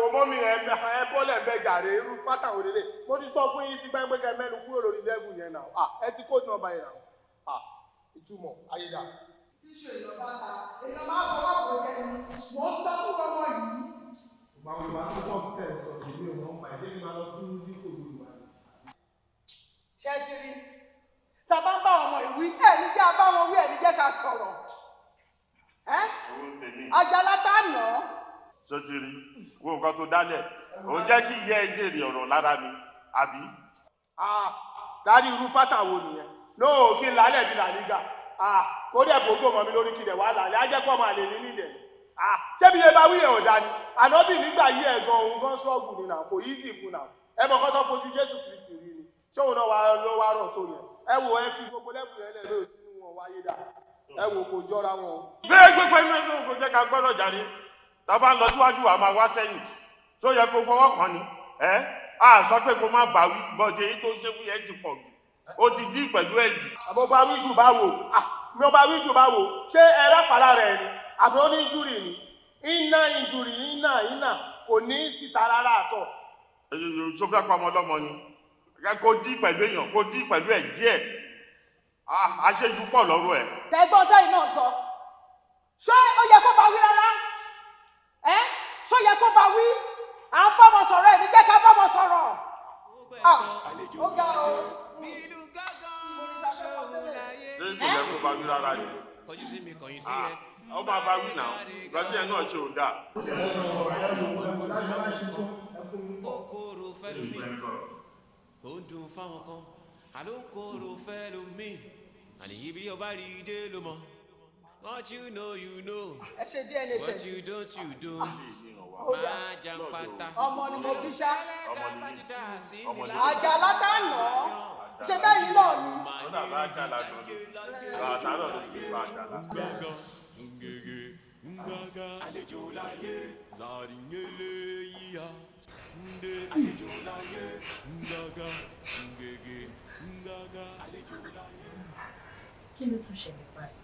wo mọ́mí ẹ ẹ bọ́lẹ̀ bẹ jàre irú pátá òrèlè mo ti sọ fún yín ti gbẹ́ngbẹ́ kẹ mẹ́nu kúrò lórí lẹ́bù yẹn náà à ẹ ti kóòdù nọ́mbà yẹn náà à ìtumọ̀ ayédà. tíṣù ìjọba ta èèyàn máa bọ́ wàgbọ́ jẹ ni wọ́n sọ fún ọmọ yìí. ìgbà wo wàá tó sọ fún tẹ̀sán ìlú ìwọ̀n ọmọ ẹ̀ lẹ́yìn máa lọ fún dípò Yorùbá. ṣé ẹ ti rí tàbá bá ọmọ ìwí ẹ ní jẹ́ abáwọn wí ẹ ní jẹ́ ká sọ̀rọ̀ ẹ́ àjàlá tá a nà sotiri: ti rí wo nǹkan tó dálẹ̀ òun jẹ́ kí ìyá ẹ jèrè ọ̀rọ̀ lára mi àbí. dárí pátá wo nìyẹn nóò kí n lálẹ́ bí làlígà kó dẹ̀ bòógò mọ́ mi lórí kí dẹ̀ wá lálẹ́ pọ̀ máa lè ní nílẹ̀ ṣébi yẹn bá wí yẹn ò dání ànábì nígbà yí ẹ̀ òun gan kò easy fún nà ẹ mọ̀ kọ́tọ́ fojú Jésù kristu rí ni náà ló wá tàbá ń lọ síwájú wa máa wá sẹ́yìn tó yẹ kó fọwọ́ kàn ní ẹ́ a sọ pé kó má bà wí bọ́jẹ̀ yìí tó ṣe fún yẹn ti pọ̀ jù ó ti dí pẹ̀lú ẹ̀ jù. àmọ́ bá wí jù bá wò àmọ́ bá wí jù bá wò ṣé ẹ rápàlà rẹ̀ ni àmọ́ ó ní injúrì ni iná injúrì iná iná kò ní títà rárá àtọ̀. ṣó fẹ́ pamọ́ ọlọ́mọ ni kó dí pẹ̀lú èèyàn kó dí pẹ̀lú ẹ̀ díẹ̀ àṣejù pọ̀ lọ́rọ̀ ẹ̀. tẹ́gbọ́n sẹ́yìn náà sọ ṣé ó yẹ kó bá wí rárá ẹ ṣó yẹ kó bá wí à ń bá wọn sọ̀rọ̀ ẹ̀ ní ká bá wọn sọ̀rọ̀ ó ga o. ṣé ìjọba kò bá wí rárá yìí. kọjú sí mi kọyìn sí ẹ. ó máa bá wí náà lọ́sí náà ṣe ò dáa. okoro fẹ́ lómi ó dùn fáwọn kan àlókòrò fẹ́ lómi àlèyí bí ọba rí i dé ló mọ́. What you know, you know. What you don't, you ah, don't. Máa jà ń pata. Ọmọ ni mo fi ṣá. Àjà látànà. Ṣé bẹ́ẹ̀ náà ni? Ó dà bá àjà lásán ni. Bàtà náà ló ti fa àjà lásán. Ngaga àlejò láyé zarinyele yíya nde àlejò láyé ngaga ngege ngaga àlejò láyé. Kí ló tún ṣẹlẹ̀ báyìí?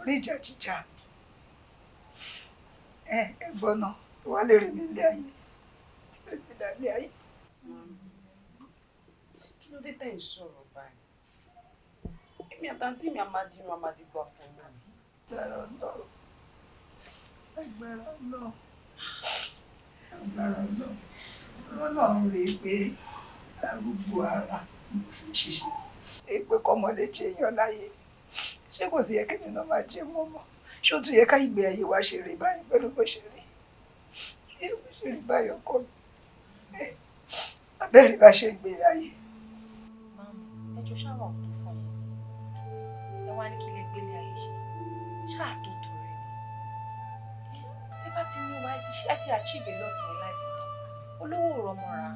orí ìjà jíjà ẹ ẹ gbọ́nà tó wá lè rí mi ilé ayé lè ti dà ilé ayé. kí ló dé tẹ̀ ń sọ̀rọ̀ báyìí èmi àtàntí mi àmàdínú àmàdínú àfọ̀nà mi. ẹgbẹ́rẹ́ ọlọ́run ẹgbẹ́rẹ́ ọlọ́run agbára náà lọ́lọ́run rè pé arúgbó ara ló fi ṣiṣẹ́ èpè kọ́mọlé tí èèyàn láyé ṣé kò sí yẹ kí nínú máa jẹ mọ́ mọ́ ṣé ó tún yẹ ká ìgbé ayé wa ṣe rí báyìí pẹ̀lú bó ṣe rí ṣé bó ṣe rí báyìí ọkọ mi abẹ́rẹ́ bá ṣe gbé ayé. ẹjọ́ ṣáwà ò tó fún mi ẹ wá ní kí lè gbélé ayé ṣe ṣáà tó tó rẹ ni ẹ bá ti ní wa ẹ ti achieve lot ní life olówó rọmọra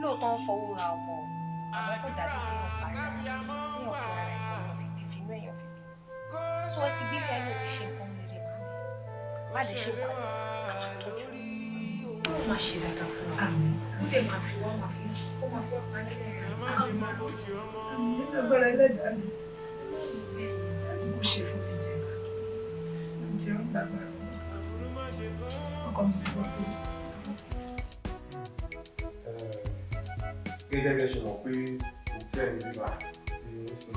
lóòótọ́ ń fọwọ́ ra ọmọ ọ̀hún àwọn kò dàbí pé wọ́n parí ara ní ọ̀pọ̀ ara ẹ̀ inú èèyàn fi bí tí wọ́n ti bí bí ayé ti ṣe nǹkan rere mọ́ mi má lè ṣe wà lórí yóò máa ṣe dáadáa fún wa ó lè máa fi wọ́n máa fi ó máa fi ọ̀pá nílẹ̀ rẹ̀ àwọn ọmọ nígbà gbọ́dọ̀ ẹlẹ́dàá mi ó ṣe fún mi jẹ́ ǹjẹ́ ó ń dàgbà gẹ́gẹ́ bí ẹ ṣe mọ̀ pé òtí ẹni bíbá ni ó sìn.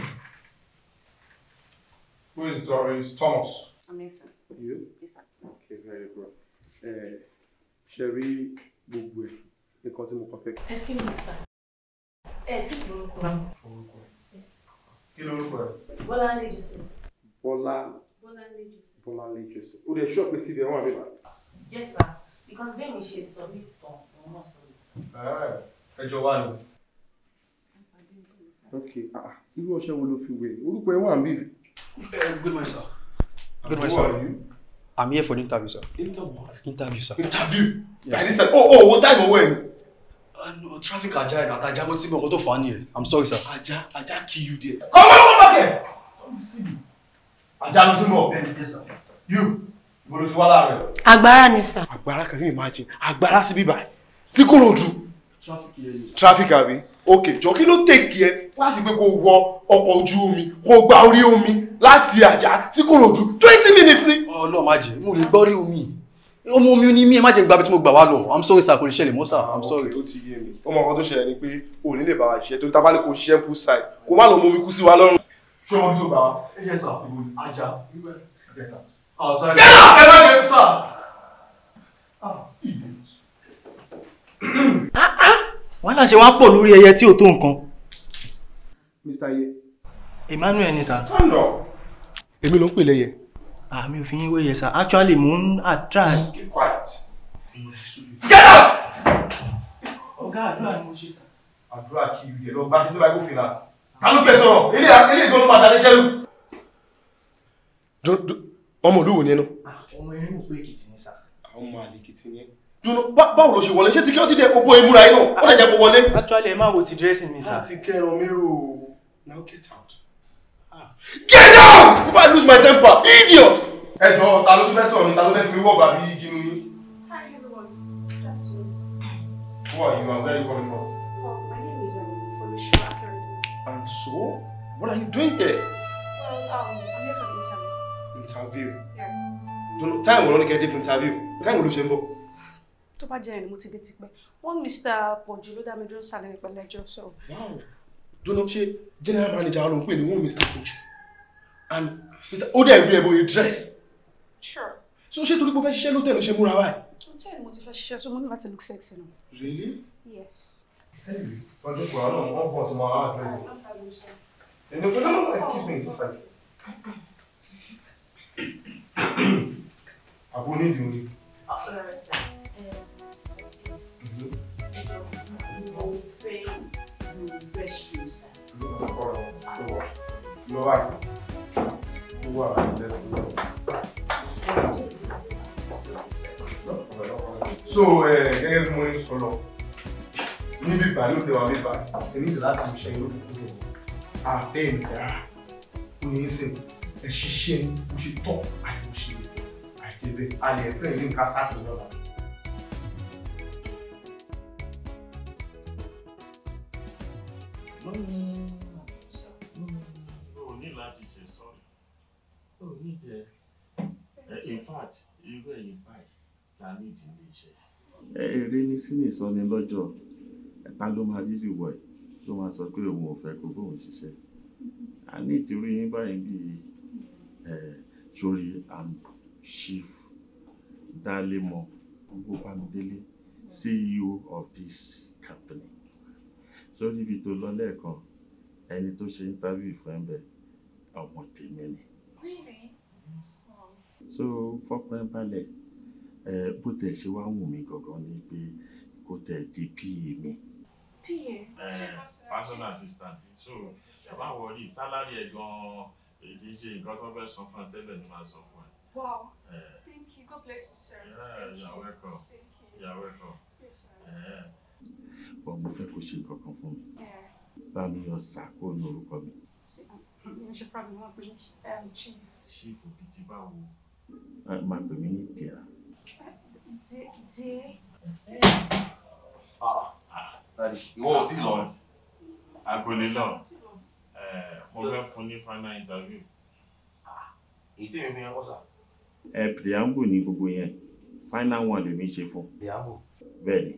Who is Doris Thomas? Amazing. You? Yes, sir. Okay, very good. Sherry Bugwe, the nǹkan tí mo Excuse me, sir. Ẹ eh, tí kò orúkọ. Orúkọ ẹ̀. Kí ló orúkọ ẹ̀? Bọ́láńlé Joseph. Bọ́lá. Bọ́láńlé Joseph. Bọ́láńlé Joseph. O lè ṣọ́ọ̀pù sí ibẹ̀ Yes, sir. Because bẹ́ẹ̀ mi ṣe submit tán, òun náà submit. Ẹjọ́ wà ní. Okay, ah, ah, irú ọṣẹ wo ló fi wẹ̀? Orúkọ ẹ̀ wà ń bì. Eh, good morning, sir. Good morning, sir. I'm here for the interview, sir. Interview what? Interview, sir. Interview? Yeah. By this Oh, oh, what time or when? Uh, ah, no, traffic ajá ẹ̀ àtàjà mo ti mọ̀ kó tó fà I'm sorry, sir. Ajá, ajá kill you there. Come on, come back here. Come see me. Ajá ló tún mọ̀. Bẹ́ẹ̀ni, yes, sir. You, ìbò ló ti wá láàárọ̀. Agbára ni, sir. Agbara can you imagine? Agbara, Agbára sí bíbá. Sí Kòròdú. Traffic yẹn ni. Traffic àbí? ok jọ kí ló tèkì ẹ láti pé kó wọ ọkọ̀ ojú omi kó gba orí omi láti àjà sí Kòròdú twenty minutes ni. Ọlọ́run oh, má jẹ́ mo lè gbọ́ orí omi ọmọ omi ni mí ẹ má jẹ́ gbàgbé tí mo gbà wá lọ i'm sorry sir kò lè ṣẹlẹ̀ mọ́ sir i'm sorry. ó ti yé mi ọmọ ọkọ tó ṣẹlẹ̀ ni pé o ní lè bá wa ṣiṣẹ́ torí tábàlì kò ṣiṣẹ́ pool side kó má lọ mú omi kú sí wa lọ́rùn. ṣé wàhálà ṣe wá pọ̀ lórí ẹyẹ tí ò tó nǹkan. mr ye. emmanuel ni sà. ọ̀nà. èmi ló ń pè lẹ́yẹ. àmì òfin yín wéyẹ sà actually mò ń attract. get out. ọ̀gá àdúrà ni mo ṣe sà. àdúrà kì í lọ bá kí sí bible finance. ta ló sọ̀rọ̀ ilé ilé ìgbọ́n ló máa dalẹ̀ ọmọ olúwo ni ẹnu. Ah, ọmọ ẹni mò pé èkìtì ni sà. ọmọ àlè èkìtì ni ẹ báwo ló ṣe wọlé ṣé security dé gbogbo ìmúra inú ó lè jẹ́ kó wọlé. actually ẹ máa wo ti dressing mi sir. láti kẹran mi rò now get out. Ah. get out if i lose my temper idiot. ẹ jọ ta ló tún fẹ́ sọ̀rọ̀ mi ta ló fẹ́ fi mi wọ̀ gbàgbé igi mi. hi everyone good who are you and where are you coming from. oh my name is um, folosho akeredolu. and so what are you doing here. well um, i'm here for the interview. interview. yeah. time will only get different. interview time will ló ṣe tó bá jẹ́ ẹni mo ti dé tipẹ́ wọ́n Mr. pọ̀jù ló dá mi dúró sálẹ̀ ní pẹ̀lú ẹjọ́ sọ. ṣe general manager ló ń pè ní wọ́n Mr. pọ̀jù and ó dẹ̀ rí ẹ̀ bó yẹ dress. sure. so ṣé torí pé o fẹ́ ṣiṣẹ́ lótẹ́ẹ̀lì ṣe múra báyìí. lótẹ́ẹ̀lì mo ti fẹ́ ṣiṣẹ́ so mo ní láti look sexy nù. really. yes. ẹ̀ẹ́dì ọjọ́ kò àwọn ọmọ bọ̀ sí máa address ah, ẹ̀ ẹ̀ no no excuse me this time. àbúrò nídìí orí. ọ̀rẹ́ ah, sẹ́yìn. restroom, sir. No, I. No, I. So, eh, gẹ́gẹ́ bí mo ń sọ lọ, ní te ní òde wa bíbá, èmi ìdè láti mú ṣẹ́yìn lókè tó lọ. Àbẹ́ ìdá kò ní í sìn, ẹ̀ ṣiṣẹ́ ní bó ṣe tọ́ àti bó ṣe yẹ. Àìjẹ́bẹ́, a lè fẹ́ ní o ní láti ṣe sọ́ọ̀rì eh, in fact irú ẹ̀yin báyìí la eh, ní ìdílé iṣẹ́. èrè ní sínú ìsọni lọ́jọ́ ẹ̀ta ló máa rírì wọ̀ ẹ́ ló máa sọ pé òun ò fẹ́ kó bóun ṣiṣẹ́ a ní ìtìrú yín báyìí bíi eh, sórí amchief dálé gbogbo bámidélé CEO of this company sórí ibi tó lọ lẹ́ẹ̀kan ẹni tó ṣe interview fún ẹ ń bẹ ọmọ tèmi ni. so fọpẹ́ balẹ̀ ẹ bó tẹ̀ ṣe wá wù mí gangan ni pé kó tẹ̀ di pa mi. pa personal assistant so ẹ bá wọlé sálárì ẹ gan-an èyí kì í ṣe nǹkan tó fẹ́ sọ fún ẹ tẹ́lẹ̀ ni màá sọ fún ẹ. Wow. Thank you. God bless you, sir. Yeah, Thank you're you. welcome. Thank welcome bọ́ mo fẹ́ kó ṣe nǹkan kan fún mi bá mi yọ sà kó ní orúkọ mi. ṣé ìfòbí ti bá wo. máa pè mí ní dìrà. Ah, ah, ìwọ ò tí lọ. agolo lọ mo fẹ́ fún ní final interview. Ah. ètò ìrìn mi ẹ̀kọ́ sà. ẹ pìrìyàngù ni gbogbo yẹn final one lèmi ṣe fún. pìrìyàngù. bẹ́ẹ̀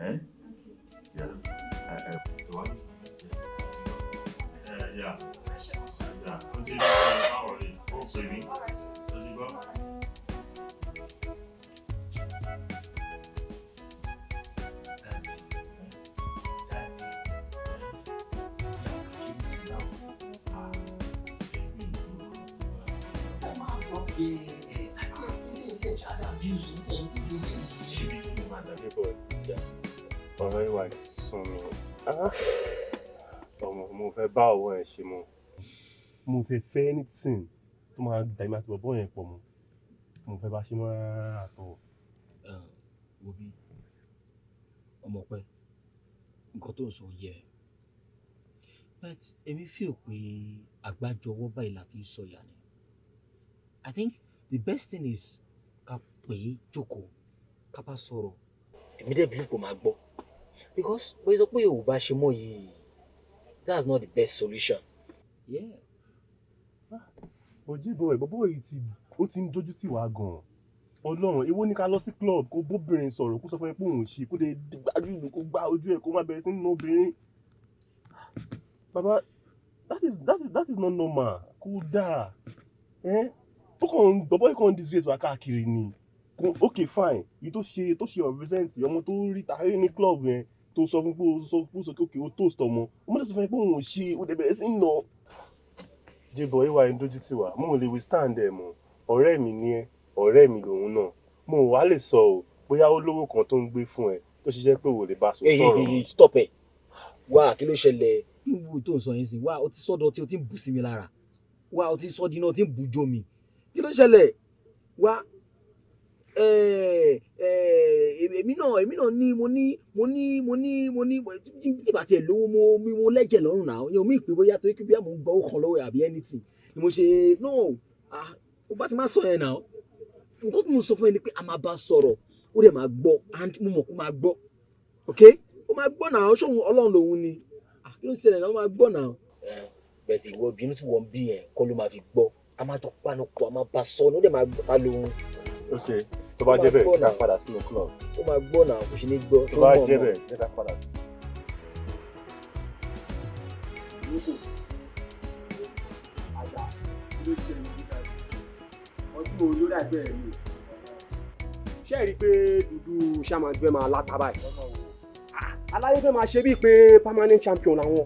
Eh? Yeah. Uh, uh, the one? Uh, yeah. Yeah. Until this time, don't worry. Don't worry. Don't you go? Yeah. Yeah ọ̀rọ̀ ìwà ìsùn ọmọ mo fẹ́ bá ọwọ́ ẹ̀ ṣe mọ́. mo ti fẹ́ anything tó máa dà àti bọ̀bọ̀ yẹn pọ̀ mọ́ mo fẹ́ bá ṣe mọ́ rárá àtọ̀. òbí eh, ọmọ pẹ́ nǹkan tó ń sọ yẹ but èmi fi ò pé àgbájọ ọwọ́ báyìí la fi ń sọ̀yà ni I think the best thing is ká pè é jókòó ká bá sọ̀rọ̀ èmi dẹ̀ bí kò máa gbọ́ because bóyá sọ pé ò ṣe mọ́ yìí that's not the best solution. òjìbọn ẹ̀ bọ́bọ́ yìí ti ó ti ń dojú tì wá gan-an ọlọ́run èwo ni ká lọ sí club kó bóbìnrin sọ̀rọ̀ kó sọ fún ẹ pé òun ṣe kó lè gbájú ìlú kó gbá ojú ẹ kó má bẹ̀rẹ̀ sí nínú obìnrin. baba that is that is that is not normal kó dáa ó kàn bọ́bọ́ yìí kàn disgrace wa káàkiri ni okay, fine èyí tó ṣe tó ṣe represent ọmọ tó rí tàárí ní club yẹn tó sọ fún pé sọ fún pé ó sọ pé ó toast ọmọ ọmọ sọ fún pé òun ò ṣe ó dẹ̀ bẹ̀rẹ̀ sí ń nà. jíbọ̀ ìwà ẹni dojú tì mo lè withstand ẹ̀ mọ́ ọ̀rẹ́ mi ni ẹ ọ̀rẹ́ mi lòun náà mo wà lè sọ o bóyá ó lówó kan tó ń gbé fún ẹ tó ṣiṣẹ́ pé wò lè bá sọ sọ̀rọ̀. èyí stop ẹ wá kí ló ṣẹlẹ̀. níbo tó ń sọ yín sí wá o ti sọ́dọ̀ tí o ti ń bù sí mi lára wá o ti sọ di iná o ti ń bù jó mi kí ló ṣẹlẹ̀ wá Eh, eh, èmi náà èmi náà ní mo ní mo ní mo ní mo ní tí bá tiẹ̀ lówó mo mo lẹ́jẹ̀ lọ́rùn náà yẹn omi ìpè bóyá torí pé mo ń gbọ́ ọkàn lọ́wọ́ àbí anything ni mo ṣe no ó bá ti má sọ yẹn náà nǹkan tí mo sọ fún yẹn ni pé a máa bá sọ̀rọ̀ ó dẹ̀ máa gbọ́ and mo mọ̀ kó máa gbọ́ ok ó máa gbọ́ náà ṣóun ọlọ́run lòun ni kí ló ń ṣẹlẹ̀ náà ó máa gbọ́ náà. Eh, bẹ́ẹ̀ ìwọ obìnrin tí wọ́n bí yẹn kọ́ ló máa fi gbọ́ a máa tọ́ pánupọ̀ a máa bá sọ ọ́ ní ó dẹ̀ máa gbọ́ ta lóhun tó bá jẹ́ bẹ́ẹ̀ ká padà sínú club. ó máa gbọ́ náà kò sí ní gbọ́ tó bá jẹ́ bẹ́ẹ̀ jẹ́ ká padà sí. ṣé ẹ rí i pé dúdú sàmàdù ẹ máa láta báyìí aláyé fẹ́ máa ṣe bíi pé permanent champion làwọn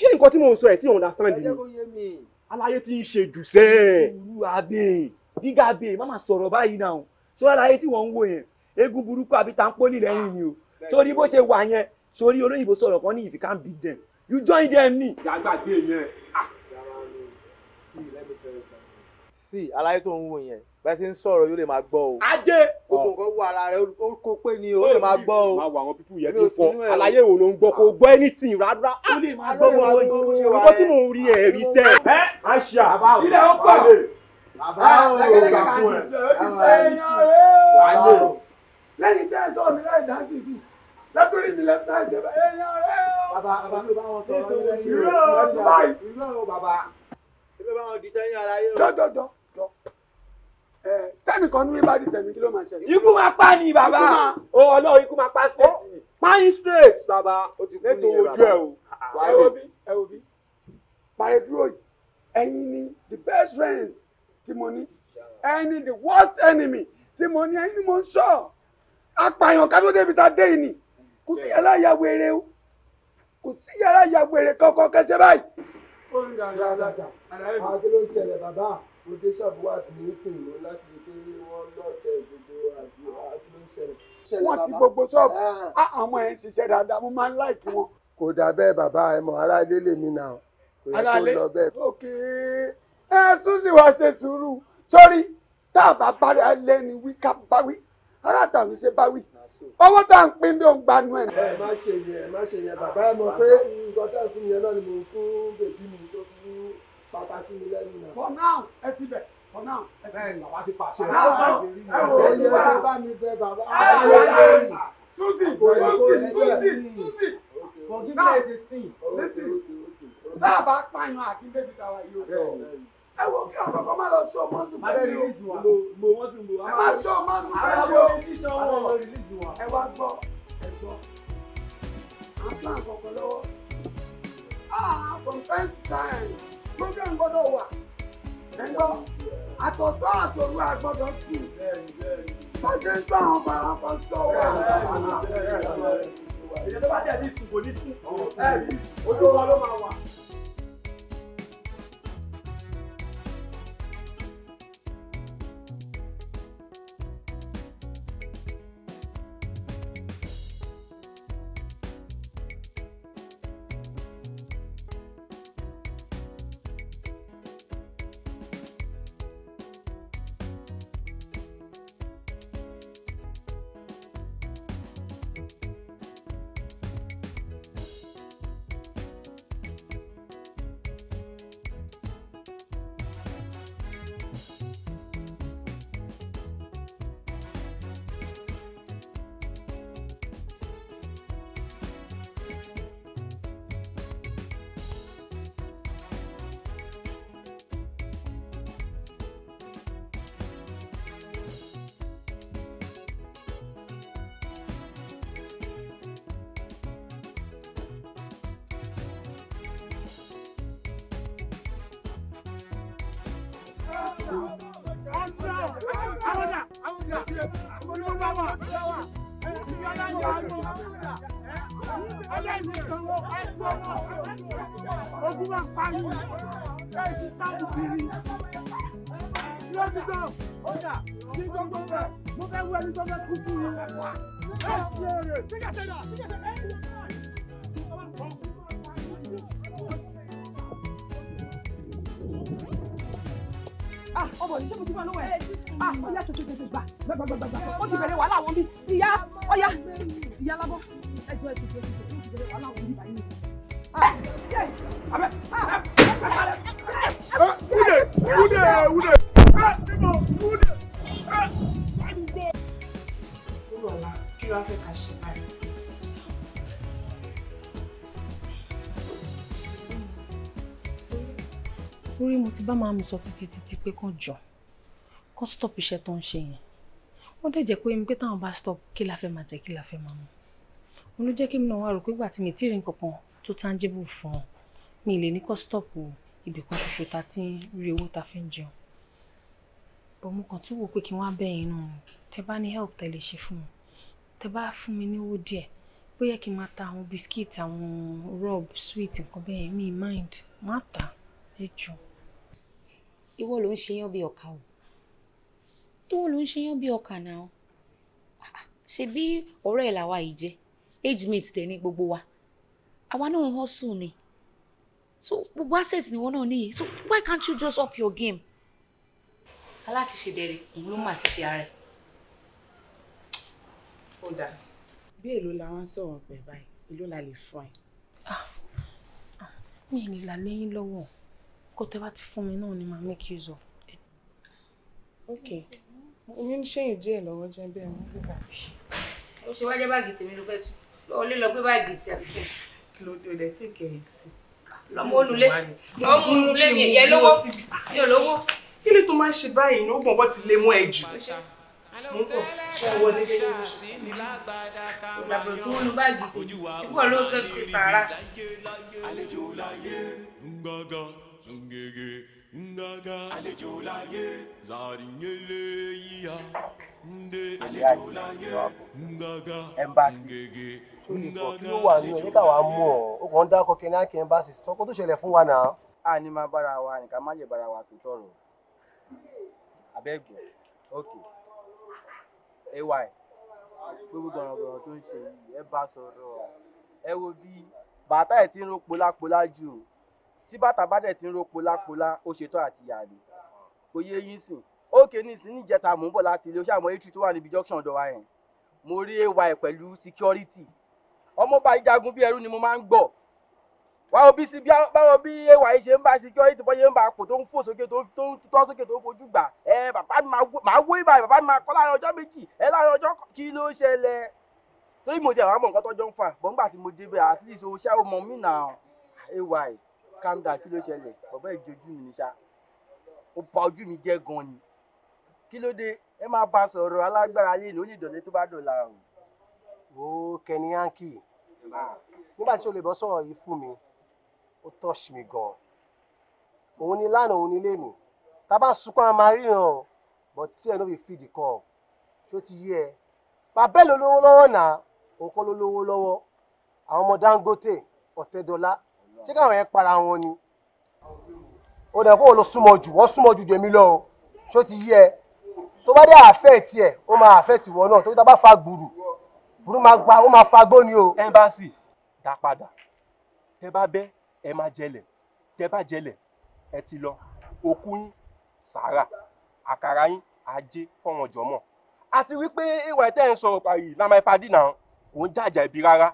ṣé nǹkan tí mò ń sọ ẹ̀ tí ò ń understand ni aláyé ti ń ṣe jù sẹ́ẹ̀ gíga bèè Mama má sọ̀rọ̀ báyìí náà sọ́ra láyé tí wọ́n ń wò yẹn eégún burúkú àbí tampoli lẹ́yìn ni o torí bó ṣe wà yẹn sórí olóyìnbó sọ̀rọ̀ kan ní if you can't beat them you join them ni. ìyàgbàgbé yẹn. Ah! sí aláyé tó ń wò yẹn bẹ́ẹ̀ ṣe ń sọ̀rọ̀ yóò lè máa gbọ́ o. ajé. gbogbo nǹkan wọ ara rẹ ó kó pé ni ó lè máa gbọ́ o. máa wọ àwọn pípú yẹn tó fọ àlàyé wo ló ń gbọ́ kó ah. gbọ́ anything rárá. Ah! ó lè máa gbọ́ wọn yìí nǹkan tí mò ń rí ẹ̀ rí sẹ́ẹ̀. ẹ eh, àṣà ilé ọkọ̀ bàbá o gbà fún ẹ ẹyàn rẹ o lẹ́yìn tẹ ẹ sọ mi láì dá sí ibi látòrí mi lẹ fún àṣẹ ẹyàn rẹ o. bàbá bàbá mi bá wọn sọ ọ lẹ́yìn rẹ o bàbá ìlú o bàbá ìlú bá wọn di tẹyìn ara yẹ o. jọjọjọ jọ tẹnìkan ní bá di tẹmí kí ló máa ṣẹlẹ̀. ikú máa pa ni bàbá o Ọlọ́run ikú máa pa straight ni. Oh, pain straight bàbá o ti kú ní ìyẹn bàbá ẹ wo bí ẹ wo bí. pàrẹ dúró yìí ẹ̀yin ni the best friends tí mo ní ẹni the worst enemy tí mo ní ẹni mo ń sọ apààyàn ká tó débi tá a dé yìí ni kò sí yàrá ya wèrè o kò sí yàrá ya wèrè kankan kẹsẹ báyìí. ó ń dàgbà dàgbà àwọn kí ló ń ṣẹlẹ̀ bàbá òde ṣàbúrò àtìlẹ́sìn lọ láti lè pé wọ́n lọ́ọ̀tẹ̀ gbogbo àdúrà kí ló ń ṣẹlẹ̀. wọ́n ti gbogbo ṣọ́ọ̀bù ah. àwọn ẹ̀ ń ṣiṣẹ́ dáadáa mo máa ń láìkí wọn. kò dà bẹ́ẹ̀ bàbá ẹ̀ mọ̀ aráalé lèmi náà kò yẹ kó lọ bẹ́ẹ̀ ẹ Suzy wá ṣe sùúrù sórí tá a bá bá rẹ lẹ́ni wí ká bá wí ara tà ṣe bá wí owó tá à ń pín ló ń gbanú ẹ. ẹ má ṣe yẹ má ṣe yẹ bàbá ẹ mọ̀ pé nǹkan tá à fún yẹn náà ni mo fún bèbí mi tó fún bàbá sí mi lẹ́nu náà. for now ẹ ti bẹ̀ for now ẹ ti bẹ̀ bàbá ti pàṣẹ. ẹ wò ó yẹ ẹ bá mi bẹ̀ bàbá. ẹ wò ó yẹ Suzy Suzy Suzy Suzy. forgive me the sin. listen tá a bá pààyàn àti bébí tàwa yìí ó tọ̀ ẹ wò kí ọkọ̀ kan má lọ ṣọ́ mọ́tò fẹ́ mi o mo wọ́n ti mo wá. ẹ má ṣọ́ mọ́tò fẹ́ mi o ẹ wá gbọ́ ẹ gbọ́ à ń plan kọ̀ọ̀kan lọ́wọ́ ah from time to time program gbọ́dọ̀ wà ẹ gbọ́ àtọ̀tọ̀ àtòru àgbọ̀dọ̀ sí ṣáájú ń gbọ́ àwọn bàrà kan sọ wà ìyẹn tó bá dẹ̀ ní ìtùkò ní tù ẹ̀rí ojú wọn ló máa wà. kí ló wá fẹ́ ká ṣe báyìí. torí mo ti bá màmú sọ títí títí pé kàn jọ kàn stop iṣẹ́ tó ń ṣe yẹn wọ́n dẹ̀ jẹ́ pé mi pé táwọn bá stop kí la fẹ́ máa jẹ kí la fẹ́ máa mu mo ló jẹ́ kí mi náà wá rò pé ìgbà tí mi ti rí nǹkan tó tangible fún ọ mi lè ní kàn stop ibì kan ṣoṣo ta ti ń rí owó ta fi ń jẹun bọ̀ mo kàn tún wò pé kí wọ́n á bẹ̀yìn náà tẹ bá ní help tẹ lè ṣe fún mi tẹ bá fún mi níwó díẹ̀ bóyá kí n máa ta àwọn bisikíìtì àwọn rub sweet nǹkan bẹ́ẹ̀ mi mind má ta ẹ jọ. ìwọ ló ń ṣeyán bí ọkà o ìwọ ló ń ṣeyán bí ọkà náà ah, ṣe bí ọ̀rẹ́ ẹ̀ làwa yìí jẹ́ age mate dẹ̀ ní gbogbo wa àwa náà ń hustle ni so gbogbo asset ni wọn náà níyì so why can't you just up your game. aláti ṣe dẹrẹ òun ló mà ti ṣe ara ẹ ó dáa bí èlò la wá ń sọ̀rọ̀ pẹ̀ báyìí èlò la lè fún ẹ. Ah, ah, mi ì lè là lẹ́yìn lọ́wọ́ kó tẹ́ bá ti fún mi náà ni màá make use of ok omi ń ṣèyìn díẹ̀ lọ́wọ́ jẹ́ bẹ́ẹ̀ mú bíbá. ó ṣe wá jẹ́ báàgì tèmi ló fẹ́ tu lọ́wọ́ lé lọ gbé báàgì tí a fi kẹ́ kí ló dé ọdẹ tí kẹ́ ẹ̀ sí. lọ́mọ olùlé lọ́mọ olùlé mi ẹ̀yẹ lówó mi ò lówó. kí ni tó máa ń ṣe báyìí ní ó gbọ̀ngbọ́n ti lé mọ́ ẹ jù ọwọ́ ní kí ìdàbọ̀ tó ń lu báàgì ìpò ló ń gbé sàrà. Ngaga àlejò láyé zarinyele yiya nde àlejò láyé ngaga ngege ngaga. Kí ló wà ní ẹ̀ nígbà wàá mú ọ̀? Ó kàn ń dá kọ́kẹ́ ní Akin Embassy tọ́kọ tó ṣẹlẹ̀ fún wa náà. A ní máa bára wa nìkan má lè bára wa sí tọ̀rọ̀. Abẹ́gbẹ̀, okay ẹwà ẹ̀ gbogbo gbọ̀nrọ̀gbọ̀nrọ̀ tó ń ṣe yìí ẹ bá sọ̀rọ̀ ẹ wo bí bàtà ẹ̀ ti ń ro polápolá jù o tí bàtà bá dẹ̀ ti ń ro polápolá ó ṣetán àti yàlè kò yé yín sìn ókè nísìn níjẹta mò ń bọ̀ láti ilé oṣù àmọ́ eight tó wà níbi junction ọ̀dọ̀ wa yẹn mo rí ay pẹ̀lú security ọmọ bá jagun bí ẹrú ni mo máa ń gbọ́ wá obi sí báwọn bí ewa yìí ṣe ń bá security bọ́ ṣe ń bá àpò tó ń fò sókè tó ń tọ́ sókè tó ń fojú gbà ẹ bàbá mi máa wó ibà bàbá mi máa kọ́ láàrin ọjọ́ méjì ẹ láàrin ọjọ́ kí ló ṣẹlẹ̀ torí mo ti àwọn àmọ̀ nǹkan tọ́jọ́ ń fà bọ́ nígbà tí mo débẹ̀ at least o ṣá o mọ̀ mí nà ewa yìí calm kí ló ṣẹlẹ̀ bàbá ìjì ojú mi ní ṣá o ojú mi jẹ́ gan ni kí ló dé ẹ máa ó tọ́ṣì mi gan òun ni lánàá òun ni lẹ́nu tábà sunkún àmà ríran tí ẹ ló fi fìdí o tó ti yé ẹ bàbá ẹ ló lówó lọ́wọ́ náà òun kọ́ ló lówó lọ́wọ́ àwọn ọmọ Dangote para wọn ni ó dẹ̀ kó o lọ súnmọ́ jù wọ́n súnmọ́ jù ti yé ẹ tó bá dé àfẹ́ tiẹ̀ ó gba ó máa fa gbóni o. ẹ bá ẹ máa jẹlẹ̀ tẹ bá jẹlẹ̀ ẹ ti lọ òkú yín sàárà àkàrà yín ajé fọwọn jọmọ àti wípé ìwà tẹ́ ń sọ̀rọ̀ pàrọ̀ yìí lámà ìpàdé náà kò ń jàjà ibi rárá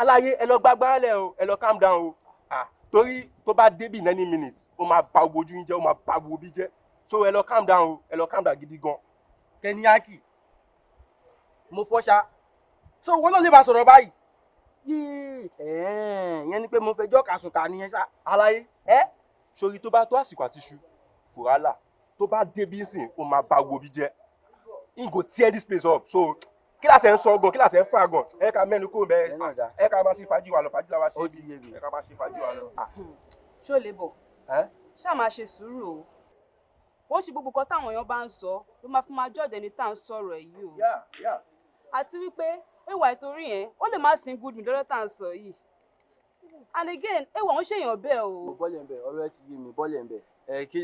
aláyé ẹ lọ gbágbára lẹ o ẹ lọ calm down o torí tó bá débì nẹ́ni minute ó máa ba ojú yín jẹ́ ó máa ba wo bí so ẹ lọ calm down o ẹ lọ calm down gidi gan. kẹ́ni yáàkì mo fọ́ ṣá so wọn náà lè máa sọ̀rọ̀ báyìí yéè yẹn ni pé mo fẹjọ́ kàsùnkà nìyẹn ṣá aláyé ẹ sori tó bá tó àsìkò àtiṣu fùrálà tó bá débi nsìn ó máa ba wo bí jẹ n go tear this place up so kí láti ẹ̀ ń sọ gan kí láti ẹ̀ ń fà gan ẹ ká mẹ́nu kó bẹ́ẹ̀ ẹ ká máa ṣe fàájì wa lọ fàájì la wa ṣe ẹ ká máa ṣe fàájì wa lọ. Ah. ṣó lè bọ̀ ṣáà máa ṣe sùúrù o ó ṣe gbogbo kan táwọn èèyàn bá ń sọ ló máa fún máa jọ́ọ̀dẹ̀ ní tá à ń sọ̀rọ̀ yìí o àti wípé ìwà ìtorí yẹn ó lè má sin good mi lọ́dọ̀ tá à ń sọ yìí and again ìwà ń ṣèyàn bẹ́ẹ̀ o. bọ́ọ̀lì ẹ̀ ń bẹ̀ ọ̀rọ̀ ẹ ti yé mi bọ́ọ̀lì ẹ̀ ń bẹ̀ ẹ̀ kí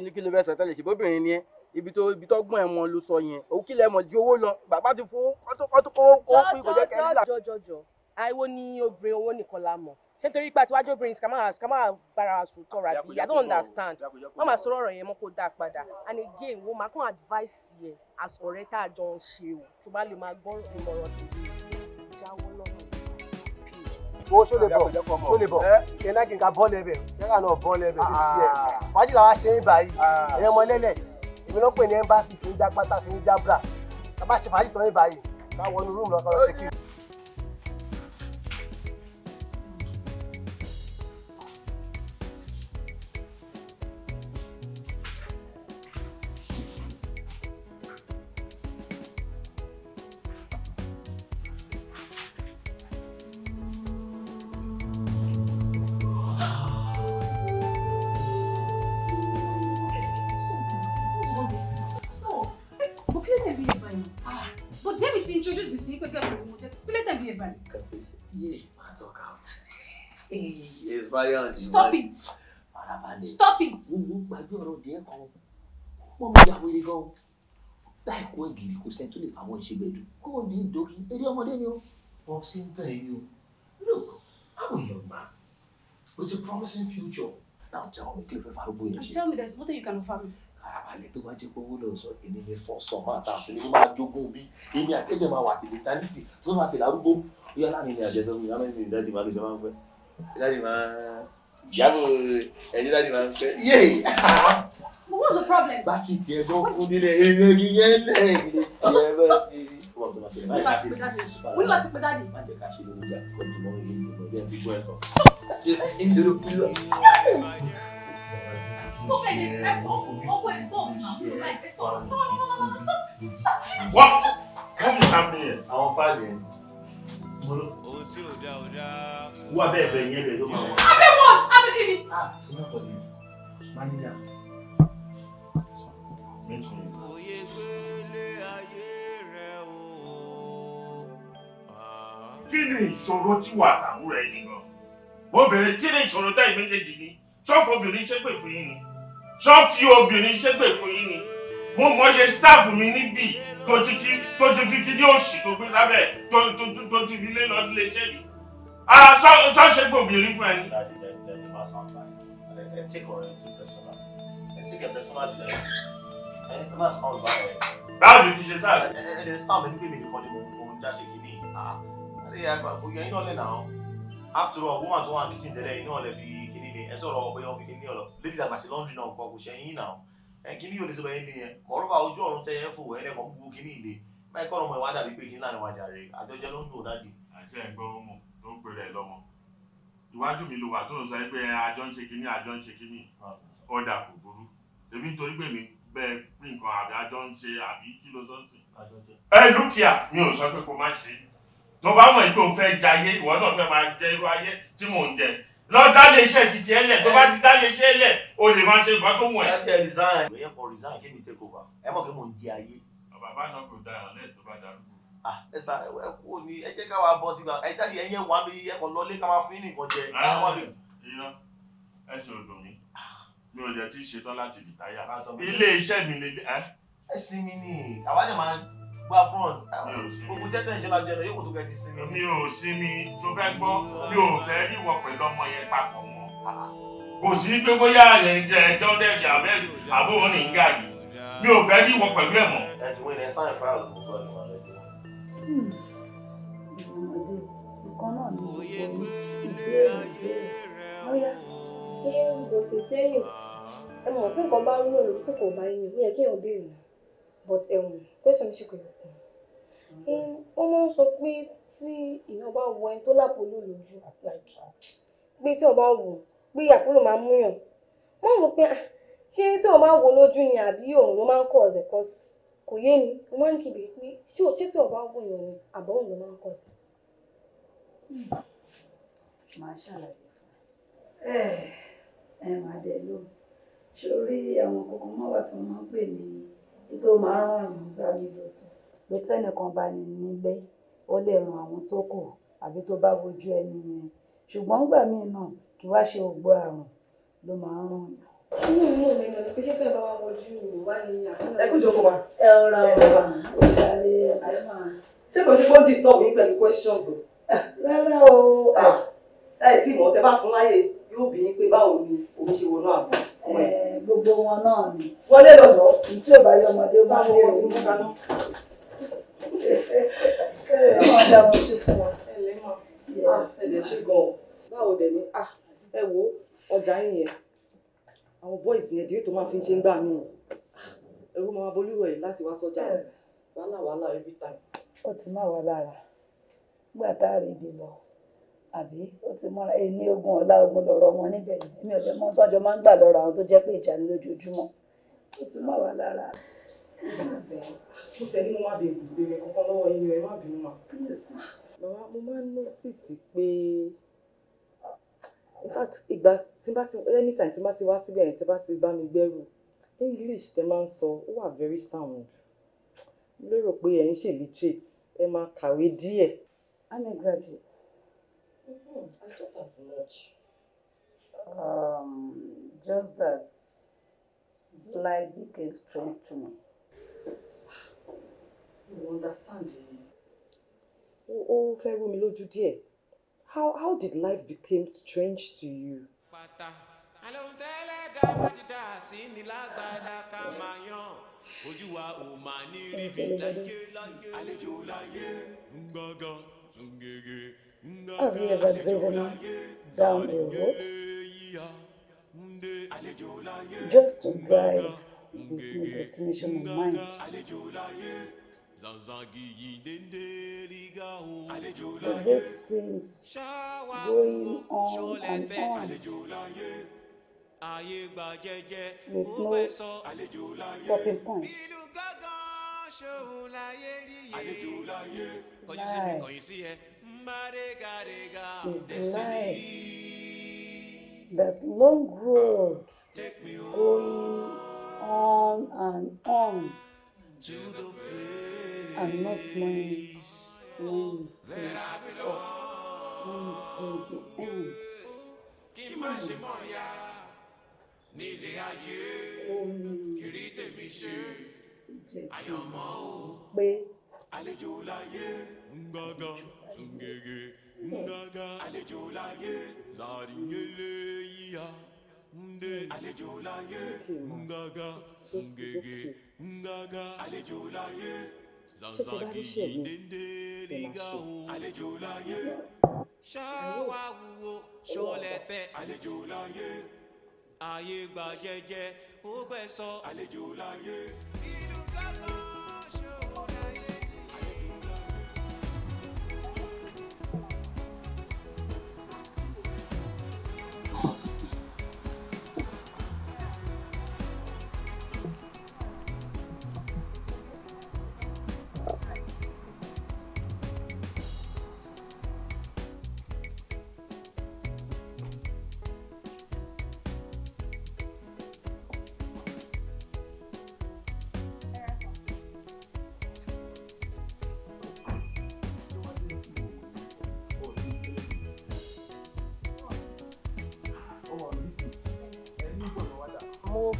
ni kí ni bẹ́ẹ̀ sọ tẹ́lẹ̀ ṣe bóbìnrin ni ẹ́ ibi tó ibi tó gbọ́n ẹ̀ mọ́ ló sọ yẹn òun kílẹ̀ mọ̀ ju owó lọ bàbá ti fún kọ́tù kọ́tù kó kó fún ìkọjá kẹrìnlá. jọjọjọ àìwo ni obìnrin owó nìkan la mọ̀ ṣé nítorí pé àtiwájú obìnrin ká máa ká máa bára sùn tọrọ àbí i don't understand wọ́n máa sọ̀rọ̀ ọ̀rọ̀ yẹn mọ́ kó dáa padà and again wọ́n máa kàn advice yẹn as ọ̀rẹ́ tá a jọ ń ṣe o tó bá lè máa gbọ́ ìmọ̀ràn tèmi jáwọ́ lọ́nà wo ṣó lè bọ̀ ṣó lè bọ̀ kẹ́ńdà eh? kí n ka bọ́ lẹ́bẹ̀ kẹ́ńdà náà bọ́ lẹ́bẹ̀ tó ti yẹ wájú làwa ṣe ń báyìí ah. ẹ̀yẹ́ ọmọ lẹ́lẹ̀ èmi ló pè ní bra tá a bá ṣe fàájì tán ń báyìí ká wọnú stop it stop it. gbogbo gbàgbé ọ̀rọ̀ díẹ̀ kan wọ́n mú ìyàwó eré gan-an láìkó ẹ̀gìrì kò sẹ́ni tó lè fàwọn ìṣègbèdù kó o ní ìdókì eré ọmọdé ni o. wọ́n ṣe ń tàn yín o look àwọn èèyàn gbà with a promising future. now tell me kí ló fẹ́ farúgbó yẹn ṣe. tell me there is nothing you can offer me àràbàlẹ̀ tó bá jẹ́ pé owó lọ́sọ̀ èmi ni fọ́ sọ máa ta àfẹ́ ní máa jogún bí èmi àti ẹ̀jẹ̀ máa wà àti mentality tó máa tẹ̀lé arúgbó ó yá láàrin ìrìn àjẹsọ mi láàrin ìrìn ìdájì máa lóṣọ máa ń pẹ́ ìdájì máa ìyàwó ẹ̀yìn láti máa ń fẹ́ yé. what's the problem. báàkì tiẹ̀ bọ́ fún nílẹ̀ èyí ẹ̀yìn yẹn lẹ̀ ẹ̀ bẹ́ẹ̀ sí i. wọ́n láti pè láti pè dáàdì. má jẹ́ ká ṣe lórí ìjà kọ́ jùmọ̀ ilé ìgbìmọ̀ ilé ẹ̀fígbọ́ ẹ̀kọ́. èmi ló kú lọ. Stop it, always oh, stop wà bẹ́ẹ̀ bẹ́ẹ̀ yẹn bẹ́ẹ̀ ló máa wà. abẹ́ what abẹ́ kí ni. Ah, máníjà mẹ́tọ́ni. òye gbélé ayé rẹ o. Ah. kí ni ìṣòro tí wà tàbú rẹ nìkan obìnrin kí ni ìṣòro táyì méjèèjì ni ṣọ́ọ̀fù obìnrin ṣépè fún yín ni ṣọ́ọ̀fù obìnrin ṣépè fún yín ni mo mọye staff mi níbí tó ti fi kíní òṣì tó gbé sábẹ́ tó ti fi lé lọ nílé iṣẹ́ mi. ara tó ṣe gbòbìrín fún ẹni. báwo ni ti ṣe sáré. ẹ ẹ sáà mi ní pèmí nìkan ni mo ń dá ṣe kìíní. àlẹ́ àgbà òye yín náà lè nà án after all woman tó wà ní kitchen tẹ́lẹ̀ yín náà lè fi kìíní ni ẹ sọ̀rọ̀ ọ̀pẹ ọ̀pẹ kìíní ọ̀lọ́ ladies àgbàṣe laundry náà kọ́ kò ṣẹ́yìn náà kíní yóò lè tó bẹ́ẹ̀ ní yẹn mọ̀rọ́bà ojú ọ̀run tẹ́ yẹn fò wẹ́ lẹ́kọ̀ọ́ gbogbo kíní ìlé báyìí kọ́ ọmọ ìwà dàbí pé kí n láàrin wájà rẹ̀ àjọjẹ ló ń dùn dájì. àṣẹ ẹgbẹ́ ọmọ tó ń pèrè lọ́mọ iwájú mi ló wà tó ń sọ pé àjọ ń ṣe kíní àjọ ń ṣe kíní ọ̀dà kò burú tèmi nítorí pé mi bẹ́ẹ̀ pín nǹkan àbí àjọ ń ṣe àbí kí ló sọ ń sìn. ẹ lúkìá mi ò sọ pé kó má ṣe tó bá mọ̀ lọ dálé iṣẹ́ ti tiẹ̀ lẹ̀ tó bá ti dálé iṣẹ́ lẹ̀ o lè máa ṣe ìgbà tó wù ẹ́. ẹ kẹ́ resign. ìwé ẹ̀kọ́ resign kí mi take over ẹ mọ̀ pé mò ń di ayé. bàbá náà kò da ìrànlẹ́ ètò bá darúgbó. ah ẹ sà ẹ kú ni ẹ jẹ́ ká wa bọ́ sígbà ẹ jáde ẹyẹ wà mí ẹkọ lọlé ká máa fún yín nìkan jẹ ah, ẹ ṣe odò mi ah. ò jẹ́ tí ì ṣetán láti rìtáyà ilé iṣẹ́ mi lè ẹ. sinmi ni àwa gba front gbogbo jẹ́ tẹ̀sán lábẹ́ ẹ̀rọ yóò kó tó kẹ́ ti sinmi. mi ò sinmi tó fẹ́ gbọ́ mi ò fẹ́ rí ìwọ pẹ̀lú ọmọ yẹn papọ̀ mọ́ kò sí pé bóyá ẹ̀ ń jẹ ẹjọ́ dẹ́bi àbẹ́rù àbóhùn ní gàdí mi ò fẹ́ rí ìwọ pẹ̀lú ẹ̀ mọ́. ẹ ti wọ́n ilẹ̀ sáyẹn fáwọn olùkọ́ ni wọ́n lọ hmm. ẹ mọ̀ tí nǹkan bá wúlò tí kò bá yẹn ìwé yẹ kí èèyàn béèrè but ẹ̀wọ̀n um, pẹ̀sẹ̀ mi ṣe kò yọkùn um, wọ́n máa ń sọ pé tí èèyàn bá wọ ẹni tó lápò lójú pé tí ọba wò pé àpòlò máa mú yàn wọ́n rò pé ah, ṣé tí ọba wò lójú ni àbí òun ló máa ń kọ̀ ọ̀sẹ̀ kọ́ sí kò yé mi mo máa ń kí bèrè pé ṣé tí ọba wò yàn ni àbọ̀ ló máa ń kọ̀ sí. Hmm. ẹ eh, ẹ màá dẹ lóhùn sórí àwọn kókó mọ́wàá tí wọ́n máa ń pè ní tó máa ràn mí bá mi lò pé tẹ́nìkan bá ní nílé ó lè ran àwọn tó kù àbí tó bá wojú ẹni yẹn ṣùgbọ́n gbà míì náà kí wá ṣe gbogbo àrùn ló máa ràn yàn. inú mi ò lẹ́nu pé ṣé tẹ́ bá wá wojú wá ní àná. ẹ kú jókòó wa. ẹ rọra wa ó ṣàlẹ ẹ ṣé kò ṣe kó disturb mi pẹ̀lú questions o. Ah, rárá o. Ah, ẹ tí mo tẹ bá fún láyè yóò bí yín pé báwo ni òun ṣe wọnú àbọ̀ ọmọ ẹ̀. gbogbo wọn náà ni. wọlé lọ́dọ̀. ìtí ò bá yọ ọmọdé ó bá lè rí i. ọmọ mo ṣe fún ẹ lè mọ ah, àbí ó ti mọ́ra ẹni ogun ọ̀la ogun lọ̀rọ̀ wọn níbẹ̀ èmi ò jẹ́ mọ́ máa ń gbà lọ́rọ̀ àwọn tó jẹ́ pé ìjà ni lójoojúmọ́ ó ti mọ́ wà lára. mo tẹ̀lé mo máa ìbéèrè kankan lọ́wọ́ yín ẹ má bínú màmá mo máa ń nọ́tìsì pé in fact ìgbà tí bá ti anytime tí bá ti wá síbẹ̀ yẹn tí bá ti bá mi gbẹ́rù English tẹ máa ń sọ ó wà very sound lérò pé ẹ̀ ń ṣe literate ẹ máa kàwé díẹ̀. I'm a graduate mm as much. Um, just that life became strange to me. You understand me? oh, fair woman, mi lójú How how did life become strange to you? Pátá, àgbéyàgà Verona down a road just to drive guide the destination of mind. The great things going on and on. With no stopping point. Lie. His life, that long road going on and on and not knowing when to stop, the end. Omi jẹ́ àlejò láyé. ngaga ngege ngaga àlejò láyé. zàrìnyẹlẹ yíya nde àlejò láyé. ngaga ngege ngaga àlejò láyé. zanzagi dende riga o àlejò láyé. ṣáwa wo ṣọlẹ tẹ àlejò láyé. ayé gbajẹjẹ ó gbẹ sọ àlejò láyé. ìlú gbàgbọ́.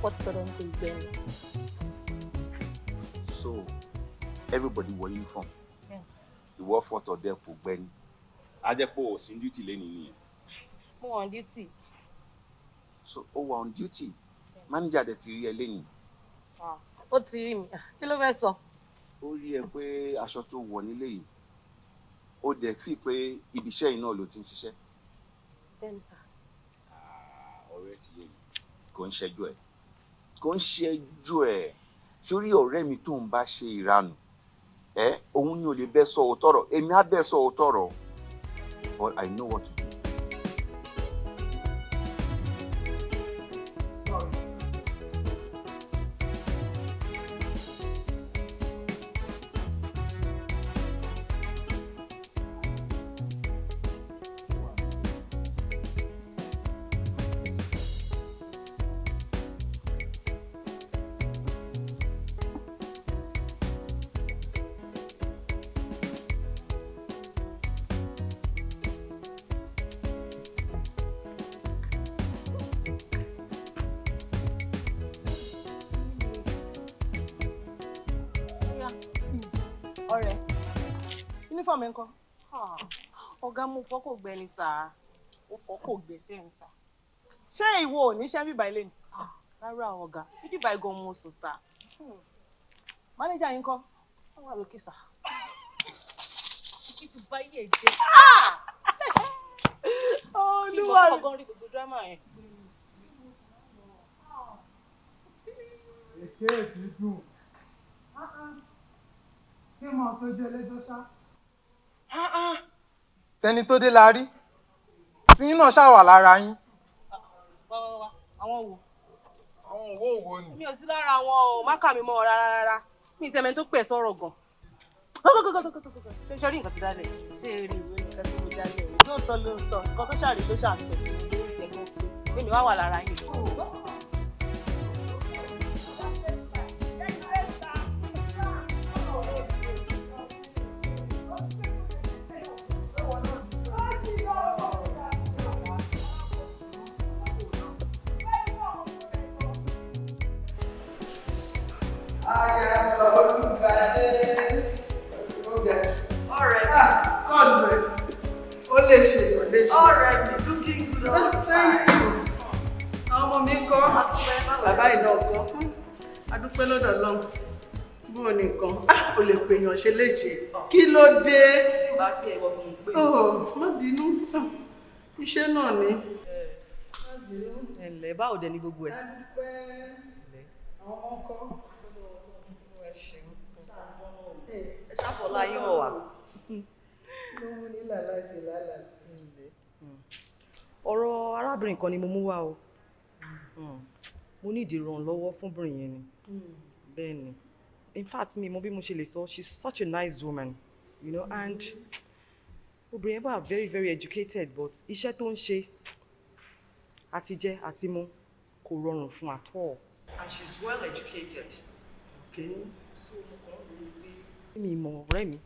ọkọ ti tọ̀dọ̀ nǹkan so everybody wọ uniform ìwọ fọtọ dẹ kò gbẹni á jẹ pé ò sí duty lẹ́nu nìyẹn. mo on duty. so ó wà on duty manager dẹ ti rí ẹ lẹ́nu. Ah, ó ti rí mi ah, kí ló fẹ́ sọ. ó rí ẹ pé aṣọ tó wọ nílé yìí ó dẹ̀ fi pé ibiṣẹ́ yìí náà ló ti ń ṣiṣẹ́. bẹ́ẹ̀ni sà. Ah, ọ̀rẹ́ ti yé kò ń ṣe ẹjọ́ ẹ̀ sórí ọ̀rẹ́ mi tó ń bá ṣe ìranù ẹ òun ni ò lè bẹ́ sọ òótọ́rọ̀ èmi á bẹ́ sọ òótọ́rọ̀ but I know what to do. fọ́ kò gbẹ ni sà ó fọ́ kò gbẹ bẹ́ẹ̀ ni sà. ṣé ìwọ ò níṣẹ́ bíbá ilé ni. Ah, rárá ọ̀gá bíbá igan mo sùn sà. Hmm. mánéjà yín kọ́ ó wà lókè sà. kí ti bá iye jẹ. Ah! olúwa mi. ìmọ̀ ọgbọ́n rí gbogbo dírámà yẹn. èké èkì dùn kí n máa fẹjọ́ ẹlẹ́jọ́ sá. Ah, tẹni tó dé la rí tiyín náà ṣàwà lára yín. wá wá wá àwọn wo. àwọn òwò òwò ni. mi ò sí lára àwọn ò má kà mí mọ́ ọ rárá rárá mi tẹ̀mẹ́ tó pẹ̀ sọ̀rọ̀ gan. ṣé ṣe rí nǹkan tó dálẹ̀ ṣé rí ìwé nǹkan tó dálẹ̀ lóòótọ́ ló ń sọ nǹkan tó ṣàrí ló ṣàṣọ èmi wá wà lára yín. lè ṣe ó ṣe. all right you looking good all the time. àwọn ọmọ mi kọ́ bàbá ìdánwò adúpẹ́ lọ́dọ̀ lọ́n bó nìkan ó ah, lè pèèyàn ṣe léṣe kí ló dé. tí o bá pè é wọ́n kì í pè é. Oh, má bínú ah, iṣẹ́ náà ni. ẹ̀lẹ́ báwo dẹ̀ ni gbogbo ẹ̀. adúpẹ́ àwọn ọkọ ẹ ṣeun ẹ ọ̀rọ̀ arábìnrin kan ni mo mú wá o mo ní ìdí ìrànlọ́wọ́ fúnbìnrin yẹn ni bẹ́ẹ̀ ni in fact mi mo bí mo ṣe lè sọ she's such a nice woman you know and obìnrin yẹn wà very very educated but iṣẹ́ tó ń ṣe àti jẹ àti mu kò rọrùn fún at all. and she's well educated. okay so mo kàn ń ro pé. mi mọ̀ ọ̀rẹ́ mi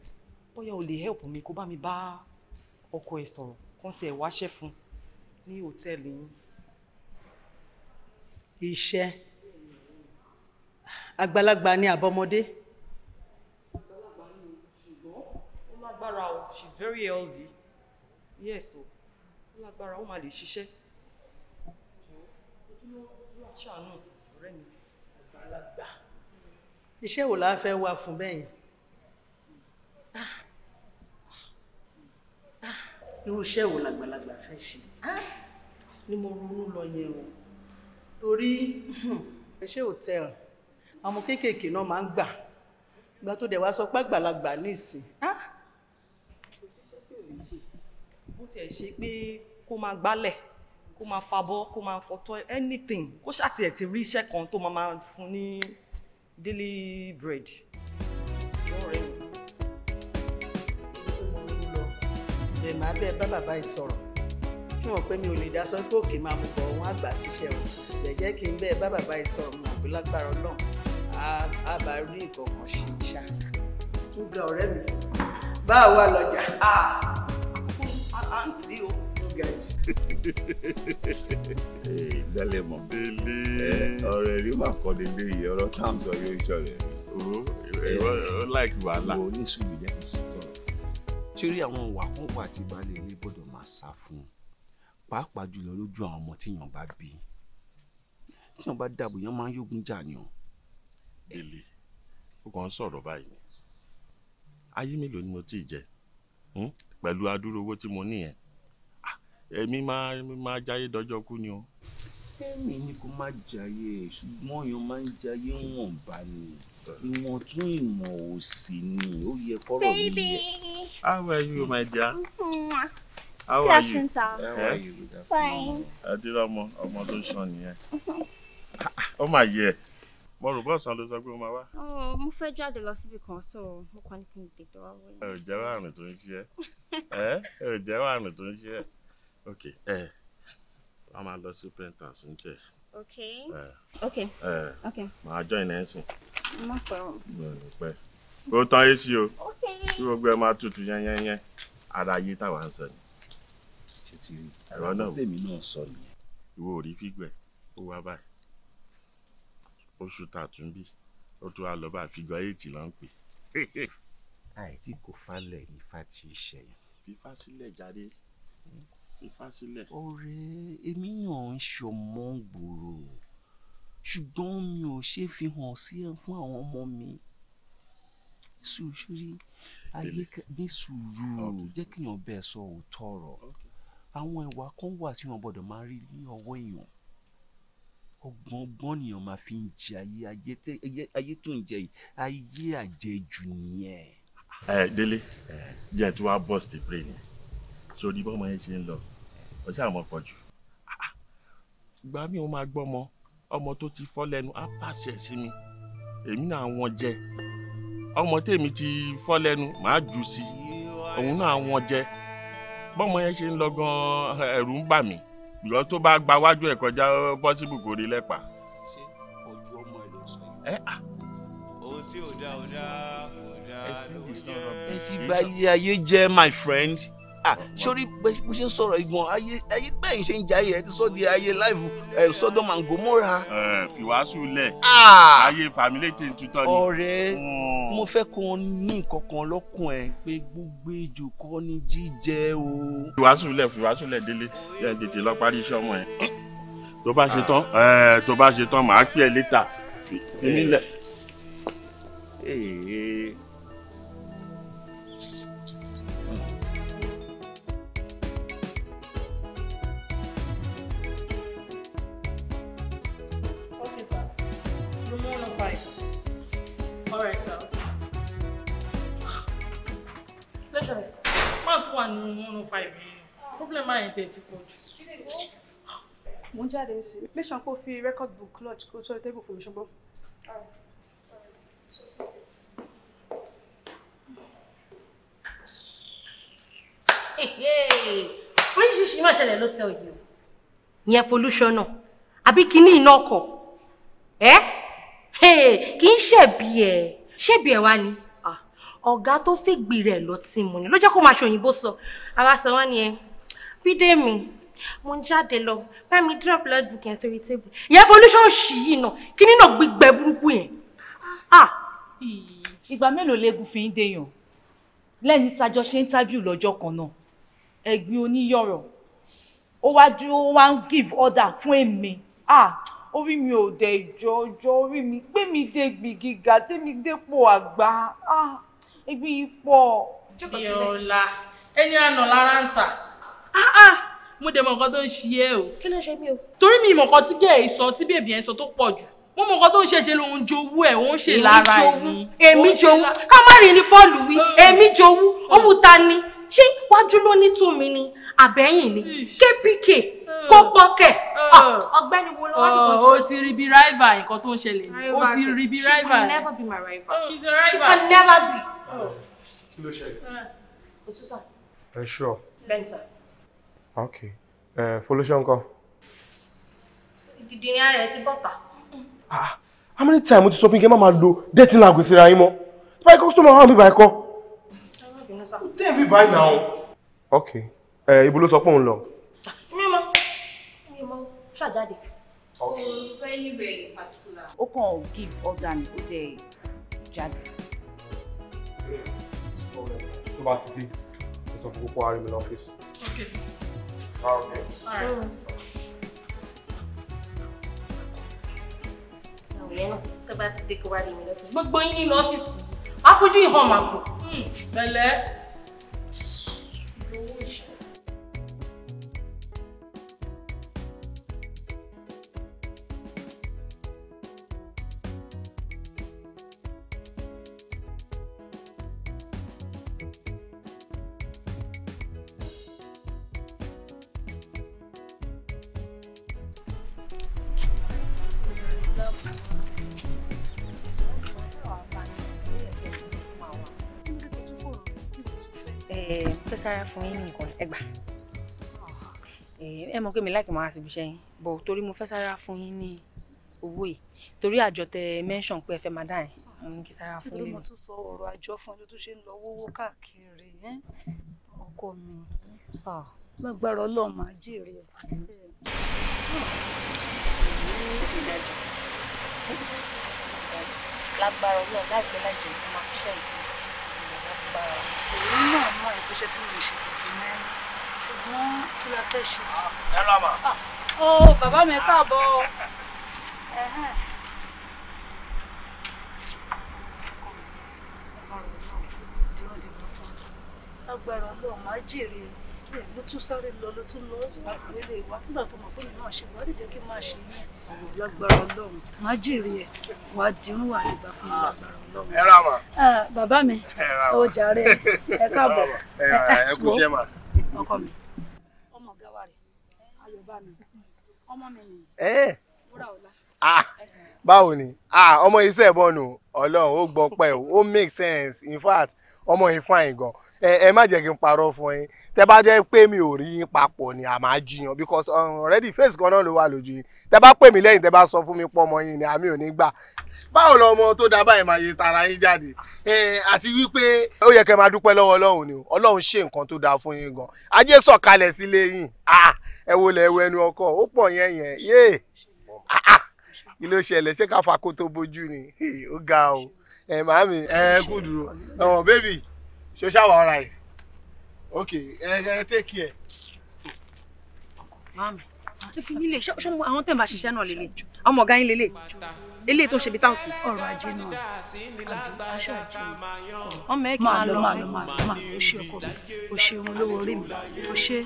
bóyá o lè help mi kó bá mi bá ọkọ ẹ̀ sọ̀rọ̀ kán tiẹ̀ wáṣẹ́ fún ní hòtẹ́ẹ̀lì yín. iṣẹ́ àgbàlagbà ni àbọ̀mọdé. àgbàlagbà ni ṣùgbọ́n ó lágbára o she's very healthy yes o ó lágbára ó máa lè ṣiṣẹ́ iṣẹ́ wo la fẹ́ wá fún bẹ́yìn ah, irú iṣẹ́ wo làgbàlagbà fẹ́ ṣe ni mo ronú lọ yẹn o torí hmm, iṣẹ́ hotel àwọn kéékèèké náà máa ń gbà ìgbà tó dẹ̀ wá sọ pé àgbàlagbà ní ìsìn. kò síṣẹ́ tí ò lè bó tiẹ̀ ṣe pé kó máa gbálẹ̀ kó máa fabọ́ kó máa fọtọ́ anything kó ṣàti ẹ̀ ti rí iṣẹ́ kan tó máa máa fún ní daily bread. Sure. dẹ̀ máa bẹ́ẹ̀ bá bàbá yìí sọ̀rọ̀ fún ọ pé mi ò lè dá sọ́jú òkè máa mú bọ̀ wọ́n àgbà ṣiṣẹ́ o jẹ́jẹ́ kí n bẹ́ẹ̀ bá bàbá yìí sọ̀rọ̀ mọ̀ pé lágbára náà á bá rí ìkọ̀kan ṣe ṣá. gíga ọ̀rẹ́ mi báà wà lọ́jà àǹtí o. ìdálẹ́ mọ̀ ọ̀rẹ́ rí wà kọ́ lélẹ́yìí ọ̀rọ̀ táwọn sọ yóò ṣọlẹ̀. Oh, láìkí wàhálà. wo ní sùúrù jẹ́ kí n ṣórí àwọn ìwàkúwà tí baálé ilé gbọ́dọ̀ máa sá fún pàápàá jùlọ lójú àwọn ọmọ tíyàn bá bí tíyàn bá dàbò yẹn máa ń yógun jà ni o. èlé ó kàn ń sọ̀rọ̀ báyìí ni ayé mélòó ni mo tí ì jẹ hmm? pẹ̀lú adúrú owó tí mo ní yẹn ah, èmi máa máa jayé dọjọ́ kú ni o. fẹ́mi ni kò má jayé ṣùgbọ́n èèyàn máa ń jayé wọ̀nba ni ìwọ̀n tún ìmọ̀ òsì ni ó yẹ kọ́rọ̀ mi yẹ. how are you my dear. Eh? how are you. how are you. fine. adira ọmọ ọmọ tó sàn nìyẹn ó mà yẹ mo rò bọ́ọ̀sán ló sọ pé mo máa wá. Oh, mo fẹ́ jáde lọ síbi kan so mo kàn ní kí n tètè wá wọlé. ẹ ò jẹ́wọ́ àrùn tó ń ṣe ẹ eh? ẹ ò jẹ́wọ́ àrùn tó ń ṣe ẹ ok ẹ a máa lọ sí penthouse ń tẹ. ok eh. ok ok. màá join ẹ sìn ó tán yé sí o tí gbogbo ẹ máa tutù yẹnyẹnyẹn ara ayé táwa ń sọ ni. ẹ̀rọ náà tèmi náà sọ nìyẹn. ìwọ ò rí fígbẹ̀ ó wá báyìí oṣù tàtúnbí ó tún wá lọ bá fígbà éètì là ń pè. àìtí kò falẹ̀ ní fati ìṣẹ̀yìn. fífa sílẹ̀ jáde hmm. fífa sílẹ̀. ọ̀rẹ́ èmi yàn ń ṣọmọ gbòòrò ṣùgbọ́n mi ò ṣe fi hàn sí ẹ fún àwọn ọmọ mi sùúrù ayé ní sùúrù jẹ́ kéèyàn bẹ́ẹ̀ sọ òótọ́ ọ̀rọ̀ àwọn ìwà kan wà tí wọn gbọ́dọ̀ máa rí ní ọwọ́ èèyàn ọgbọ́n ọgbọ́n nìyàn máa fi ń jẹ ayé ayé tó ń jẹ yìí ayé àjẹjù nìyẹn. ẹ délé jẹ tí wàá bọ́ sí pray ni sórí bọ́mọ yẹn ṣe ń lọ ọṣẹ àmọ́ pọ̀ jù. Ah, ah. ìgbà mi máa gbọ́ mọ́ ọmọ tó ti fọ́ lẹ́nu á pàṣẹ sí mi èmi náà wọ́n jẹ ọmọ tèmi ti fọ́ lẹ́nu màá jù sí òun náà wọ́n jẹ bọ́mọ yẹn ṣe ń lọ gan ẹ̀rù ń bà mí bìkọ́ tó bá gba wájú ẹ̀ kọjá bọ́sibù kò rí lẹ́pa. ṣé ojú ọmọ ẹ ló sọ yìí. ẹ à. òsì ò dá ò dá ò dá ló jẹ́. ẹ ti bá ilé ayé jẹ́ my friend. Ah, sórí bó ṣe ń sọ̀rọ̀ ìgbọ̀n ayé ayé bẹ́ẹ̀ ṣe ń jayé ẹ ti sọ di ayé live Sodom and Gomorrah. fìwàásù lẹ̀ ah! ayé fàmílẹ̀ tẹ̀ ń tutọ́ ni. ọ̀rẹ́ hmm. mo fẹ́ kó o ní nǹkan kan lọ́kùn ẹ pé gbogbo ejò kọ́ ni jíjẹ o. fìwàásù lẹ̀ fìwàásù lẹ̀ délé yẹn tètè lọ parí iṣẹ́ ọmọ ẹ tó bá ṣe tán ah. tó bá ṣe tán màá pè é létà fi nílẹ̀. wà ní one oh five yẹn problem ayé tẹ̀ ti pọ̀ jù. mo ń jáde sí i make sure kó fi record book clutch. kó sórí table fún mi ṣùgbọ́n. oríṣiríṣi máa ṣẹlẹ̀ ló tẹ òye o. ìyẹn pollution náà àbí kinní iná ọkọ̀ ẹ́ kì í ṣẹ̀bi ẹ̀ ṣẹ̀bi ẹ̀ wá ni ọ̀gá tó fìgbì rẹ̀ lọ tí mo ní ló jẹ́ kó máa ṣòyìnbó sọ àwa sọ wọ́n ni ẹ bídé mi mo ń jáde lọ bá mi drop blood book yẹn sórí table ìyẹn pollution ṣì yìí náà kí nínà gbígbẹ burúkú yẹn. Ah! ìgbà mélòó lẹ́gùn fi ń dèèyàn lẹ́yìn tájọ ṣe ń tábìlì lọ́jọ́ kan náà ẹ̀gbin oníyọ̀rọ̀ ó wá dúró ó wá ń give order fún èmi ah! orí mi ò dẹ̀ jọjọ orí mi gbé mi dé gbìgíga dé mi dépò àgbà. Ah! ebi pọ̀. biola ẹni àná lára ń tà ah, ah. mo dẹ̀ mo nǹkan tó ń ṣe é o. kí ló ṣe mí o. torí mi Mo kan tí gẹ̀ẹ́ sọ tí bèbí ẹ̀ ń sọ tó pọ̀ jù wọ́n mọ̀ nǹkan tó ń ṣe ṣe lòun jowú ẹ̀ òun ṣe lára ni. èmi jowú ká má rìn ní bọ́ọ̀lù wí mm. èmi jowú òwú mm. ta ni ṣé wájú ló ní tòmí ni àbẹ́yìn ni kpk mm. kó pọ́kẹ̀ ah, wo lọ́wọ́ ní kò oh, tó. o ti rí bí rival nǹkan tó ń ṣẹlẹ̀ ni o ti rí bí rival. she can never be my rival. she can never be kí ló ṣẹlẹ̀. kò sí sà. ẹ ṣọ. bẹ́ẹ̀ sà. ok uh, ah, how many times mo ti sọ fún my kí ẹ má dating language síra yín mọ́ tí báyìí kọ́sítọ́mù àwọn àbíbá ẹ̀kọ́. tẹ́ ẹ bí báyìí Okay. ok uh, ẹ ibo ló sọ pé òun lọ. mi mọ mi mọ ṣàjáde. particular. ó give organ ó dẹ̀ Okay. back to ti dé ẹ sọ fún kókó ààrẹ mi lọ́fíìsì. ok all ah, right. All right. Mm. yẹn náà tó bá ti dé kó wá rí mi go gbogbo yín nínú ọ́fíìsì máa fojú ìhàn hmm. máa kù. bẹ̀lẹ̀. ìdòwú ìṣe. láìpẹ́ máa síbi se yín bọ̀ torí mo fẹ́ sára fún yín ní owó yìí torí àjọ tẹ mention pé ẹ fẹ́ máa dá mo ní kí sára fún yín. mo tún sọ ọ̀rọ̀ àjọ fún ọjọ́ tó ṣe ń lọ wówó káàkiri ọkọ mi lágbára Ọlọ́run máa jèrè ẹ̀. lágbára Ọlọ́run láìpẹ́ láìpẹ́ mo máa fi ṣe ìgbìmọ̀ lágbára. èyí náà mọ ìpèsè tí mo ṣe kò fi mẹ́rin ẹ̀gbọ́n kí la fẹ́ ṣe. ẹ rà mà. ó bàbá mi káàbọ̀ agbára lọ máa jèrè ẹ ló tún sáré lọ ló tún lọ sí láti wọlé wa nígbà tó mọ̀ pé mi náà ṣe wá lè jẹ́ kí n máa ṣe yẹn lágbára Ọlọ́run máa jèrè ẹ wà á dirun wà nígbà fún mi lágbára ẹ ra mà. bàbá mi ọjà rẹ ẹ káàbọ̀ ẹ kú iṣẹ́ mà. ọkọ mi Ah, báwo ni ah, ọmọ iṣẹ́ ìbọnù ọlọ́run ó gbọ́ pẹ́ o ó make sense in fact ọmọ yìí fine ẹ má jẹ́ kí n parọ́ fún yín tẹ́ bá jẹ́ pé mi ò rí yín papọ̀ ni à máa jiyàn because um, already face kan náà ló wà lójú yín tẹ́ bá pè mí lẹ́yìn tẹ́ bá sọ fún mi pọ́ ọmọ yín ni àmì ò ní gbà. báwo lọ ọmọ tó dábàá ẹ̀ máa yẹ tara yín jáde àti wípé. ó yẹ kẹ́ máa dúpẹ́ lọ́wọ́ ọlọ́run ni ọlọ́run ṣe nǹkan tó dáa fún yín gan ajé sọ̀kalẹ̀ sílé yín ẹ wo lẹ̀ ẹwọ ẹnu ọkọ ó pọ̀ yẹn yẹn yéè kí ṣẹlẹ̀ ṣé ká fakó tó bójú ni ó ga o ẹ̀ máa mi ẹ̀ kú ọ̀ bébì ṣe ṣáwọ ọ̀rá yìí ok ẹ ẹ take care. mami àti fi nílé ṣé àwọn tẹ̀ ń bá ṣiṣẹ́ náà lélẹ̀ àwọn ọ̀gá yín lélẹ̀ eléyìí tó ń ṣe bí táwọn sí ọ̀rọ̀ ajé náà àbí aṣọ àjẹ ọmọ ẹ kí máa lọ máa lọ máa lọ máa lọ ṣe ọkọ mi ò ṣe ohun olówó orí mi ò ṣe.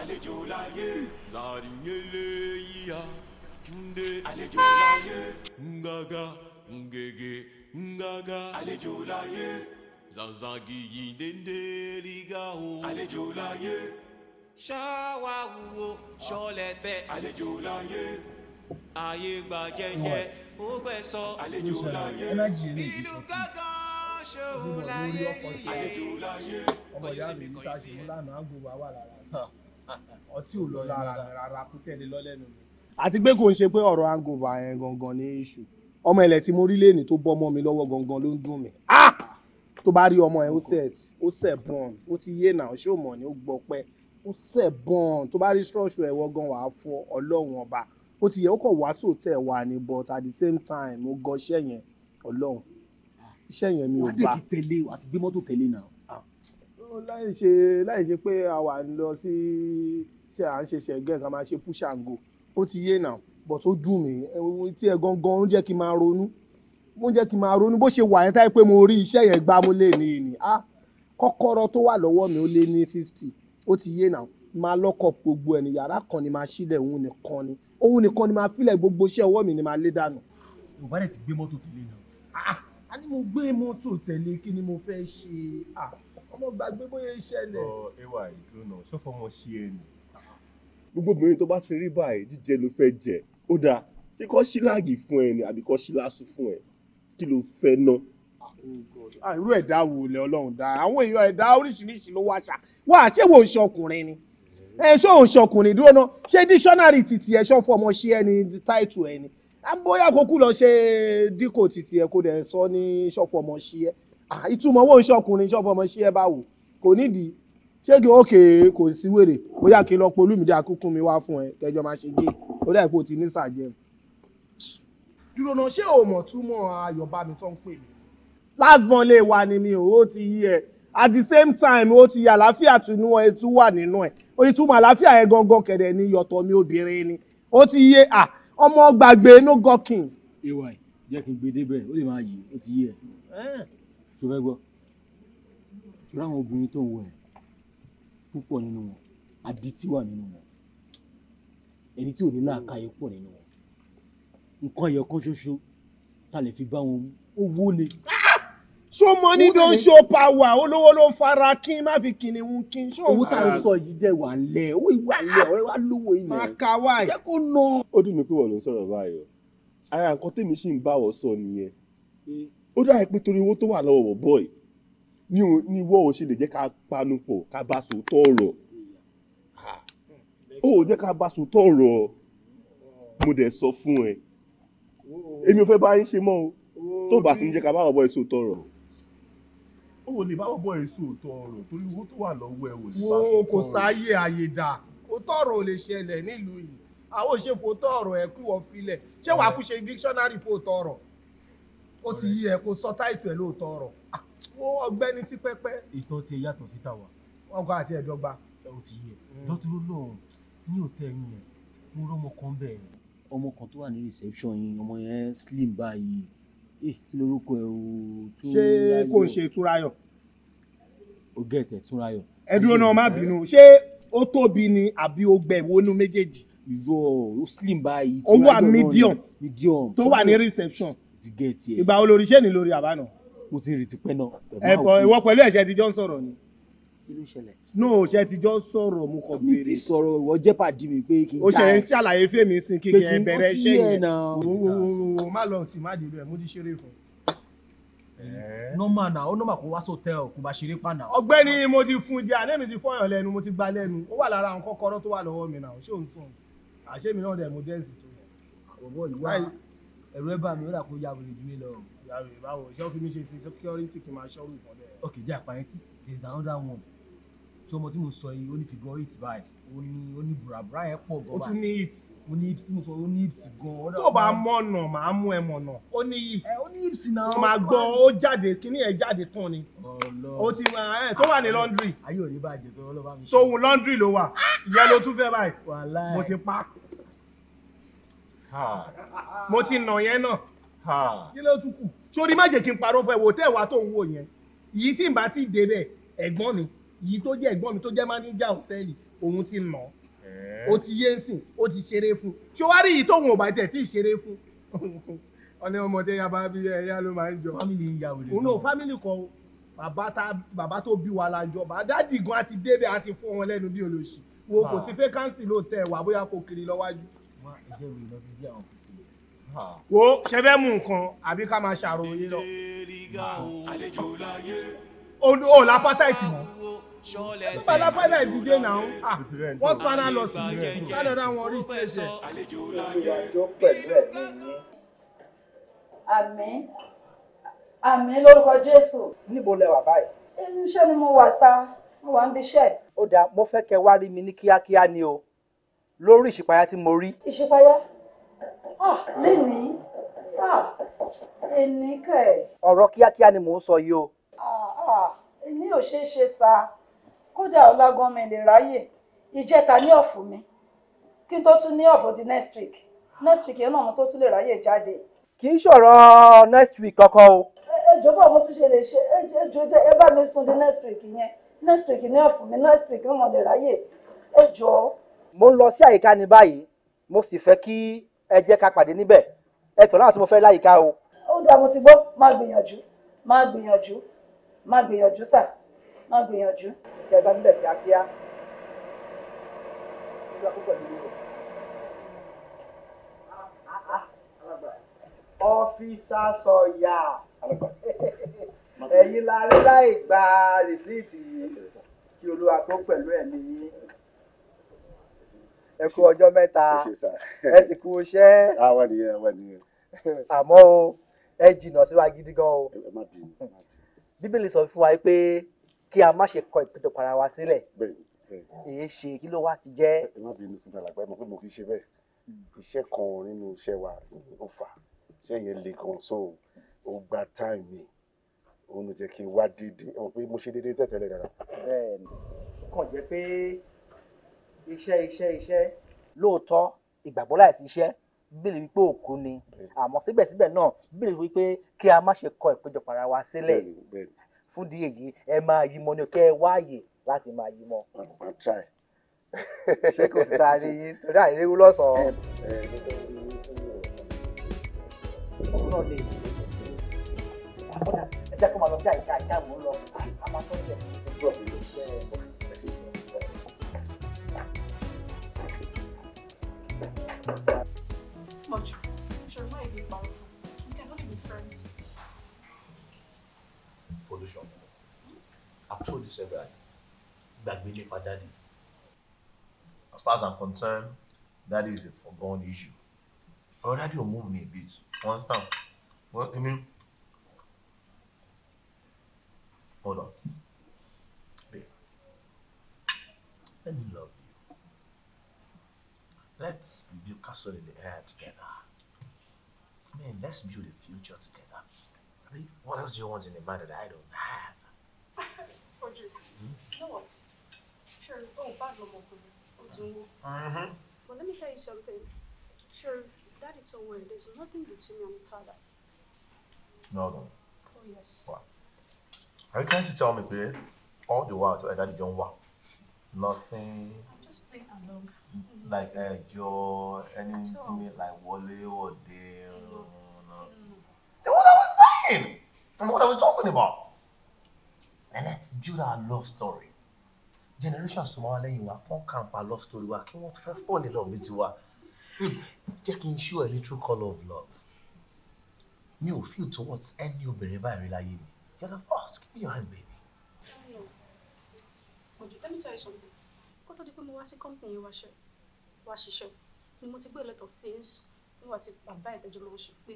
àlejò láyé zàrìnyẹlẹ yíya ǹdẹ àlejò láyé ngàgà ngègè ngaga àlejò láyé zanzangiyi dendeliga o àlejò láyé ṣáwá wúwo ṣọlẹtẹ àlejò láyé ayé gba jẹ́jẹ́ ó gbẹ̀sọ́ àlejò láyé ìlú gángan ṣòwò láyé àlejò láyé ọmọ ìyá mi níta jùlọ lánàá àgbo wa wà ọtí ò lọ lára rárá kó tẹ̀lé lọ́lẹ́nu mi. àti pé kò ń ṣe pé ọ̀rọ̀ hangover yẹn gangan ní iṣu ọmọ ilẹ̀ tí mo rí lẹ́ni tó bọ́ ọmọ mi lọ́wọ́ gangan ló ń dùn mí ah! tó bá rí ọmọ ẹ̀ ó sẹ̀ ó sẹ̀ bọ̀n ó ti yé nà ṣé ò mọ̀ ni ó gbọ́ pẹ́ ó sẹ̀ bọ̀n tó bá rí ṣọ́ọ̀ṣù ẹ̀wọ̀ gan wàá fọ ọlọ́run ọba ó ti yẹ ó kọ̀ wá sòtẹ́ wà ní but at the same time mo gọ iṣẹ́ yẹn ọlọ́run iṣẹ́ yẹn mi ò bá. wàá dé ti tẹ̀lé àti gbé mọ́tò tẹ̀lé náà ah. láì ṣe láì ṣe pé a wà lọ sí ṣe à ń ṣe ṣẹ̀gẹ́ ká máa ṣe púṣàǹgò ó ti yé náà but ó dùn mí ohun tí ẹ gangan ó jẹ́ kí n máa ronú ó jẹ́ kí n máa ronú bó ṣe wà yẹn táyé pé mo rí iṣẹ́ yẹn gbá mo lè ní ìní ah kọ́kọ́rọ́ tó wà lọ́wọ́ mi ó lé ní fifty ó ti yé náà máa lọ́kọ̀ gbogbo ẹni yàrá kan ni máa sílẹ̀ òun nìkan ni òun nìkan ni máa filẹ̀ gbogbo iṣẹ́ ọwọ́ mi ni máa lé dànù. yorùbá rẹ ti gbé mọ́tò tẹ̀lé náà ah, a ní mo gbé mọ́tò tẹ̀lé kí ni mo fẹ́ ṣe ah, ọmọ gbàgbé bóyá iṣẹ́ lẹ̀. ọ ẹwà ìdúró náà ṣọfọmọ ẹnu gbogbo obìnrin tó bá ti rí báyìí jíjẹ ló fẹ́ jẹ ó dáa ṣé kọ́ ṣíláàgì fún ẹ ni àbí kọ́ ṣíláàsù fún ẹ kí ló fẹ́ ná. Ah, irú ẹ̀dá wo lẹ ọlọ́run dá àwọn èèyàn ẹ̀dá oríṣiríṣi ló wá ṣá wá ṣé wo ìṣọkùnrin ni ẹ ṣó ìṣọkùnrin dúró ná ṣé dictionary títí ẹ ṣó fọmọ ṣe ẹ ní title ẹ ni bóyá kókó lọ ṣe díkò títí ẹ kó dẹ̀ sọ ní ṣọ́fọmọ ṣe ẹ ah, ìtumọ̀ wo ìṣọkùnrin ṣọ́fọmọ ṣe ẹ báwo kò nídìí ṣé kí ókè kò sí wèrè bóyá kí n lọ pọ olúmídé akúkún mi wá fún ẹ kẹjọ máa ṣe gé ó dà ipò tí ní sàjẹ. dúró náà ṣé o mọ̀ túmọ̀ ayọ̀ bá mi tó ń pè mí. last born lè wà ní mi ò ti yí ẹ at the same time ó ti àlàáfíà tún ẹ tún wà nínú ẹ ó ti túmọ̀ àlàáfíà ẹ gangan kẹ̀dẹ̀ ní yọ̀tọ̀ mi obìnrin ni ó ti yé à ọmọ gbàgbé no gọkìn. ay jẹ́ kí n gbé débẹ̀ ó lè máa yí ó ti yé ẹ ṣùgbọ́n gbọ́ ṣùgbọ́n àwọn obìnrin tó ń wọ ẹ̀ púpọ̀ nínú wọn adití wà nínú wọn ẹni tí ò ní làákàyè pọ̀ nínú wọn nǹkan ẹyọ kan ṣoṣo tá fi bá wọn owó ni. so money don show power olówó ló ń fara kí n má fi kìnìún kí n ṣó. owó tá a sọ yìí jẹ́ wà lẹ̀ owó ìwà lẹ̀ ọ̀rẹ́ wa lówó ilẹ̀. máa ka wá yìí. jẹ́ kó nà. ó dùn mí pé wọ́n ló ń sọ̀rọ̀ báyọ̀ ara nǹkan tèmi sì ń bá wọ́n sọ nìyẹn ó dáa pé torí owó tó wà lọ́wọ́ bọ́ọ̀ yìí ní ìwọ ò ṣe lè jẹ́ ká panu pọ̀ ká bá sòótọ́ ọ̀rọ̀ ó jẹ́ ká bá sòótọ́ ọ̀rọ̀ mo dẹ̀ sọ fún ẹ èmi ò fẹ́ bá yín ṣe mọ́ o tó bá ti ń jẹ́ ká bá ọ̀bọ̀ èso tọrọ. ó lè bá ọ̀bọ̀ èso tọrọ torí owó tó wà lọ́wọ́ ẹ ò sí bá tọrọ. wo kò sáyé àyè dà ó tọrọ ò lè ṣẹlẹ̀ nílùú yìí àwọn òṣèpò tọrọ ẹ kú wọn filẹ̀ ṣé wàá kú ṣe dictionary fò tọrọ ó ti yí ẹ kó sọ táìtù ẹ lóòótọ́ ọ̀rọ̀ ah, wo ọ̀gbẹ́ni tí pẹpẹ. ìtàn tiẹ̀ yàtọ̀ sí tàwa. ọkọ àti ẹ̀dọ́gba. ẹ ò ti yẹ mm. dọ́túró náà ní òtẹ́ẹ̀lì yẹn mo rọ́mọ kan bẹ́ẹ̀. ọmọ kan tó wà ní reception yìí ọmọ yẹn slim báyìí eh kí lorúkọ ẹ o. ṣé kò ń ṣe túnráyọ̀. o gẹ̀ẹ́tẹ̀ túnráyọ̀. ẹ dúró náà má bínú ṣé ó tóbi ni àbí ó gbẹ ìwónú méjèèjì. ìró ó slim báyìí. ó wà medium tó wà ní reception. ti gẹ̀ẹ́tì ẹ. ìgbà wo lórí ṣé ni lórí àbá mo ti rí tipẹ́ náà. ẹ bọ ìwọ pẹ̀lú ẹ̀ṣẹ̀ ti jọ ń sọ̀rọ̀ ni. kí ló ṣẹlẹ̀. no ṣe ti jọ ń sọ̀rọ̀ mo kàn béèrè. mi ti sọ̀rọ̀ ìwọ jẹ́ pàdé mi pé kí n ta ẹ. o ṣe ń ṣàlàyé fèmí sí kí kí ẹ bẹ̀rẹ̀ iṣẹ́ yẹn. o wo wo má lọ tì má débẹ̀ mo ti ṣeré fún normal na ó normal kó wá sọtẹ́ẹ̀ kó bá ṣeré pa náà. ọ̀gbẹ́ni mo ti fún jẹ àná mi ti fọyàn lẹ́nu mo ti gba lẹ́nu ó wà lára àwọn kọ́kọ́rọ́ tó wà lọ́wọ́ mi náà ṣé ò ń sùn àṣé mi náà dẹ mo dẹ́sì tó. ọ̀bọ̀ ìwà ẹ̀rọ ẹ̀ bá mi ó dà kó yàgò lè ju mi lọ yàrá ìbáwò ṣé ó fi mí ṣe sí security kí n máa ṣọ́rù ìbọn bẹ́ẹ̀. ok jẹ́ àpáyé tí there is another one tí ọmọ tí mo sọ yìí ó ní figure eight báyìí ó ní ó ní burabura yẹn pọ̀ gan-an. ó tún ní hips. ó ní hips tí mo sọ ó ní hips gan-an. tó o bá mọ̀nà màá mú ẹ mọ̀nà ó ní hips. ẹ ó ní hips náà. màá gbọ́ ó jáde kíní ẹ̀ jáde tán ni. ọlọ ó ti wá ẹ tó wà ní ah, laundry. ayé òní bàjẹ́ tó lọ́ bá mi ṣe. tòun laundry ló wà ìyẹn ló tún fẹ́ báyìí. wàláì mo ti pa. mo ti nà yẹn náà. kí ló tún kù sórí má jẹ́ kí n parọ́ fún ẹ wò tẹ́ ẹ̀ wá tó ń wò yẹn yìí tí n bá ti dé bẹ̀ ẹ̀gbọ́n mi yìí tó jẹ́ ẹ̀gbọ́n mi tó jẹ́ máníjà hòtẹ́ẹ̀lì òun ti nà ó ti yé sìn ó ti ṣeré fún ṣé wàá rí yìí tóun ò bá tẹ̀ tí ì ṣeré fún ọ̀nà ọmọdé yaba bí ẹ̀yà ló máa ń jọ fámìlì ń ya òde òun náà fámìlì kan bàbá tó bí wa la jọ bàbá dádì gan àti débẹ̀ àti fún wọn lẹ́nu bí olóṣì wo kò sí fẹ́kánsì lóòótẹ́ wà bóyá kò kiri lọ́wájú. wá ẹjẹ wo ìlọbi bí àwọn kò wo ṣe fẹ́ mú nǹkan àbí ká máa ṣàròyé lọ. o lápátá ìtìmọ̀ nípa lápátá ìdíje náà ah, wọ́n spanner lọ sí rẹ̀ kádọ́dá wọn rí tẹ̀sẹ̀. olùwàjọ pẹ̀lú lórúkọ jésù. níbo lẹ wà báyìí. ẹnu iṣẹ́ ni mo wà sá mo wà ń bíṣẹ́. ó dáa mo fẹ́ kẹ́ wá rí mi ní kíákíá ni o lórí ìṣípayá tí mo rí. ìṣípayá Ah, lẹ́ni ah, ẹni kẹ̀. ọ̀rọ̀ kíákíá ni mò ń sọ yìí o. Ah, èmi ò ṣeé ṣe sá kódà ọlágan mi lè ráyè ìjẹta ní ọ̀fù mi kí n tó tún ní ọ̀fù di next week next week yẹn náà mo tó tún lè ráyè jáde. kì í ṣọ̀rọ̀ next week kankan o. ẹjọ́ bá mo tún ṣe lè ṣe ẹjọ́ jẹ́ ẹ bá mi sùn di next week yẹn next week ní ọ̀fù mi next week náà mo lè ráyè ẹjọ́. mo ń lọ sí àyíká ní báyìí mo sì fẹ́ kí ẹ jẹ́ ká pàdé níbẹ̀ ẹ pẹ̀lú àwọn tí mo fẹ́ láyìíká o. ó dà mo ti gbọ́ máa gbìyànjú máa gbìyànjú máa gbìyànjú sà máa gbìyànjú. ìjà ìgbà níbẹ̀ kíákíá ìgbà púpọ̀ nínú rẹ̀. ọ́fíìsà sọ̀yà ẹ̀yin la rí láì gba rìsíìtì kí olúwa tó pẹ̀lú ẹ̀mí yín ẹ kú ọjọ́ mẹ́ta ẹ sì kú iṣẹ́. àwọn o ẹ jìnnà sí wa gidi gan o. bíbélì sọ fún wa pé kí a má ṣe kọ ìpẹ̀tẹ̀pọ̀ ara wa sílẹ̀ èyí ṣe kí ló wá ti jẹ́. ẹ má bínú sí balàgbà ẹ mọ̀ pé mo kì í ṣe bẹ́ẹ̀ iṣẹ́ kan nínú iṣẹ́ wa ó fà iṣẹ́ yẹn le gan so ó gba táìmì òun ló jẹ́ kí n wá déédéé ẹ mọ̀ pé mo ṣe déédéé tẹ̀tẹ̀lẹ̀ dára. bẹ́ẹ̀ni kàn jẹ́ pé iṣẹ́ iṣẹ́ iṣẹ́ lóòótọ́ ìgbàgbọ́ láìsí iṣẹ́ bíbélì wípé òkú ni àmọ́ síbẹ̀síbẹ̀ náà bíbélì wípé kí a má ṣe kọ ìpéjọpọ̀ ara wa sílẹ̀ fún di èyí ẹ máa yí mọ ni kẹ́ ẹ wáàyè láti máa yí mọ. ṣé kò sí taari yín torí àìléwu lọ́sàn-án. ọkùnrin náà ẹ jẹ́ kó máa lọ sí àyíká àyíká mò lọ àmọ́ tó ń bẹ̀. Much. Sure, why be We can be friends. Pollution. Hmm? I've told you several times. gbàgbé nípa daddy. As far as I'm concerned, that is a foregone issue. But daddy will move me a bit. One time. do you mean, hold on. Babe, let me love. Let's build castle in the air together. I mean, let's build a future together. I mean, what else do you want in a man that I don't have? Roger, hmm? you know what? Sure, oh, bad Otunwo. Mm-hmm. But let me tell you something. Sure, that is all well. There's nothing between me and my father. No, no. Oh, yes. What? Are you trying to tell me, babe, all the while to Edadi don't want? Nothing Just play along. Like eh, uh, jaw, anything like Wale or Dale. No. No. what I was saying, and what are we talking about. And let's build our love story. Generations tomorrow, you are wa Camp our love story wa kí wọ́n fẹ́ fall in love with you. Jẹ́ kí n show ẹni true of love. You ò feel towards any obìnrin báyìí rí láyé mi. You're the first. Give me your hand, baby. Let me tell you something tó di pé mo wá sí company yìí wá ṣiṣẹ́ ni mo ti gbé lot of things níwà tí bàbá ìtẹ́jú ló ń ṣe pé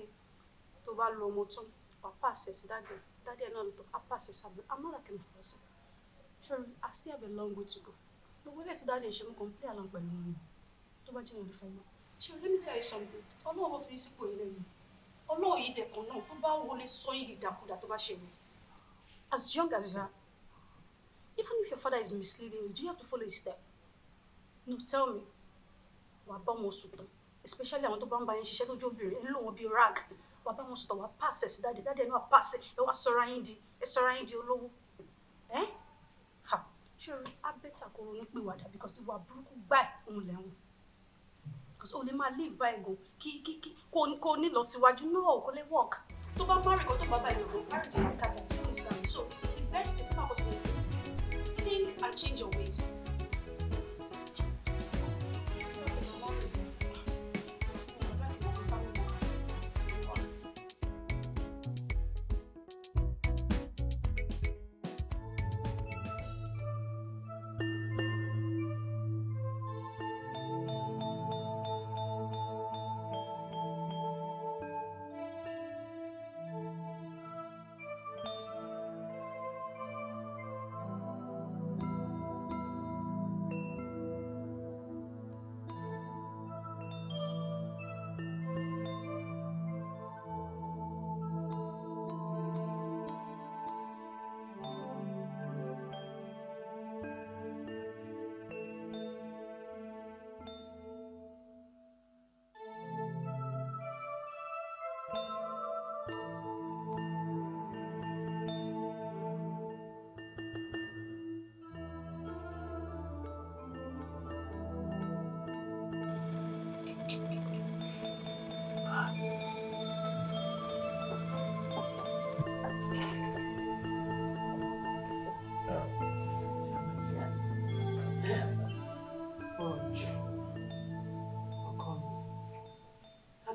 tó bá lo ọmọ tán wà á pàṣẹ sí dáadé dáadé náà tó á pàṣẹ sábẹ amọ́là kìnnì fọ́ sí sure I still have a long way to go gbogbo ilé tí dáadé ṣe mú kan play along pẹ̀lú wọn tó bá jẹ́ wọn lè fẹ́ mọ́ sure let me tell you something ọlọ́wọ́ fi sípò ilé yìí ọlọ́wọ́ yìí dẹ̀kan náà tó bá wọlé sọ yìí di dàkúdà tó bá ṣe as young as you are even if your father is misleading you do you have to follow his step no tell me wàá bá wọn sùn tán especially àwọn tó bá ń bá yín ṣiṣẹ́ tó jóbìnrin ẹ lò wọ́n bíi rag wàá bá wọn sùn tán wàá pàṣẹ sí dáadé dáadé náà pàṣẹ ẹ wàá sọra yín di ẹ sọra yín di olówó ẹ ha ṣé a bẹ́tà kó ronú pé wàdà because ìwà burúkú gbà òun lẹ́wọ̀n because o lè máa lè bá ki ki. kí kí kò ní lọ síwájú náà kò lè work To bá má rìn to tó bá bá ẹ̀gàn marriage is scatter things so the best thing tí màá kọ́ sí mi think and change your ways.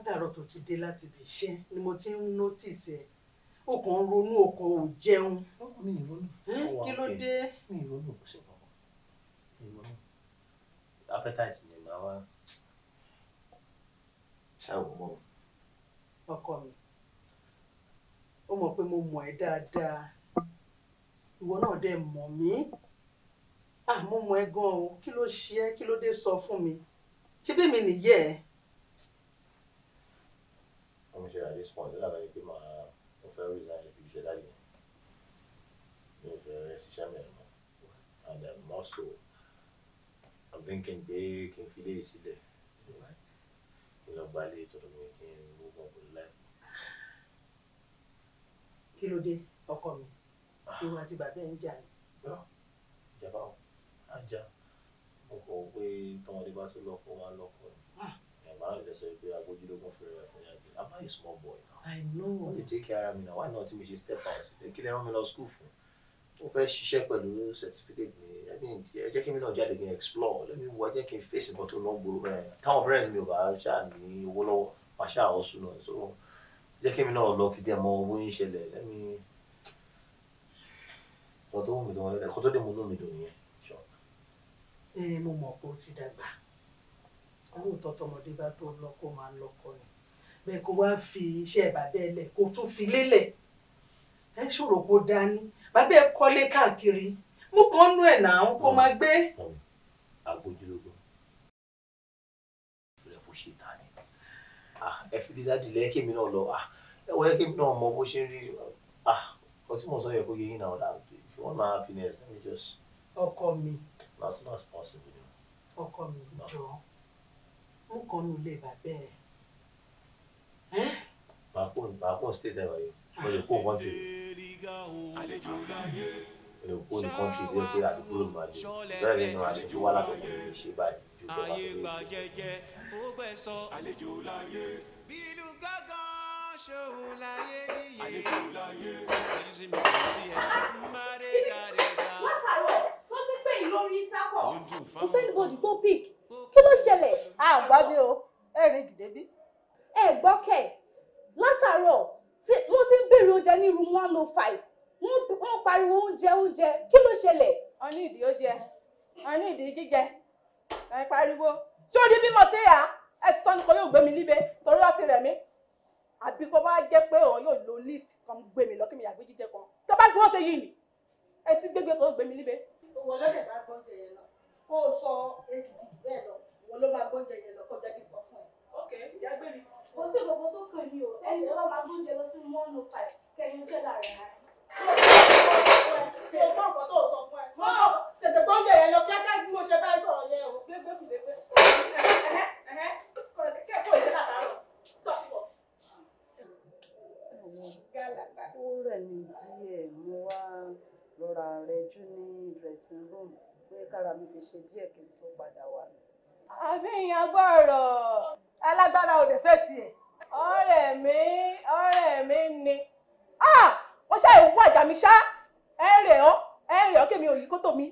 látàárọ̀ tó ti dé láti ibi iṣẹ́ ni mo ti ń nọ́tìsì ẹ̀ o kàn ń ronú o kò jẹun. mi ì ronú. kí ló dé. mi ì ronú kò sí kankan mi ì ronú. appetite ni màá wá ṣàwòmọ. ọkọ mi ó mọ̀ pé mo mọ̀ ẹ́ dáadáa ìwọ náà dẹ̀ mọ̀ mí àmọ́ mọ̀ ẹ́ gan-an kí ló ṣe é kí ló dé sọ fún mi ṣé bẹ́ẹ̀ mi nìyẹ́ pé kí n gbé kí n fi léyìí sílẹ̀ kí n lọ gba ilé tọ̀dọ̀ mi kí n mú bọ̀ pẹ̀lú láì. kí ló dé ọkọ mi ìwọ àti bàbá ẹ ń jà ni. ìjàmbá ò á jà mo kọ̀ ọ́ pé tọmọdé bá tún lọ́kọ wá lọ́kọ ni ẹ̀gbọ́n àwọn ìdẹ́sẹ̀ pé agbójúlógún fún ẹ̀rọ ẹ̀fọn yàgbé I'm a small boy now. I know. wọ́n take care of me now why not tí mo step out kí lè rán mi lọ school fún mo fẹ́ ṣiṣẹ́ pẹ̀lú certificate mi ẹ jẹ́ kí mi náà jáde kí n explore lẹ́mi wo ẹ jẹ́ kí n fèsì nǹkan tó lọ́ gbòòrò ẹ̀ eh, táwọn parents mi ò bá ṣáà ní owó lọ́wọ́ wá ṣáà ọ̀ sùn náà so jẹ́ kí mi náà lọ kí díẹ̀ mọ owó yín ṣẹlẹ̀ lẹ́mi nǹkan tó wù mí tó wọn lẹ́lẹ̀ kó tó dé mo nú mi dùn nìyẹn. ẹ mo mọ̀ pé o ti dàgbà lóòótọ́ tọmọdé bá tó lọ kó máa lọkọ ni bẹ́ẹ̀ kó wá fi iṣẹ́ bàbá ẹ lẹ̀ kó tún fi lélẹ̀ ẹ ṣòro kó dání bàbá ẹ kọ́lé káàkiri mú kàn nú ẹ̀ náà kó máa gbé. agbójúlógún ìrẹ́ kò ṣe tán ni ah, ẹ fi dídá dilẹ̀ kémi náà lọ ah, ẹ wọ́n yẹ kémi náà mọ bó ṣe ń rí ọtí ah, mo sọ yẹ kó yẹ yín náà dáa if you want my happiness let me just. ọkọ mi. as soon as possible. ọkọ mi jọ mú kàn nú ilé bàbá ẹ. màá kún màá kún state ẹ wáyé lọ́yẹ̀ kó wọ́n jù àlejò ẹ̀rọ kó ní kọ́ńtì bí ó pé àdúgbò ló máa jẹ bẹ́ẹ̀ nínú wà látọ̀kọ̀ ní ṣe báyìí ju tó bá wọlé. bínú gángan ṣòun láyé níyì àlejò láyé ẹni sí mi kò sí ẹ má dé dáadé dá. látàrọ tó ti pè yín lórí tápọ̀ kò sẹ́nibọ̀dì tó pick kí ló ṣẹlẹ̀ àgbà mi o ẹ̀rín gìdébí ẹ̀ gbọ́kẹ̀ látàrọ wọ́n ti ń béèrè oúnjẹ ní room one oh five wọ́n pariwo oúnjẹ oúnjẹ kí ló ṣẹlẹ̀. wọ́n ní ìdí oúnjẹ wọ́n ní ìdí jíjẹ ẹ pariwo sórí bímọ tí yà ẹ sọ ní kò yóò gbé mi líbe torí láti rẹ̀ mí àbí kó bá jẹ́ pé òun yóò lo lift kan gbé mi lọ́kí mi yàgbé jíjẹ kan tó bá gbọ́n ṣe yìí ni ẹ sì gbégbé kó gbé mi líbe. òwò lọ́dẹ̀ bá gbọ́njẹ yẹn lọ kó o sọ èkìtì bẹ́ẹ̀ lọ òwò ló bá gbọ́njẹ yẹn lọ kó jẹ́ kí n sọ fún ẹ. ok ìyá gbé mi kò sí ìkòkò tó kàn yín o ẹni tó bá máa gbóúnjẹ lọ sí one oh five kẹyìn ojú ẹ̀dá rẹ̀ náà. ṣé o gbọ́ nǹkan tó sọ fún ẹ? tètè gbọ́njẹ yẹn lọ kíákíá bí mo ṣe bá ẹ sọ̀rọ̀ yẹn o. gbégbé kù gbégbé kẹ́kọ̀ọ́ ìṣẹ́ làbárọ̀ sọ fún ọ. ó rẹ̀ mí díẹ̀ mo wá rọra rẹ̀ jú ní dressing room pé kára mi fi ṣe díẹ̀ kí n tó padà wá. àbí ìyẹn agbọ́rọ̀ ẹlágbára ò lè fèsì ẹ̀. ọ̀rẹ́ mi ọ̀rẹ́ mi ni wọ́n ṣáà ìwú àjà mi ṣá ẹ rẹ̀ ọ́ ẹ rẹ̀ ọ́ kí mi ò yí kótó mi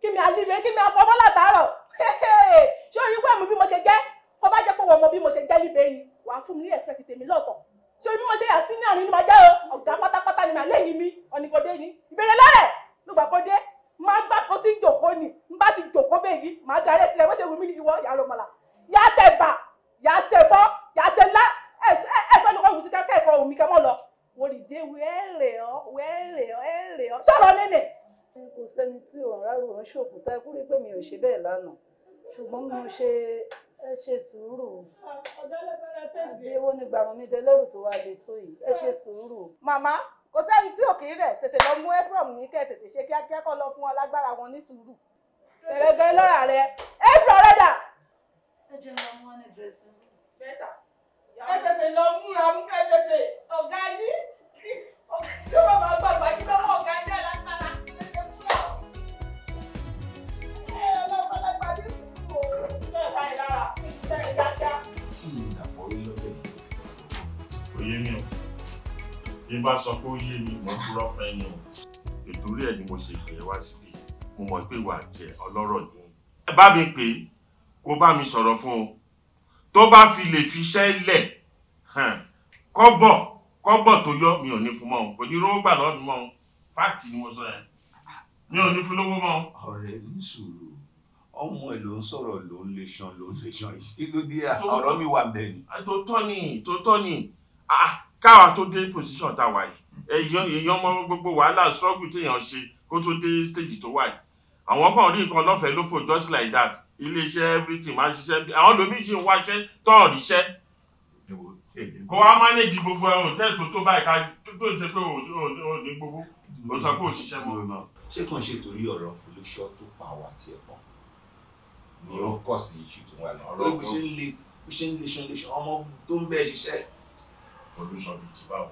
kí mi àlíre kí mi àfọwọ́ látàárọ̀ ṣé orí wẹ̀ mú bí mo ṣe jẹ́ kó bá jẹ́ pé wọ́n mọ bí mo ṣe jẹ́ líbe ni wàá fún mi ní ẹ̀sẹ̀ tètè mi lọ́tọ̀ ṣé bí mo ṣe yà sí ní àrùn ni ma jẹ́ o ọ̀gá pátápátá ni màá lẹ́yìn mi ọ̀nìkòdé ni ìbéèrè lọ́rẹ̀ ló gbà kó dé máa gbà kó ti jòkó ni n bá ti jòkó bẹ́ẹ̀ yìí màá darí ẹ̀ tirẹ̀ bó ṣe wù mí ìwọ yàrá òmàlà yàtẹ̀ bà yàá ṣe fọ́ yàá ṣe lá ẹ fẹ́ ló kọ́ ìwúsí kẹ́kẹ́ ẹ̀kọ́ omi kẹ́ mọ́ lọ wòlídé wẹ́ẹ̀rẹ̀ ọ́ wẹ́ẹ̀rẹ̀ ọ́ ẹ̀rẹ̀ ọ́ sọ̀rọ̀ nínú. kò sẹ́ni tí òun rárò ń ṣòkúta ẹ kúrò pé mi ò ṣe bẹ́ẹ̀ lánàá ṣùgbọ́n mo ṣe ẹ ṣe sùúrù àbíwó ni gbàrún mi dẹlẹ́rù tó wá lè tó yìí ẹ ṣe sùúrù. màmá kò sẹ́ni tí òkè rẹ̀ tètè lọ mú eprom ní kẹ́ tètè ṣe kíákíá kọ́ lọ fún ọ lágbára wọn ní sùúrù. tẹ̀rẹ̀gẹ́ lọ́ra rẹ eprom rẹ̀ dà ẹ lọ mú one dress ní. bẹ́ẹ̀ta. ẹ tètè lọ múra mú ẹ tètè ọ̀gá yìí tí wọ́n máa gbàgbà kí lọ́wọ́ ọ̀gá yìí látara tètè múra. ẹ ọlọ́pàá ní sùúrù o. ṣé ẹ báyìí lára ṣe é dáadáa. kí ni ìdàpọ̀ mi o bí n bá sọ pé ó yé mi mo ń dúró fún ẹni o ètò orí ẹ̀ ni mo ṣe pè wá síbí mo mọ̀ pé ìwà àti ẹ̀ ọlọ́rọ̀ ni ẹ bá mi pè é kó bá mi sọ̀rọ̀ fún o tó bá fi lè fiṣẹ́ lẹ̀ kọ́bọ̀ kọ́bọ̀ tó yọ mi ò ní fún mọ́ o kò ní rówó gbà lọ́ọ̀nù mọ́ o fáàtì ni mo sọ yẹn mi ò ní fún lówó mọ́ o. ọ̀rẹ́ mi sùúrù ọmọ ẹ ló ń sọ̀rọ̀ ló ń lè ṣan ló ń lè ṣan yìí ló dé ọ̀rọ̀ mi wà bẹ́ẹ̀ ni. tó tọ́ ni tó tọ́ ni káwa tó dé pòsíṣàn tá a wà yìí èèyàn mọ gbogbo wàhálà ṣọ́ọ̀gù téèyàn ṣe kó tó dé stéèjì tó wà yìí àwọn kan rí nǹkan lọ́fẹ̀ẹ́ ló fò just like that iléeṣẹ́ everything máa ń ṣiṣẹ́ bí àwọn lómi ṣì ń wáṣẹ́ tọ́ọ̀dì iṣẹ́ kó wá mánéjì gbogbo ẹ̀hún tẹ́ tó tó báyìí ká tó ṣe pé òun ní gbogbo ó sọ pé òṣìṣẹ́ mọ́. ṣé kàn ṣe torí ọ̀rọ̀ olóṣọ́ tó pa àwọn àti ẹ̀pọ̀ ni ó kọ̀ sí ìṣètò wa lọ. ọ̀rọ̀ bó ṣe ń le bó ṣe ń le ṣan lè ṣan ọmọ tó ń bẹ ṣiṣẹ́. olóṣọ́ bíi ti báwo.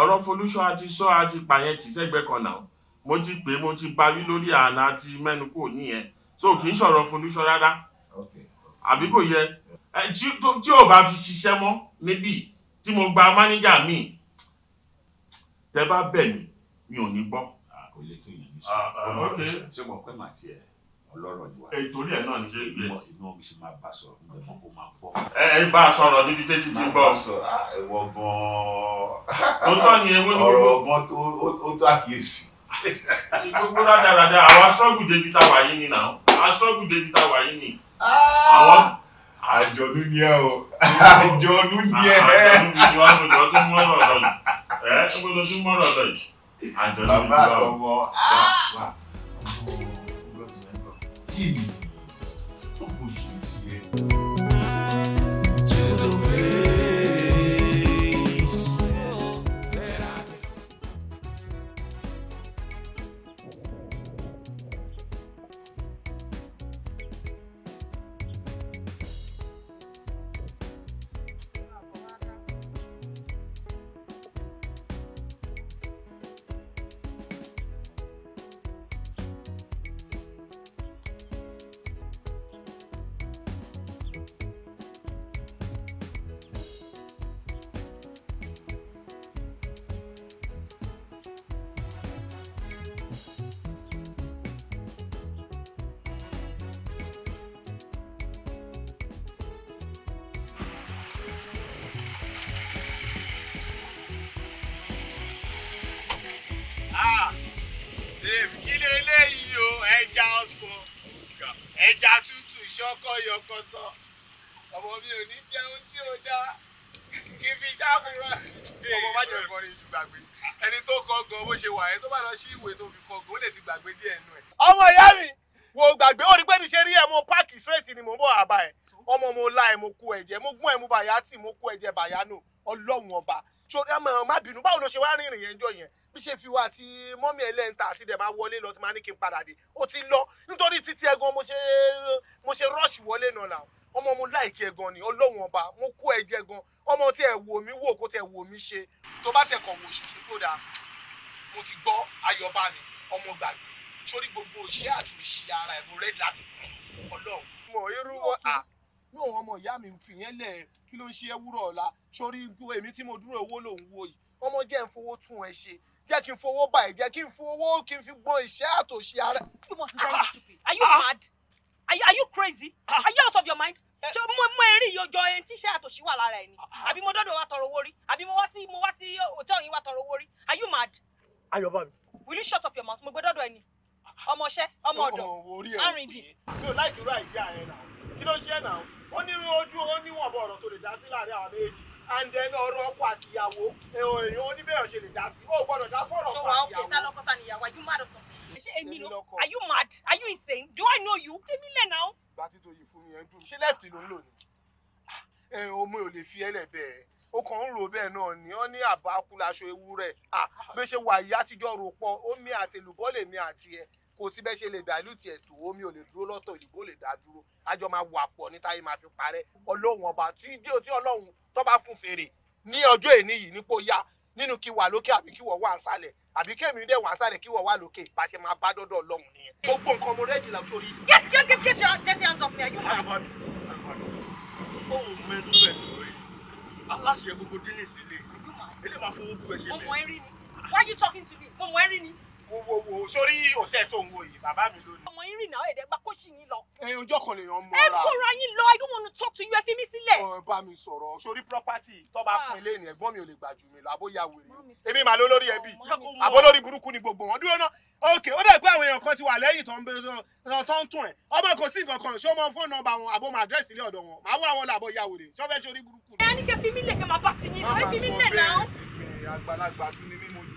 ọ̀rọ̀ folúṣọ́ àti sọ́ àti pààyàn tì sẹ́gbẹ̀ẹ́ kan náà mo ti pè mo ti bawí lórí ààlà àti mẹ́nu kò nìyẹn so kì í sọ̀rọ̀ folúṣọ rárá àbí kò yẹ tí ò bá fi ṣiṣẹ́ mọ́ níbí tí mo gba mánéjà mi tẹ bá bẹ̀ mí mi ò ní gbọ́. kò yẹ kí èèyàn ní sọ ah, ah, ṣé mo pẹ́ màtí ẹ̀ ọlọ́rọ̀ ni wa. ètòrí ẹ̀ náà ní ṣe ìgbé. inú mi ṣe máa bá a sọ̀rọ̀ nígbà mọ́ kó máa gbọ́. ẹ ẹ bá a sọ̀rọ̀ níbi tẹ́tí ti ń bọ̀. máa bá a sọ̀rọ̀ ah, ẹ̀wọ̀ gan-an. òótọ́ ni ewé ní gbogbo. ọ̀rọ̀ ọgbọ́n ó tó àkíyèsí gbogbo rádaràda àwa sọ́ọ̀gù débi tá a wà yìí ni nà á sọ́ọ̀gù débi tá a wà yìí ni. àjọ̀dún ni ẹ o àjọ̀dún ni ẹ. àjọ̀dún ni ẹ bàbá àtọwọ́ kí ni. sì mú kó ẹ̀jẹ̀ bàyánù ọlọ́run ọba sórí àmọ́ má bínú báwo ló ṣe wá rìnrìn yẹn jọ yẹn bí ṣe fi wá àti mọ́mí ẹlẹ́ǹta àti dẹ̀ máa wọlé lọ tí máa ní kí n padà dé o ti lọ nítorí títí ẹ mo ṣe mo ṣe rọ́ọ̀ṣì wọlé náà là ọmọ mo láìkí ẹ gan ni ọlọ́run ọba mo kó ẹ jẹ gan ọmọ tí ẹ wò mí wò kó tẹ wò mí ṣe tó bá tẹ kàn wò ṣùṣù tó dáa mo ti gbọ́ ayọ̀bá ni ọmọ gbàgbé sórí gbogbo iṣẹ́ mo rẹ́ láti ọlọ́run. mo irú wọn à kí ló ń ṣe ewúrọ̀ ọ̀la sórí èmi tí mo dúró owó lòun wo yìí ọmọ jẹ́ ń fowó tún ẹ ṣe jẹ́ kí n fowó bá ẹ̀ jẹ́ kí n fowó kí n fi gbọ́n iṣẹ́ àtòṣe ara. you must be very stupid are you ah. mad are are you crazy ah. are you out of your mind eh. ṣé mo mọ erin yìí ọjọ́ ẹni tí iṣẹ́ àtòṣe wà lára ẹ̀ ni ah. àbí mo dọ́dọ̀ wá tọrọ owó rí àbí mo wá sí mo wá sí hòtẹ́ẹ̀lì yín wá tọrọ owó rí are you mad. ayọ̀bá mi. will you shut up your mouth mo gbé dọ́dọ̀ ẹni ọmọọṣẹ́ ọmọ ọ̀dọ̀ arìnbí. mi ò láì dúró àìdí ààrẹ náà kí ló ṣe náà ó ní ojú oníwọ̀nba ọ̀rọ̀ tó lè dá sí láàrin àwọn méjì and then ọ̀rọ̀ ọkọ àti ìyàwó èèyàn oníbẹ̀rẹ̀ ṣe lè dá sí ó gbọ́dọ̀ dá fọ̀rọ̀ ọkọ àti ìyàwó. ṣé èmi ló are you mad are you insane do I know you èmi lẹ̀ náà. gbàtí tó yìí fún mi ẹ̀ ń dùn ṣé left ló ń lò ní. ẹ ọmọ ò lè fi ẹlẹ bẹ́ẹ̀ ó kàn ń rò bẹ́ẹ̀ náà ni ó ní àbá kú laṣọ ewúrẹ́ à bí ó ṣe wà yìí àtijọ́ rò pọ̀ ó mi àtẹlùbọ́ lèmi àti ẹ kò sí bẹ́ẹ̀ ṣe lè dilute ẹ̀ omi ò lè dúró lọ́tọ̀ òyìnbó lè dá dúró àjọ máa wà pọ̀ ní táyé máa fi parẹ́ ọlọ́run ọba tí dé tí ọlọ́run tó bá fún fèrè ní ọjọ́ èní yìí nípò yá nínú kí wà lókè àbí kí wọ́n wà nsàlẹ̀ àbí kí èmi dẹ̀ wà nsàlẹ̀ kí wọ́n wà lókè bá máa bá dọ́dọ̀ ọlọ́run nìyẹn. gbogbo nǹkan mo rẹ́dì làwọn sórí. get get get your get your hands off me you mad wo wo wo sórí òtẹ́ tó ń wo yìí bàbá mi lónìí. ọmọ yín rìn náà èdè gba kóṣì yín lọ. ẹ ọjọ́ kan lèèyàn mọ́ra. ẹ kóra yín lọ i don't want to talk to you ẹ fi mí sílẹ̀. ọ bá mi sọ̀rọ̀ sórí property tó bá ah. pín ilé ènìyàn ẹ̀gbọ́n mi ò lè gbà jù mí lọ àbóyá wèrè èmi màá lólórí ẹbí àbólórí burúkú ni gbogbo wọn dúró náà ok ó dẹ̀ pé àwọn èèyàn kan ti wà lẹ́yìn tó ń bẹ tó ń tún ẹ̀ ọmọ kò sí nǹkan kan ṣé mọ fóònù nọ́mbà wọn àbó máa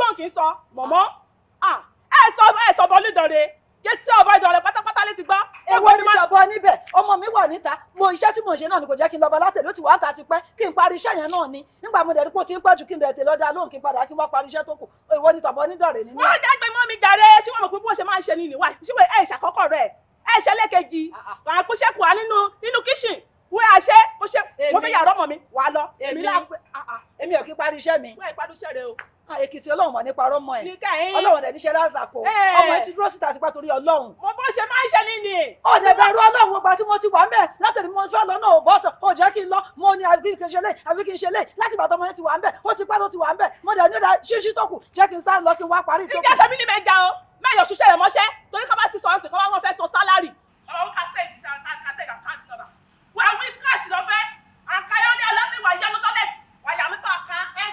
gbọ́n kì í sọ mọ̀mọ́ ẹ sọ ẹ sọ bọ́ nídọ̀rẹ́ yé tí ọba ìdọ̀rẹ́ pátápátá létí gbọ́. ewo ni ìjọba níbẹ̀ ọmọ mi wà níta mo iṣẹ́ tí mo ṣe náà ni kò jẹ́ kí n lọ bá látẹ̀ ló ti wá ta ti pẹ́ kí n parí iṣẹ́ yẹn náà ni nígbà mo dẹ̀rí pé o ti ń pẹ́ ju kí n dẹ̀ tè lọ́dà lóhùn kí n padà kí n wá parí iṣẹ́ tó kù ewo ni tọ̀bọ nídọ̀rẹ́ nínú. wọ́n jágbe mọ́ mi jàre ṣé wọ́n mọ̀ pé bó ṣe máa ń ṣe ni ìwà ṣíwèé ẹ̀ ṣàkọ́kọ́ rẹ̀ ẹ̀ ṣẹlẹ́kejì kàn ah, ah. án kúṣẹ́ kù á nínú kíṣìn wé àṣẹ kó ṣe mo fẹ́ yàrá ọmọ mi wà á lọ èmi náà ah, èmi ò kí parí iṣẹ́ mi. wọ́n ẹ̀ parí iṣẹ́ rẹ o èkìtì ọlọ́run mọ̀ nípa ọlọ́mọ ẹ̀ ọlọ́run ẹ̀ níṣẹ́ lásàkó ọmọ ẹ ti dúró síta àtìpá torí ọlọ́run. mo bó ṣe máa ń ṣe nínú. ọ̀dẹ̀ bẹ̀rù ọlọ́run ọgbà tí mo ti wà mẹ́ẹ̀ látẹ̀lé mo fẹ́ lọ́nà òbọ̀tọ̀ kò jẹ́ kí n lọ mo ní àbí kí n ṣe lé àbí kí n ṣe lé láti bàtọ́ mo yẹn ti wà mẹ́ẹ̀ ó ti pẹ́ ló ti wà mẹ́ẹ̀ mo dẹ̀ ní ìdá ṣíṣí tó kù jẹ́ kí n sá lọ kí n wá parí tó kù. ìjà tẹ̀mí ni mẹ́ ga o mẹ́ yọ ṣiṣẹ́ rẹ̀ mọ́ṣẹ́ torí ká bá ti sọ ọ́n sì kọ́ wá wọn fẹ́ sọ sálárì. ọ̀hún ká sẹ́yìn ká sẹ́yìn àkáǹtì nọ̀bà wẹ́ẹ́ wí káàṣì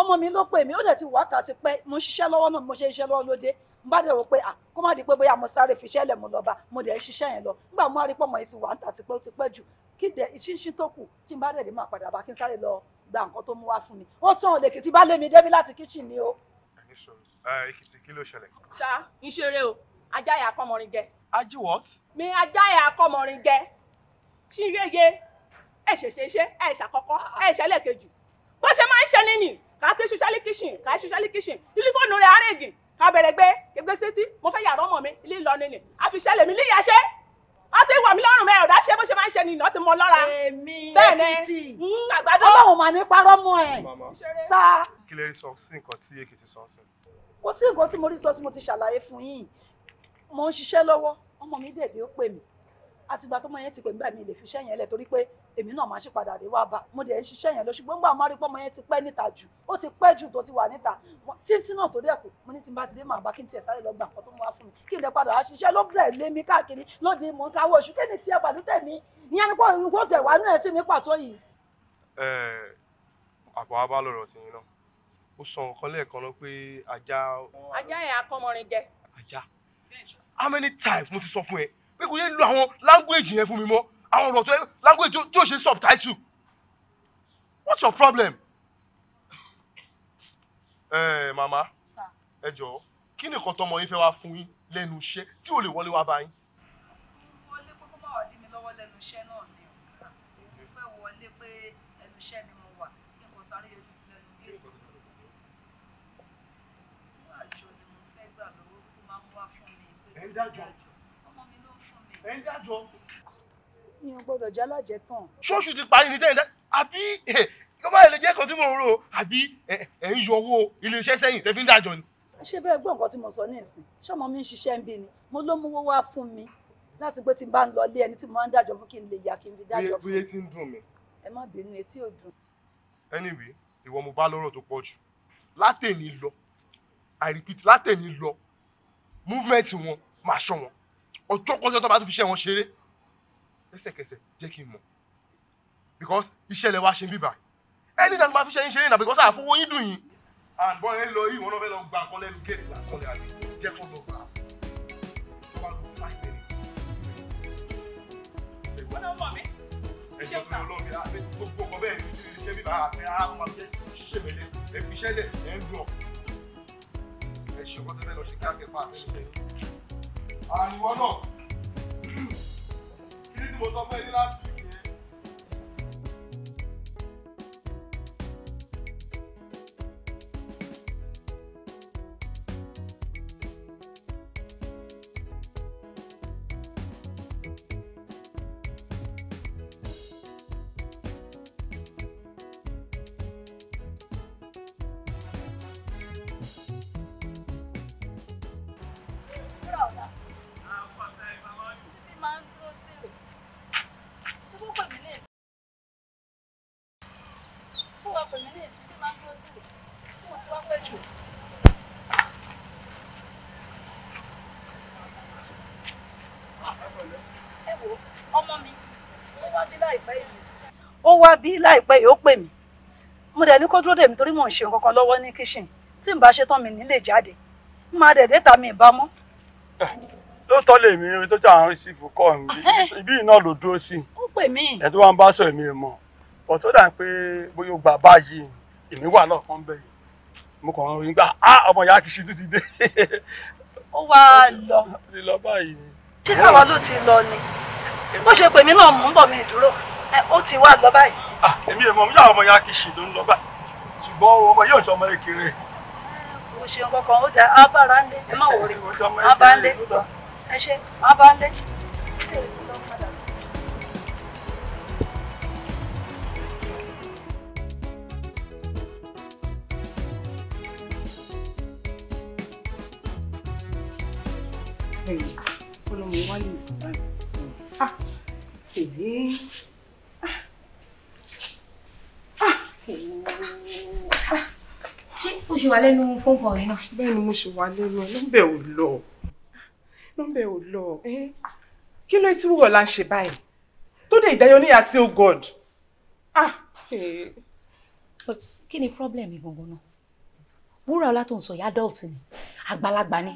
ọmọ mi ló pè mí ó dẹ̀ ti wákà ti pẹ́ mo ṣiṣẹ́ lọ́wọ́ náà mo ṣe iṣẹ́ lọ́wọ́ lóde mo bá dẹ̀ wò pé kó má di pé bóyá mo sáré fi iṣẹ́ lẹ̀ mo lọ bá mo dẹ̀ ṣiṣẹ́ yẹn lọ nígbà mo rí pọ̀ mọ́ yìí ti wà ń tà ti pẹ́ ó ti pẹ́ jù kí dẹ̀ ṣínṣín tó kù tí n bá dẹ̀ dé máa padà bá kí n sáré lọ gba nǹkan tó mú wá fún mi ó tán ò lèkìtì bá lé mi débi láti kíchìn ni o. èkìtì kí ló ṣẹlẹ̀. sá ìṣeré o ajáyà akọmọrin gẹ. ají what. mi ajáyà akọmọrin gẹ ṣí yéye ẹ ṣèṣeṣe ẹ ṣàkọkọ ẹ ṣẹlẹ̀ kejì bó ṣe máa ń ṣe nínú ká ti ṣiṣẹ́lí kitchen ká ṣiṣẹ́lí kitchen tẹlifóònù rẹ̀ àárẹ̀gì ká bẹ̀rẹ̀ gbé gbégbé sétí mo fẹ́ yàrá ọmọ mi ilé ìlọrin ni àfiṣẹ́ lèmi níyà ṣe wọ́n ti wà mí lọ́rùn mẹ́ ọ̀dá ṣe bó ṣe máa ń ṣe ni ìná ti mọ lọ́ra bẹ́ẹ̀ ni hmm, àgbàdo ọlọ́run mà ní parọ́ mọ́ ẹ̀ sá. kí lè sọ sí nǹkan tí èkìtì sọ sí. kò sí nǹkan tí mo rí sọ sí mo ti ṣàlàyé fún yín mo ń ṣiṣẹ́ lọ́wọ́ ọmọ mi dẹ̀ dé ó pè mí àtìgbà tó mọ yẹn ti pè nígbà mi lè fi iṣẹ́ yẹn lẹ̀ torí pé èmi náà máa ṣe padà dé wá bá mo dẹ̀ ń ṣiṣẹ́ yẹn lọ ṣùgbọ́n gbà máa rí pọ́mọ yẹn ti pẹ́ níta jù ó ti pẹ́ jù tó ti wà níta títí náà tó dẹ̀kù mo ní tí n bá ti dé màá bá kí n tiẹ̀ sáré lọ gbà nǹkan tó ń wá fún mi kí n lè padà wá ṣiṣẹ́ ló bẹ̀rẹ̀ lé mi káàkiri lóde mò ń káwọ́ oṣù kí ni tiẹ̀ bàlútẹ̀ mi ìyẹn ni how many times mo ti sọ fún ẹ pé kò yẹ lo àwọn language yẹn fún mi mọ́ àwọn ọ̀rọ̀ tó yẹ language tí ò ṣe subtitle what's your problem? ẹ ẹ màmá ẹ jọ̀ọ́ kí nìkan tọmọ yín fẹ́ wá fún yín lẹ́nu iṣẹ́ tí ò lè wọlé wá bá yín. wọlé kókó bá wà mi lọ́wọ́ lẹ́nu iṣẹ́ náà ni mo fẹ́ wọlé pé ẹnu iṣẹ́ ni mo wà kí n kò sáré yọjú sí lẹ́nu géètì. wọ́n àjọ ni mo fẹ́ gbà lọ́wọ́ kó máa ń wá fún mi pé kí ẹ̀ ń dájọ́. mi ò gbọ́dọ̀ jẹ́ alájẹ tán. ṣóòṣù ti parí ní tẹ́yìn dá àbí eh, kó bá lè jẹ́ kan tí mo rò àbí eh, ẹ̀ ń yọ owó iléeṣẹ́ sẹ́yìn tẹ́ fi ń dájọ́ ni. ṣé bẹ́ẹ̀ gbọ́ nǹkan tí mo sọ ní ìsìn ṣọ́mọ mi ń ṣiṣẹ́ ń bí ni mo ló mú owó wá fún mi láti pé tí n bá ń lọlé ẹni tí mo máa ń dájọ́ fún kí n lè yà kí n fi dájọ́ fún. bóyá tí ń dùn mí. ẹ má bínú etí ò dùn. anyway ìwọ mo bá lọ́rọ̀ tó pọ̀ jù látẹ̀ni lọ i repeat látẹ̀ni lọ movement wọn máa ṣọ wọn ọjọ́ kọjọ́ tó bá tún fi iṣẹ́ wọn ṣeré lẹ́sẹ̀kẹsẹ̀ jẹ́ kí n mọ̀ because iṣẹ́ lẹ wá ṣe ń bíbà ẹni náà tó bá fi iṣẹ́ yín ṣeré náà because àfọwọ́ yín dùn yín. àbọ̀ ẹ lọ yìí wọn náà fẹ́ lọ gba nǹkan lẹ́nu géètì làkọlẹ̀ àbí jẹ́ kó lọ gbà ẹjọ́ tó lọ mi àbẹ gbogbo ọkọ bẹ́ẹ̀ ní ṣe bíbá àti àwọn àti ṣiṣẹ́ mẹ́lẹ̀ ẹ̀fíṣẹ́lẹ̀ ẹ̀ ń dùn ẹ̀ ṣe ọkọ tẹ́lẹ̀ lọ ṣe káàkiri àìwọ náà kí ni mo sọ fún ẹ ní láti. wá bí láìpẹ́ yìí ó pè mí mo dẹ̀ ní kó dúró dè mí torí mò ń ṣe nǹkan kan lọ́wọ́ ní kíṣìn tí n bá ṣe tán mi nílé jáde n máa dẹ̀ déta mi ìbámu. Eh, lóòótọ́ lè mi rí tó jàǹ rí sí ìfúkọ́ mi ibi náà ló dúró sí. ó pè mí. ẹ̀ tó wá ń bá sọ èmi mọ̀ bọ̀ tó dà pé bóyá o gbà báyìí èmi wà lọ́ọ̀kan bẹ́yìí mo kàn ń rí gbà á ah, ọmọ ìyá kìí ṣe tó ti dé. ó wá lọ. ṣé káwa ló ti lọ ni bó ṣe pè mí náà mò bọ̀ mi ìdúró. ó ti wá lọ báyìí. Ah, èmi èmi ọmọ yàrá ọmọ ya kì í ṣì ló ń lọ báyìí ṣùgbọ́n ọmọ yóò jọ ọmọ Èkìrè. kò ṣe nǹkan kan ó dà abára ń lé ẹ má wọrí abá ń lé ẹ ṣe abá ń lé. Hey, Ah, ṣe wà lẹ́nu fóònù ọ̀rẹ́ náà. bẹ́ẹ̀ ni mo ṣe wà lẹ́nu nọ́mbẹ̀ ò lọ nọ́mbẹ̀ ò lọ kí ló ti wúwọ̀ la ń ṣe báyìí tó dé ìdáyọ níyà sí o oh god. Ah, but kí ni problem yìí gangan náà wúrà ọlá tó ń sọ yìí adult ni àgbàlagbà ni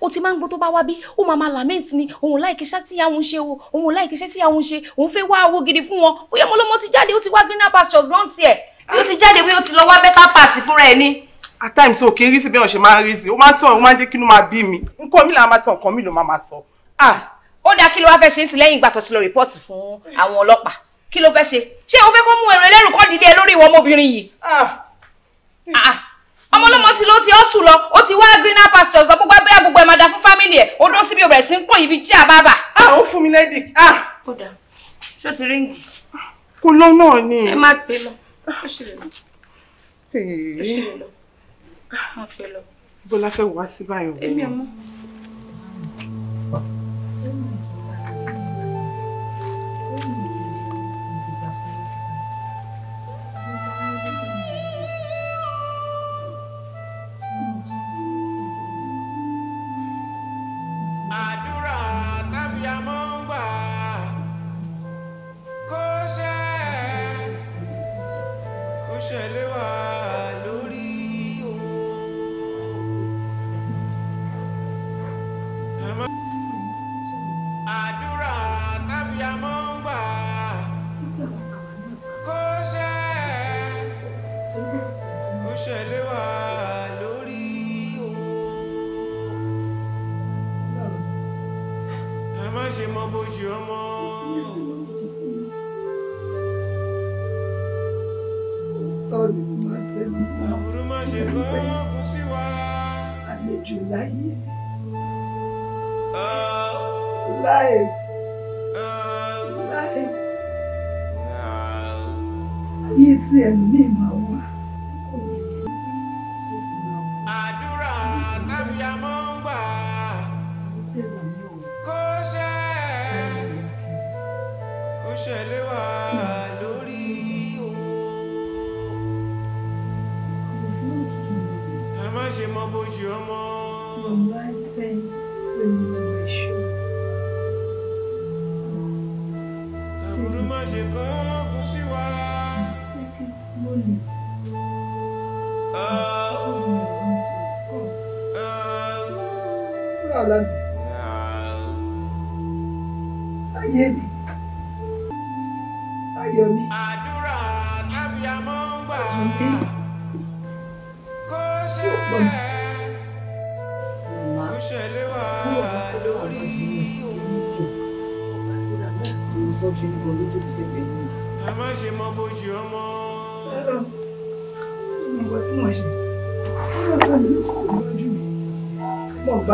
o ti máa ń gbọ́ tó bá wá bí ó máa máa lament ni òun láì kíṣẹ́ tí àwọn ń ṣe o òun láì kíṣẹ́ tí àwọn ń ṣe òun fẹ́ wá owó gidi fún wọn bóyá ọmọ ọlọ́mọ ti jáde ó ti wá greener pastures lọ́n tiẹ̀ bí ó ti jáde bí ó ti lọ wá better party fúnra ẹ̀ ni at times o kì í rí sí bí wọn ṣe máa rí sí o máa sọ o máa ń jẹ́ kí inú máa bí mi nǹkan mi là máa sọ nǹkan mi ló máa máa sọ. Ah! ó dáa kí ló wáá fẹ́ ṣe é sí lẹ́yìn ìgbà tó ti lọ rìpọ́ọ̀tì fún àwọn ọlọ́pàá kí ló fẹ́ ṣe ṣé o fẹ́ kó mú èrò ẹlẹ́rù kọ́ dìde lórí ìwọ ọmọbìnrin yìí. Ah! Ah, ọmọ ọlọ́mọ ti ló ti ọ́sùn lọ ó ti wá greener pastures lọ gbogbo abẹ́yà gbogbo ẹ̀ máa da fún fámìlì ẹ̀ ó dún síbi ọ̀rẹ́ sí ń pọ̀ yìí fi jí àbábà. ó fún mi lẹ́dì. ó dà ṣó ti ríǹgì. kò lọ náà ni. ẹ má gbé lọ lọ ó ṣe lè lọ. Ah, Bọ́lá fẹ́ wá sí báyìí. Èmi ò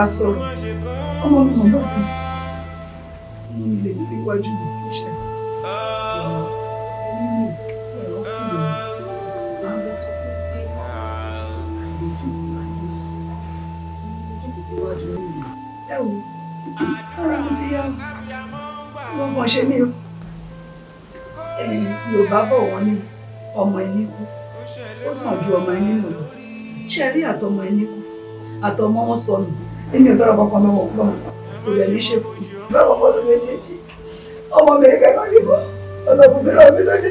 bá sọ̀rọ̀ ọmọ mi mọ̀ bá sọ̀rọ̀ ọmọ mi lè mi léwájú mi kì í ṣe ara mi ti yá wọn mọ ṣe mí o yorùbá bọ̀ wọ́n ní ọmọ ẹni kú ó sàn ju ọmọ ẹni nù lọ ṣe rí àtọmọ ẹni kú àtọmọ wọn sọnù tọrọ kankan lọ́wọ́ gbọ́n kò lè ní ṣe fún mi lọ́wọ́ ọmọ ọdún méjèèjì ọmọ mi kẹ́kọ̀ọ́ ní bọ́ ọlọ́kùn mi lọ́wọ́ mi lójijì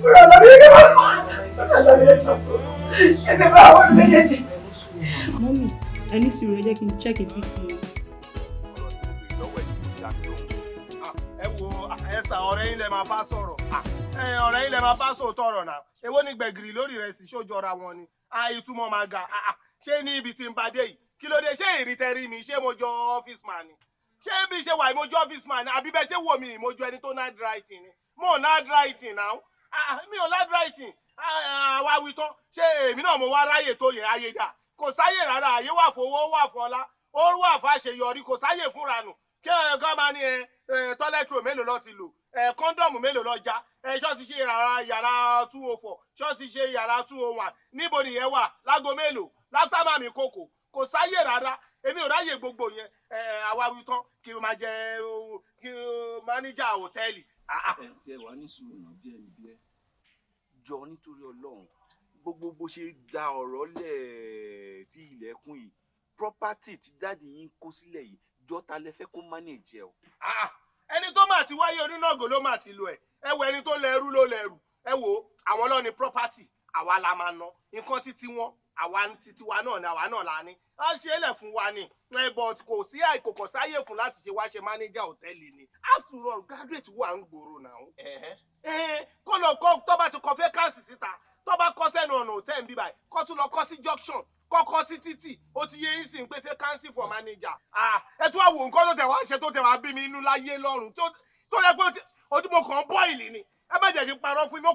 fúnra lọ́wọ́ mi kẹ́kọ̀ọ́ fúnra lọ́wọ́ mi kẹ́kọ̀ọ́ ẹgbẹ́ bá àwọn ọdún méjèèjì. mọ́mí ẹ ní sùúrù ẹ jẹ́ kí n check it with you. ẹ wo ẹsà ọ̀rẹ́ yín lẹ ọ̀rẹ́ yín máa bá sòótọ́ ọ̀rọ̀ náà èwo ni lórí rẹ̀ sì ṣó jọra wọn ni àìtumọ̀ máa ga ṣé ní ibi tí ń bá dé yìí kí ló dé ṣé ìrìtẹ́rí mi ṣé mo jọ office man ni ṣé bí ṣe wà ìmọ̀jọ office man ni àbí bẹ́ẹ̀ ṣé wò mí ìmọ̀jọ ẹni tó náà handwriting ni mo náà handwriting náà ah, ah, mi ò handwriting àwa ah, wí tán ṣé èmi náà mo wá ráyè tó yẹ ayé dà kò sáyè rárá ayé wà fowó wà fọlá ó wà fàṣeyọrí kò sáyè fúnra nù kí ẹ gán máa ní ẹ tọ́lẹ́tìrò mélòó lọ́ọ́ ti lò kọ́ńdọ̀mù mélòó lọ́ọ́ já ẹ ṣọ́ọ̀tì ṣe yàrá yàrá two oh four ṣọ́ọ̀tì ṣe yàrá two oh one níbo nìyẹn wà lágo mélòó láfítàmà mi kòkò kò sáyè rárá èmi ò ráyè gbogbo yẹn ẹ àwáwí tán kí n máa jẹ kí n mánéjà hòtẹ́ẹ̀lì. Ah, ah. ẹ jẹ wà ní sùúrù bí ẹni bí ẹ jọ nítorí Ọlọ́run gbogbo bó ṣe da ọ̀rọ̀ lẹ tí ilẹ̀kùn yìí property tí dáàdi yín kó sílẹ̀ yìí jọta lẹ fẹ́ kó mánéjẹ o. Ah, ẹni tó máa ti wáyé onínàgò ló máa ti lo ẹ ẹ wo ẹni tó lẹrú ló lẹrù ẹ wo àwọn ló ní property àwa la máa ná nǹkan títí wọn àwa titiwa náà ni àwa náà la ní wọ́n ṣe é lẹ̀ fún wa ni eh, but kò sí àìkòkò sáyè fún láti ṣe wá ṣe mánéjà òtẹ́ẹ̀lì ni after all graduate wà ń gbòòrò náà eh, kó lọ kọ́ tó bá ti kọ vacancy síta tó bá kọ́ sẹ́nu ọ̀nà òtẹ́ẹ̀ ń bí báyìí kó tún lọ kọ́ sí junction kọ́kọ́ sí títì ó ti yé yín sì ń pé vacancy for manager ah, ẹ tún wá wo nǹkan tó tẹ̀ wá ṣe tó tẹ̀ wá bí mi inú láyé lọ́rùn tó yẹ pé ojú mo kàn ń bọ́ ìlì ni ẹ bá jẹ̀jẹ̀ parọ́ fún mi mo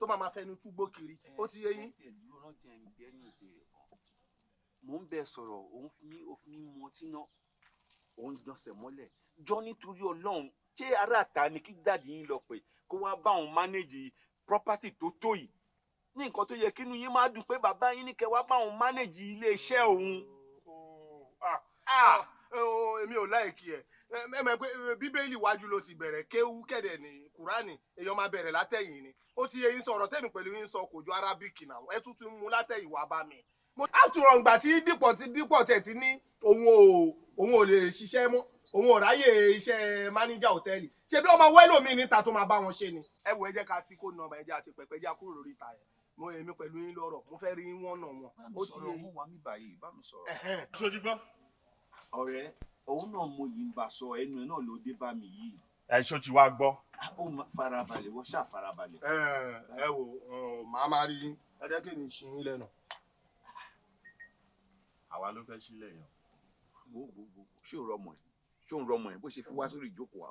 tó máa máa fẹnu túgbó kiri ó ti yé yín. mò ń bẹ sọ̀rọ̀ òun fi òfin mi mu ọtí òun jọsẹ̀ mọ́lẹ̀ jọ nítorí ọlọ́run ṣé ará ta ni kí dáàdì yín lọ pé kó wá bá òun mánéjì property tó tó yìí ní nǹkan tó yẹ kínú yín máa dùn pé bàbá yín ní kẹ wá bá òun mánéjì iléeṣẹ́ òun. Oh, oh, ah, ah, oh, èmi ò láìkí ẹ mẹ́mẹ́ pé bíbélì wájú ló ti bẹ̀rẹ̀ kéwú kẹ̀dẹ̀ ní kúránì èèyàn máa bẹ̀rẹ̀ látẹ̀yìn ni ó ti yẹ yín sọ̀rọ̀ tẹ̀mí pẹ̀lú yín sọ kò ju arábìkì náà ẹ tún tún mú látẹ̀yìn wá bá mi. àtúrọ̀ ìgbà tí dípọ̀ tí dípọ̀ tẹ̀ ti ní òun ò òun ò lè ṣiṣẹ́ mọ́ òun ò ráyè iṣẹ́ máníjà òtẹ́ẹ̀lì ṣe bí ọmọ wẹ́lò mi níta tó máa bá wọn ṣe ni. ẹ wo ẹ jẹ́ ká tí kò nọmba ẹ jẹ́ àti pẹ̀pẹ́ já kúrò lórí ìta yẹn mo èmi pẹ̀lú yín lọ́rọ̀ mo fẹ́ rí wọn nà wọn. ó ti yẹ ọmọ wa mi báyìí bá mi sọ̀rọ̀. ṣojú òun náà mo yìí ń bá sọ ẹnu ẹ náà ló dé bá mi yìí. ẹṣọ ti wá gbọ́. Ah, ó farabalẹ̀ wọ́n ṣáà farabalẹ̀. ẹ ẹ wo màá máa rí ẹdẹ́kẹ́ mi ṣì ń lẹ́nu. àwa ló fẹ́ sílẹ̀ yẹn. wo wo wo ṣé o rọmọ ẹ ṣé o rọmọ ẹ bó ṣe fi wá sórí ìjókòó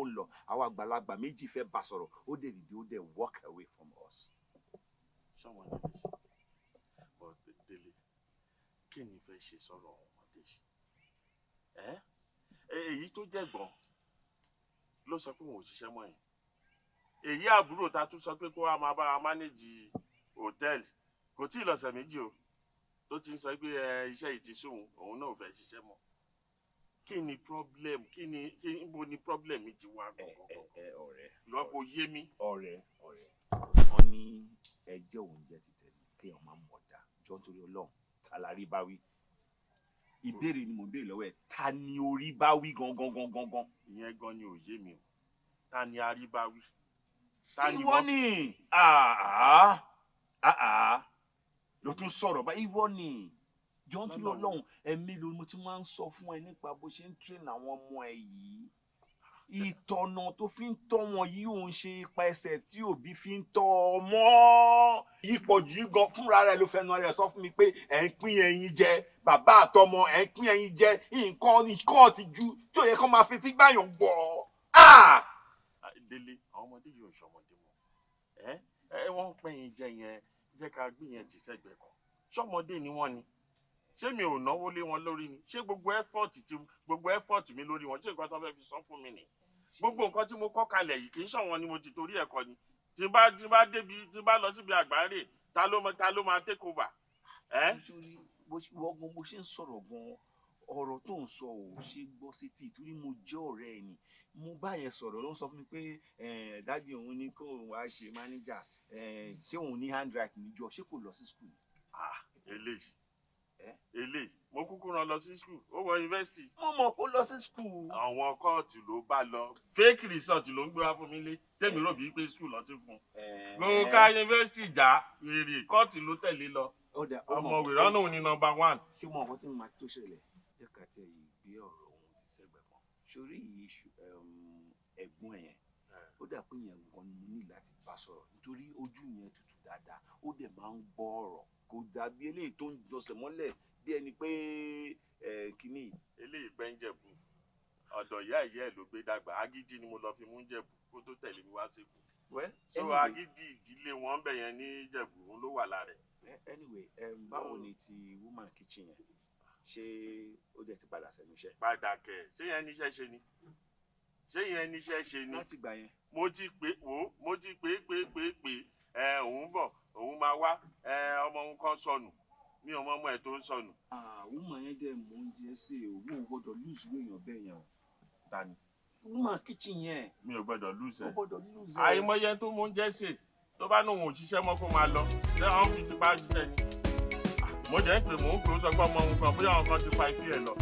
ó ń lọ àwọn àgbàlagbà méjì fẹ́ bá sọ̀rọ̀ ó dẹ̀ dìde ó dẹ̀ walk away from us. ṣọwọ́n ní bẹ́ẹ̀ but délé kí ni fẹ́ ṣe sọ̀rọ̀ ọ̀hún èyí tó jẹ̀gbọ́n ló sọ pé òun ò ṣiṣẹ́ mọ́ yẹn èyí àbúrò ta tún sọ pé kó wá máa bá wa mánéjì hòtẹ́ẹ̀lì kò tí ì lọ́sẹ̀ méjì o tó ti ń sọ pé iṣẹ́ yìí ti sùn òun náà ò fẹ́ ṣiṣẹ́ mọ́ kí ni problem kí ni kí níbo ni problem mi ti wá gbọ̀ngàn lọ́pọ̀ yé mi. ọ̀rẹ́ ọ̀rẹ́ wọn ní ẹjọ́ òun jẹ́ ti tẹ̀lé kéèyàn máa mọ̀ dá jọ́ nítorí ọlọ́run tàlárí bá wí ìbéèrè ni mo béèrè lọ́wọ́ ẹ̀ ta ni orí bá wí gangan gangan gan. ìyẹn gan ni òye mi o ta ni arí bá wí. ìwọ ni àá àá ló tún sọ̀rọ̀ bá ìwọ ni jọ́ńtì ọlọ́run ẹ̀mí ló mo ti máa ń sọ fún ẹ nípa bó ṣe ń tírèn àwọn ọmọ ẹ yìí ìtọ̀nà tó fi ń tọ́ wọn yìí òun ṣe ipa ẹsẹ̀ tí òbí fi ń tọ́ ọmọ yípo jù gan fúnra rẹ̀ ló fẹnu rẹ̀ sọ fún mi pé ẹ̀ ń pín ẹyin jẹ bàbá àtọmọ ẹ̀ ń pín ẹyin jẹ nǹkan nǹkan ti ju tí ò yẹ kó máa fetí gbàyàn gbọ́. délé àwọn ọmọdé yóò ṣọmọdé mọ ẹ ẹ wọn ń pín ẹyin jẹ yẹn jẹ ká gbé yẹn tì sẹ́gbẹ̀ẹ́ kan ṣọmọdé ni wọn ni ṣé mi ò náwó lé wọn lórí ni ṣé gbogbo ẹfọọtì mi lórí wọn ṣé nǹkan tó fẹẹ fi sọ fún mi nìyí gbogbo nǹkan tí mo kọ́ kalẹ̀ yìí kì í ṣọ̀wọ́n ni mo ti torí ẹ̀ kọ́ ni tí bá tí bá débi tí bá lọ síbi àgbáre ta ló ta ló máa take over. nítorí wọ́gbọ́n mo ṣe ń sọ̀rọ̀ gan-an ọ̀rọ̀ tó ń sọ ò ṣe gbọ́ sétí torí mo jẹ́ ọ̀rẹ́ ẹ̀ ni mo bá yẹn sọ̀rọ̀ ló ń sọ fún mi pé dájú òun ni kó òun wá ṣe mánéjà ṣé òun ní handwriting níjọ ṣé kò lọ sí school. Ah, eléyìí eléyìí mo kúkú rán lọ sí skul ó wọ yunifásitì. mo mọ̀ kó lọ sí skul. àwọn kóòtù ló bá lọ fake research ló ń gbé wá fún mi lé tèmi rò bíi pé skul lọ ti fún un. mo ká yunifásitì já rèrè kóòtù ló tẹ̀lé lọ ọmọ wìrán náà ni nọ́mbà one. kí mo àwọn tó máa tó ṣẹlẹ̀ jẹ́ ká tẹ ìgbé ọ̀rọ̀ ohun ti sẹ́gbẹ̀ẹ́ kan sórí iṣu ẹ̀gbọ́n yẹn ó dà pé yẹn gan ni mo ní láti bá sọ̀rọ̀ nítorí ojú yẹn tutù dáadáa ó dẹ̀ máa ń gbọ́ ọ̀rọ̀ kò dàbí eléyìí tó ń jọsẹ̀ mọ́lẹ̀ bí ẹni pé kínní. eléyìí pẹ́ ń jẹ̀bù ọ̀dọ̀ ìyá ìyá ẹ̀ ló gbé dàgbà agídí ni mo lọ fi mú jẹ̀bù kó tó tẹ̀lé mi wá síkù. so agídí ìdílé wọn bẹ̀ yẹn ní jẹ̀bù ló wà lára ẹ̀. anyway báwo ni ti woman kitchen yẹn ṣé ó dẹ̀ ti padà sẹ́nu iṣẹ́. padà kẹ̀ ṣé yẹn níṣẹ́ ṣe ni ṣé yẹn níṣẹ́ ṣe ni láti gbà yẹn. mo ti pè wò mo ti pè pè pè pè ẹ òun bọ̀ òun máa wá ọmọ òun kan sọnù mi ò mọ ọmọ ẹ tó ń sọnù. àwọn ọmọ yẹn dẹ mọ oúnjẹ ṣe òwú ò gbọ́dọ̀ lùzù èèyàn bẹ́ẹ̀ yẹn o. ta ni. wọ́n máa kíchìn yẹn. mi ò gbọ́dọ̀ lùzù ẹ. o gbọ́dọ̀ lùzù ẹ. àìmọye tó mọ oúnjẹ ṣe tó bá náà òun òṣìṣẹ́ mọ́ kó máa lọ ṣé àwọn fi tipa ṣiṣẹ́ ni. Ah, mo jẹ́ ń pè mò ń pè ó sọ pé ọmọ òun kan bóyá àwọn ti pa ikú ẹ lọ.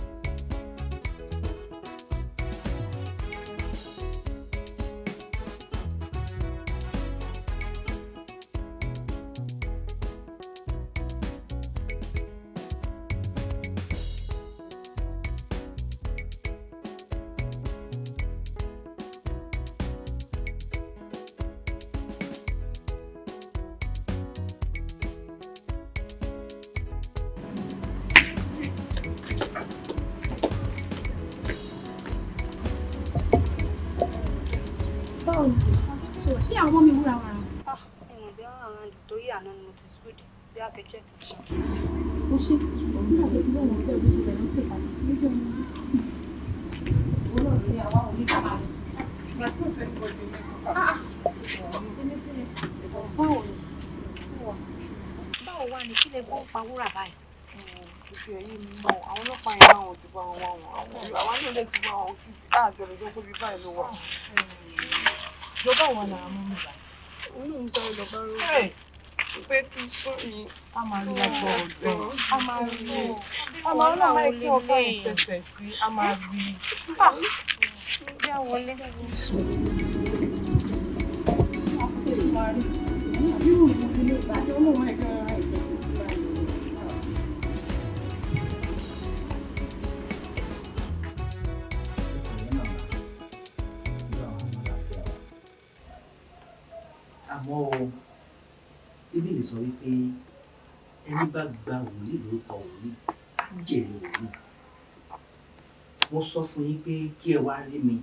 dẹ̀ ti wá ohun títí àti ẹ̀rọ sọ́kó bíi báyìí ló wà. ló bá wọn náà mú mi bá. inú mi sáré lọ bá rọ́ọ̀bù. pé ti sún mi. a máa rí ọgbọ ọdọ a máa rí o a máa rí àwọn ikú ọba ìṣẹ̀ṣẹ̀ sí a máa rí i. bí a wọlé. Thank you. àmọ́ bíbélì sọ wípé ẹni bá gba wòlíì lórúkọ wòlíì á jèrè wòlíì mo sọ fún yín pé kí ẹ wá rí mi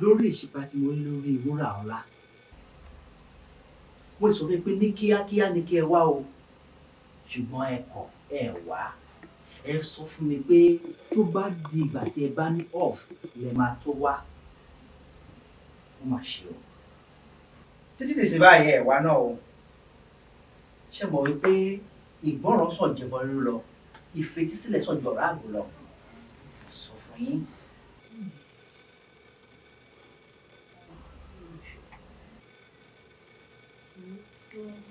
lórí ìṣípa lórí ìwúrà ọ̀la mo sọ fún pé ní kíákíá ni kí ẹ wá o ṣùgbọ́n ẹ kọ̀ ẹ wá ẹ sọ fún mi pé tó bá di ìgbà tí ẹ bá ní off lẹ máa tó wá ó mà ṣe o títí lè ṣe báyìí ẹ̀wá náà o ṣe mọ̀ wípé ìgbọ́ràn sàn jẹ̀bọ̀ lọ ìfetísílẹ̀ sàn ju lọ sọ fún yín. Thank you.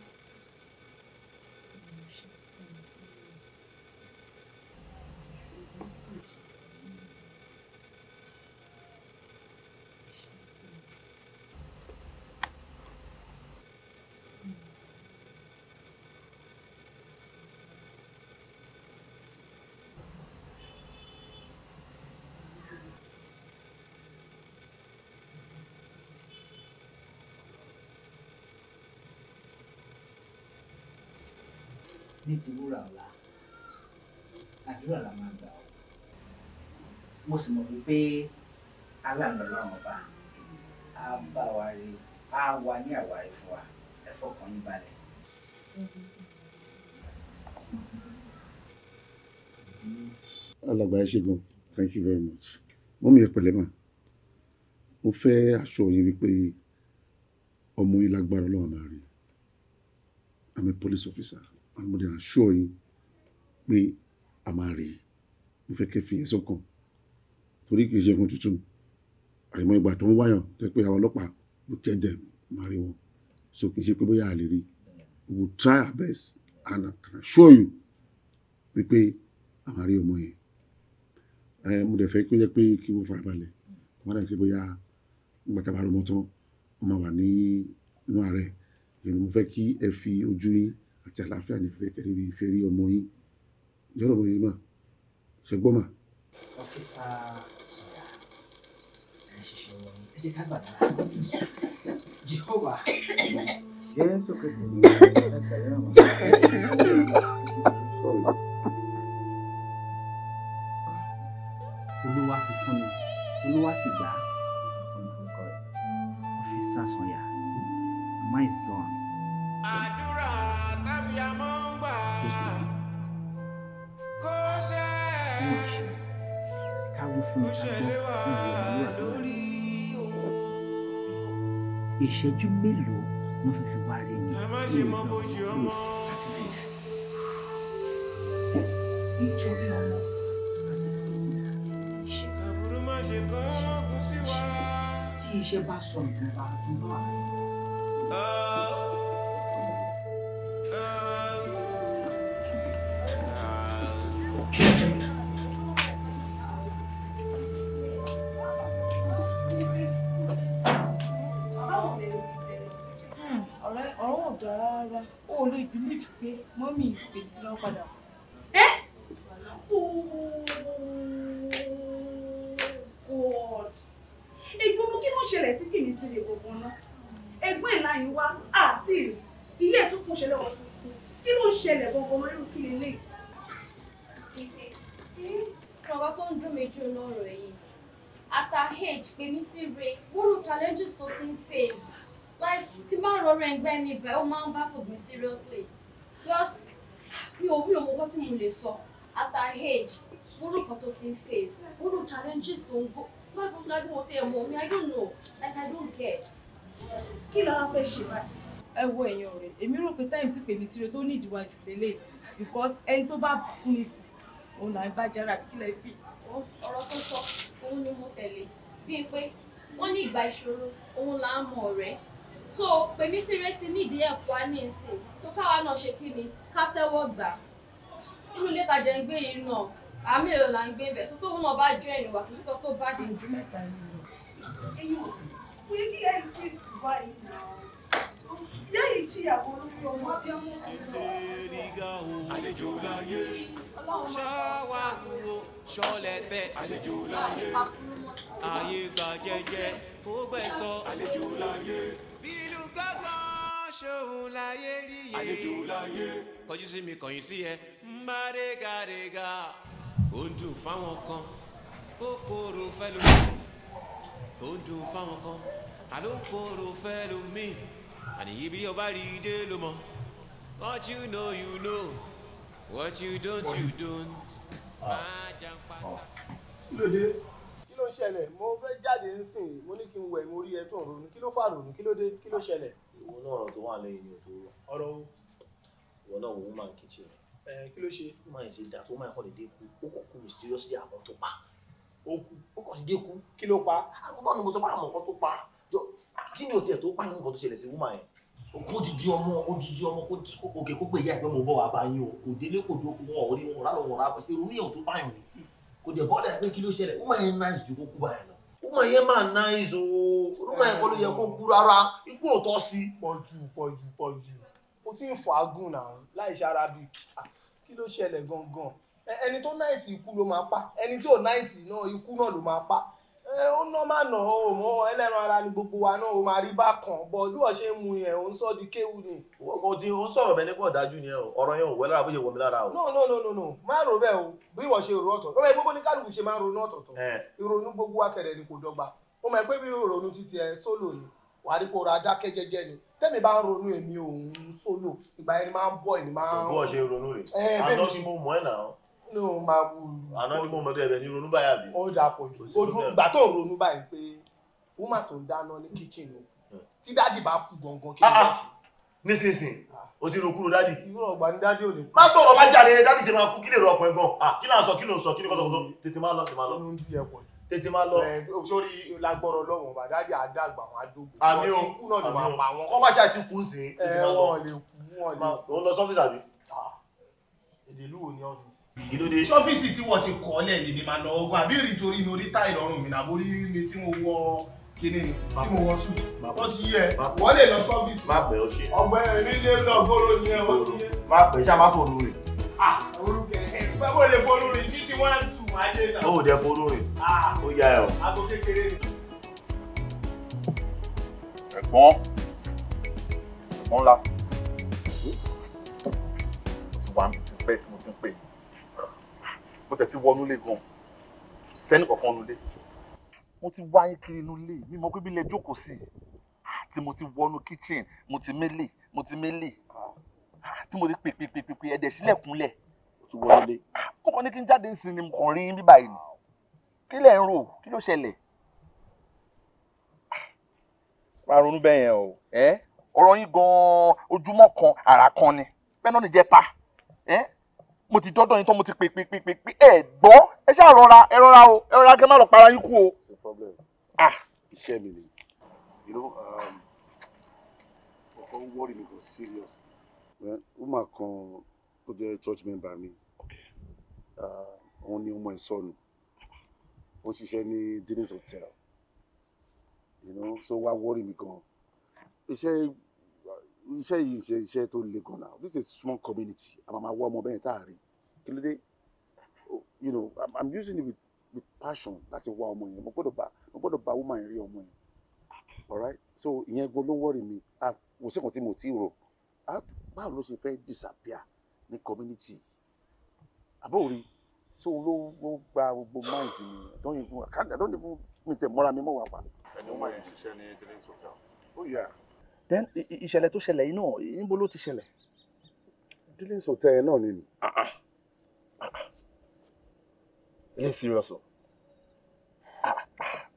ní ti wúrà ọ̀la àdúrà la máa gbà ọ́ mo sì mọ̀ wípé aláàánú ọlọ́run ọba á bá wa rí á wà ní àwárí fún wa ẹ fọkàn yín balẹ̀. alàgbà ẹṣẹgun thank you very much mo mi ìpẹ̀lẹ́ mà mo fẹ́ aṣọ yín wípé ọmọ yín lágbára ọlọ́run máa rí i'm a police officer mo lè assure yín pé a máa rè é mo fẹ́ kẹ́ fi yẹn sọ́kàn torí kì í ṣe ohun tuntun àìmọ̀ ìgbà tó ń wáyàn tó pé àwọn ọlọ́pàá ló kẹ́ dẹ̀ máa rí wọn so kì í ṣe pé bóyá a lè rí we will try our best and I can assure you wípé a máa rí ọmọ yẹn ẹ mo dẹ̀ fẹ́ kí ó jẹ́ pé kí wọ́n farabalẹ̀ wọ́n dà pé bóyá nígbà tá a bá rọmọ tán wọ́n wà ní inú ààrẹ ìyẹn mo fẹ́ kí ẹ fi ojú yín àti àlàáfíà ní fẹ́ rí ọmọ yín yọ̀rọ̀ ọmọ yín mà ṣe gbọ́ mà. ọ́fíìsà sọ̀rọ̀ ẹ̀ ṣiṣẹ́ wọn ẹ jẹ́ ká gbàgbà jehova. jésù kìí ṣe ẹ̀ka yẹn wà. olúwa fi fún mi olúwa sì gbà á ọ́fíìsà sọ̀yà mine is gone abiyamọ ń gbà kó ṣe kó ṣẹlẹ̀ wá lórí o. ìṣẹ́jú mélòó ló fi fi wá rí mi. ẹ má ṣe mọ bójú ọmọ. nítorí ọmọ. àbúrò má ṣe kọ́ kó sí wa. tí iṣẹ́ bá sọ nǹkan bá tó bá. ibà ó máa ń bá fògbìn seriously plus mi ò mi ò mọ nǹkan tí mo lè sọ at her age wúrú kan tó ti ń face wúrú challenges tó ń gbó lágbóńdájú mo tẹ mọ mi I don't know like I don't get. kí ló wá fẹ́ ṣe báyìí. ẹ wo èèyàn rẹ èmi rò pé táyìm ti pè mí tirẹ tó ní ìdíwájú lélẹ because ẹni tó bá kú ni òun là ń bá jára àbí kí lẹ fi. ọ̀rọ̀ tó sọ òun ni mo tẹ̀lé bíi pé wọ́n ní ìgbà ìṣòro òun là ń mọ ọ̀rẹ́ so pèmí sí retí nídìí ẹ̀kọ́ á ní ìsìn tó káwa náà ṣe kí ni ká tẹ́wọ́ gbà inú ilé ìtajà ń gbé yìí náà àmì èrò là ń gbé ibẹ̀ tó tóun náà bá jọ ẹ̀yìn wà kó tó tó bá dé jù. lẹ́yìn ìjìyàwó lórí ọmọ abiyamọ àlejò láyé ṣáwá wo ṣọlẹtẹ àlejò láyé ayé gbà jẹ́jẹ́ ó gbẹ̀sọ́ àlejò láyé bílù gángan ṣòun láyé rí yé àlejò láyé kọjú sí mi kọ̀yìn sí ẹ mbàdégàdégà ó ń dùn fáwọn kan ó kóró fẹ́lú ó ń dùn fáwọn kan àló kóró fẹ́lú mi àníyí bí ọba rí i dé ló mọ what you know you know what you don't you don't ah. má jẹun pátá. Ah kí ló ń ṣẹlẹ̀ mo fẹ́ jáde nsìn mo ní kí n wẹ̀ mo rí ẹ tó ń ronú kí ló fà ronú kí ló dé kí ló ṣẹlẹ̀. ìwọ náà ọ̀rọ̀ tó wà lẹ́yìn ni òtò rọ. ọ̀rọ̀ o. ìwọ náà wọ́n máa ń kíjì rẹ̀. ẹ kí ló ṣe. ó máa ń ṣe dà tó máa ń kọ́ni dé kú ó kàn kú mysteriously àmọ́ tó pa. ó kú ó kàn dé kú. kí ló pa. àbúrò ah, mi sọ pé àmọ́ kan tó pa jọ kí ni òtí ẹ̀ tó pààyàn nǹkan tó ṣẹlẹ̀ sí wúmà yẹn odidi ọmọ odidi ọmọ òkè kó gbé ìyá ìgbẹ́ mọ̀ bọ́ wà bá yín o òdélé kò dókòwò ọ̀rí wọn rà lọ́wọ́ rà bọ́ ìrònú yẹn ò tó báyìí kò dẹ̀ bọ́dà pé kí ló ṣẹlẹ̀ woman yẹn náà ju kó kú báyìí lọ woman yẹn máa náà ìzò woman yẹn kọ́ ló yẹ kó kú rárá ikú ò tọ́ sí. pọ̀jù pọ̀jù pọ̀jù o ti ń fọ agùn náà láì ṣe arabic kí ló ṣẹlẹ̀ gangan ẹni tó náìsì ikú ló máa pa ẹni tí ò náìsì náà ikú náà ló máa pa ó nọ́mà nà ó mọ ẹlẹ́ran ara ni gbogbo wa náà ó máa rí bákan bọ̀ bí wọ́n ṣe ń mu yẹn ó ń di kéwù ni. o ti ń sọ̀rọ̀ bẹ́ẹ̀ nípa ọ̀dájú ni ọ̀rọ̀ yẹn ò wẹ́ lára bó ṣe wọ̀ mí lára o. no no no no no má rò bẹ́ẹ̀ o bí wọ́n ṣe rò ọ̀tọ̀ ọmọ ìgbógbó ní kálukú ṣe máa ń ronú ọ̀tọ̀ọ̀tọ̀ ìrònú gbogbo wa kẹ̀rẹ̀ ni kò dọ́gba ó mọ̀ pé bí ìrònú títí ẹ sólò ni wàá rí dákẹ́ jẹ́jẹ́ ni tẹ́mi bá ń ronú èmi òun sólò ìgbà yẹn ni máa ń bọ̀ ẹni máa ń. bó ṣe ronú rè é àná ni mo mọ̀ ẹ́ náà ní o máa wù. àná ni mo mọ̀ tó ẹ̀bẹ̀ ní ronú báyà bí. ó dà pọ̀ jù ojú ìgbà tó ronú báyìí pé wúmà tó ń dáná ní kíchìn o tí dáàdì bá kú gangan kí ló ah, sì. Ah. nísinsìnyí ah. o ti rokúrò dáàdì. irú ọgbà ní dáàdì ò ní kú. má sọ̀rọ̀ má jáde dáàdì ṣe máa kú kí lè rọ ọkùnrin gan. kí náà sọ kí ló ń sọ kí ní kọ́tọ̀kọ́tọ̀ tètè má lọ tètè má lọ. tètè má lọ. sórí lágbọ́rọ̀ lọ́wọ́n bá dáàdì àdàgbà wọn àdógbò. àmì o àmì o kọ́ bá ṣáà ti kú sí. ẹ wọn lè kú wọn lè kú. wọn lọ sọ́fíìsì àbí ìdèlú wo ní ọ́fíìsì. èyí ló dé ṣé ọ́fíìsì tí wọ́n ti kọ́ ọ́ lẹ̀ lèmi máa ná ọgbọ́n àbí èrè torí mi orí táì lọ́rùn mi nàbó rí mi tí mo wọ kíní ni tí mo wọ sùn. wọ́n ti yẹ wọ́n lè lọ sọ́fíìsì. má pẹ́ ó ṣe. ọgbẹ́ mi lé lọ́gọ́rọ́ ni ẹ wọ́n ti yẹ. má pẹ́ ṣá má fòrú rẹ̀. ah orúkẹ ẹ bẹ́ẹ̀ bó lè fòrú rẹ̀ ní ti wọ́n á tù wọ́n á dé náà. ó dẹ fòrú rẹ̀ ó yá ẹ o. aago kékeré ni. ẹ̀gbọ́n ẹ̀gbọ́n la, wà ti ń pè mí mo tẹ̀ ti wọnú lé gan sẹ́ni kankan nu lé mo ti wáyé kiri inú lé mi mọ pé bí ilé jókòó sí tí mo ti wọnú kitchen mo ti mélè mo ti mélè tí mo ti pè pè pè pè pè ẹ̀dẹ̀ sílẹ̀ kúnlẹ̀ mo ti wọnú lé mo kàn ní kí n jáde sí ni mo kàn rí bí báyìí ni kí lẹ̀ ń rò kí ló ṣẹlẹ̀. máa ronú bẹ́ẹ̀ yẹn o ọ̀rọ̀ yín gan-an ojúmọ́ kan àrà kan ni bẹ́ẹ̀ jẹ́ pa mo ti dọ́dọ̀ yín tán mo ti pè pè pè pè pé ẹ gbọ́ ẹ ṣáà rọra ẹ rọra o ẹ rọra kẹ má lọ para yín kú o. problem ah iṣẹ́ mi ni you know um, ọkọ ń wọ́ọ̀rì mi gan serious. ọmọ kan tó jẹ́ church member mi uh, òun ni ọmọ ìsọnù ó ṣiṣẹ́ ní dennis hotel you know so wá wọ́ọ̀rì mi gan iṣẹ́ iṣẹ́ yìí ṣe iṣẹ́ tó le gan na this is small community àmàmà wọ ọmọ bẹ́ẹ̀ tá a rí kí you know i'm, using it with with passion láti wá ọmọ yẹn mo gbọ́dọ̀ bá mo gbọ́dọ̀ bá woman rí ọmọ yẹn alright so ìyẹn gbọ́ ló ń worry mi ah kò sí nǹkan tí mo ti rò ah báwo ló ṣe fẹ́ disappear ní community àbórí so ló ló gba gbogbo mind mi don't even i don't even mi tẹ mọ́ra mi mọ́ wà pa. ẹni wọn yẹn ṣiṣẹ́ ní Deli's hotel. oh yeah. then ìṣẹ̀lẹ̀ tó ṣẹlẹ̀ yìí náà níbo ló ti ṣẹlẹ̀. Deli's hotel náà ni. ah ah ní serious o ah, ah.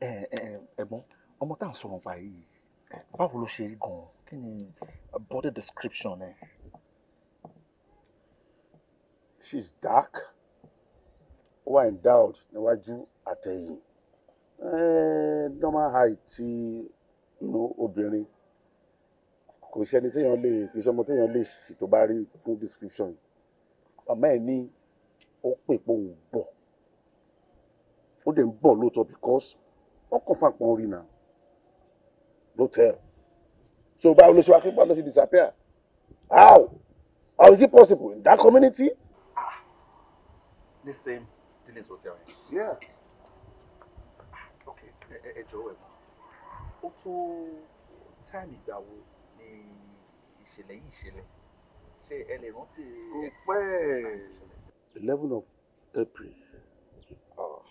eh, eh, eh, ẹ̀gbọ́n ọmọ tá à ń sọ̀rọ̀ báyìí báwo ló ṣe rí gan-an kí ni body description ẹ. she is dark ó wà in doubt níwájú àtẹ̀yìn normal height ti inú obìnrin kò ṣe ẹni téèyàn lè kì í ṣe ọmọ téèyàn lè ṣètò bá rí fún description ọmọ ẹ ní ó pè pé òun ó dẹ̀ ń bọ̀ lóòótọ́ because wọ́n fún àpọ̀n orí náà lóòótọ́ so báwo ló ṣe wá pípa ló disappear how how is it possible in that community. ah the same Dennis hotel yeah. Ah, okay ẹ jọ̀wọ́ ẹ mọ ó tó táìmì ìgbà ni ìṣẹ̀lẹ̀ yìí ṣẹlẹ̀ ṣé ẹ lè rántí. kò pẹ́ eleven of April oh,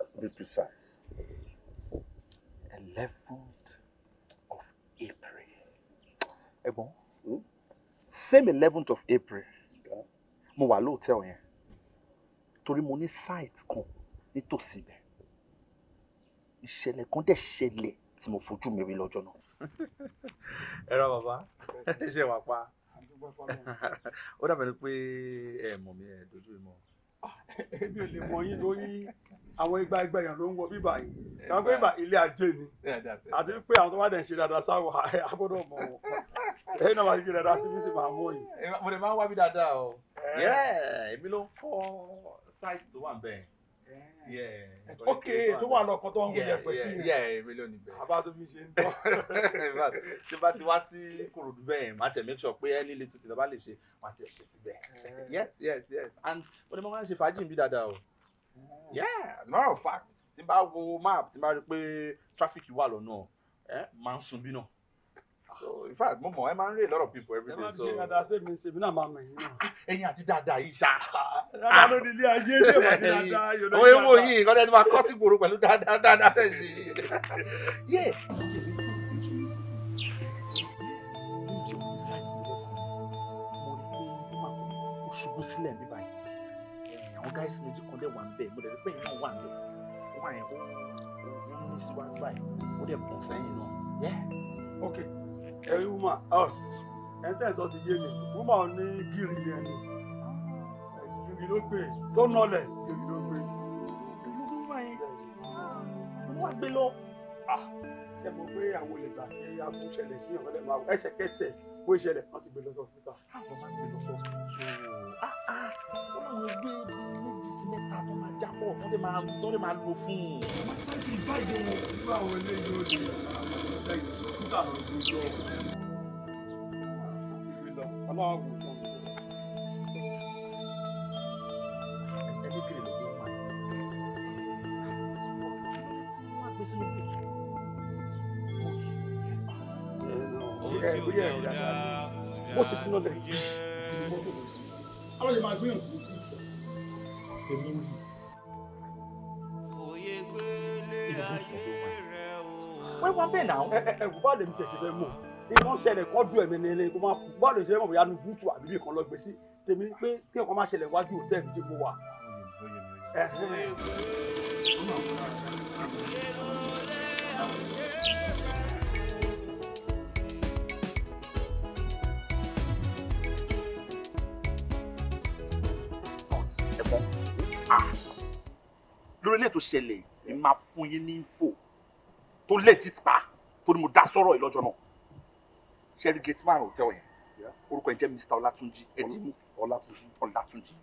uh, be precise eleventh of April ẹ̀gbọ́n hmm? same eleventh of April mo wà hotel yẹn Tori mo ní site kan nítòsí ibẹ̀ ìṣẹ̀lẹ̀ kan dẹ̀ ṣẹlẹ̀ tí mo fojú mi rí lọ́jọ́ náà. ẹ ra bàbá ẹ pa. ó dàbẹ̀ pé ẹ mọ̀ mi ẹ dojú mọ́. Ah, èmi ò lè mọ yín lórí àwọn igba igba èèyàn ló ń wọ bíbá yìí àwọn pé ìbà ilé ajé ni àti pé àwọn tó bá dẹ̀ ń ṣe dáadáa sáwọ agbọ́dọ̀ mọ̀ wọn ẹ̀yin náà máa ṣe dáadáa síbi sì máa mọ̀ yìí. mo lè máa ń wá bí dáadáa o. èmi ló ń kọ́ sáìtì tó wà ń ok tó wà lọ́kàn tó ń gbé yẹpẹ sí yẹn àbá tó fi ṣe ń tọ́. tí bá ti wá sí korodu bẹ́ẹ̀ má tẹ̀ make sure pé ẹni lè tuntun bá lè ṣe má tẹ̀ ṣe síbẹ̀ eh. yes yes yes and onímọ̀ máa ń ṣe fàájì bí dáadáa o eh. yeah as a matter of fact tí bá wo map tí bá rí pé traffic wà lọ́nà eh, máa ń sun bí náà so in fact mo mọ ẹ máa ń rí a lot of people every day so. ẹ máa ń ṣe dáadáa ṣé mi ṣe mi náà máa mọ ẹ̀yin náà. ẹ̀yin àti dáadáa yìí ṣá. dáadáa ló ní ilé ayé ṣé wà ní dáadáa yóò lọ. yìí nǹkan tẹ́ ti máa kọ́ sí gbòòrò pẹ̀lú dáadáa dáadáa tẹ̀ ṣe. ṣubú sílẹ̀ ní báyìí àwọn guys méjì kan dẹ̀ wà ń bẹ̀ mo dẹ̀ rí pé ìyá wà ń bẹ̀ ó wà yẹn ó ń ní síwájú báyìí ó dẹ̀ bọ̀ sẹ́yìn náà. ok ẹ̀rí wúmà ẹ̀ńtẹ́ ìsọ ti yé mi wúmà ò ní gírì yẹn ni gírì ló gbé tó nọlẹ̀ gírì ló gbé ìlú wúmà yẹn wọ́n gbé lọ ṣe mo gbé àwọn olè gbà ní agbó ṣẹlẹ̀ sí ọ̀rẹ́ máa ẹsẹ̀kẹsẹ̀ bó ṣẹlẹ̀ wọ́n ti gbé lọ sọ́sítà. àwọn máa ń gbé lọ sọ́sítà. wọ́n máa ń gbé bí méjì sí mẹ́ta tó máa jábọ̀ wọ́n lè máa lò fún un. ọmọ sáyẹn ti bá ìdíwọ̀n fún àwọn eléyìí ó ṣe àwọn ọmọ sáyẹn ó ti wọ́n wá bẹ́ẹ̀ náà. ẹ ẹ wò bá lèmi tẹ̀sí fẹ́ mọ̀ ìwọ́n ṣẹlẹ̀ kọ́ dùn ẹ̀mí nílé kó má bá lèmi tẹ̀sí fẹ́ mọ̀ bóyá nu bútu àbí bí kan lọ gbé sí tèmi pé kí ẹ̀kọ́ má ṣẹlẹ̀ wájú òtẹ́ẹ̀lì tí mo wà. Ah! lórí ilé tó ṣẹlẹ̀ ẹ máa fún yín ní info tó legit pa tó ní mo dá sọ̀rọ̀ yìí lọ́jọ́ náà sẹ́rí gate márùn ún tẹ́wọ̀n yẹn orúkọ ẹ̀ jẹ́ Mr Ọlátúnjí ẹ̀dínmú Ọlátúnjí Ọlátúnjí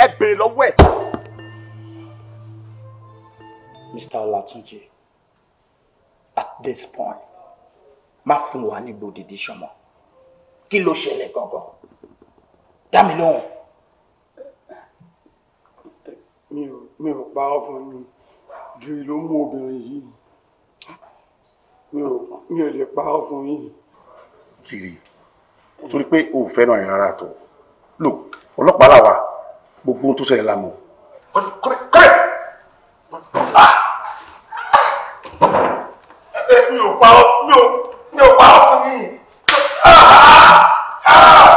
ẹ bèrè lọ́wọ́ ẹ̀. Mr Ọlátúnjí at this point má fún wa ní gbòdìdí sọmọ kí ló ṣẹlẹ̀ gangan dá mi lóhùn. mi ò mi ò parọ́ fún yín gírì ló mú obìnrin yìí mi ò lè pa á fún yín. gírì torí pé o ò fẹ́ràn ẹ̀ rárá tó lò ọlọ́pàá làwà gbogbo ohun tó ṣẹlẹ̀ la mọ̀. kọ́lẹ̀ kọ́lẹ̀ ah! mi ò pa ọ́ mi ò mi ò pa ọ́ fún yín. Ah! Ah!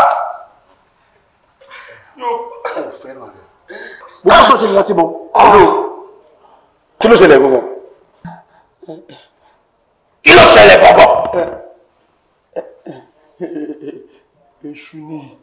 mi fẹ́ràn ẹ̀. mo bá sọ̀tì láti mọ̀ kí ló ṣẹlẹ̀ gbogbo kí ló ṣẹlẹ̀ gbogbo. èṣù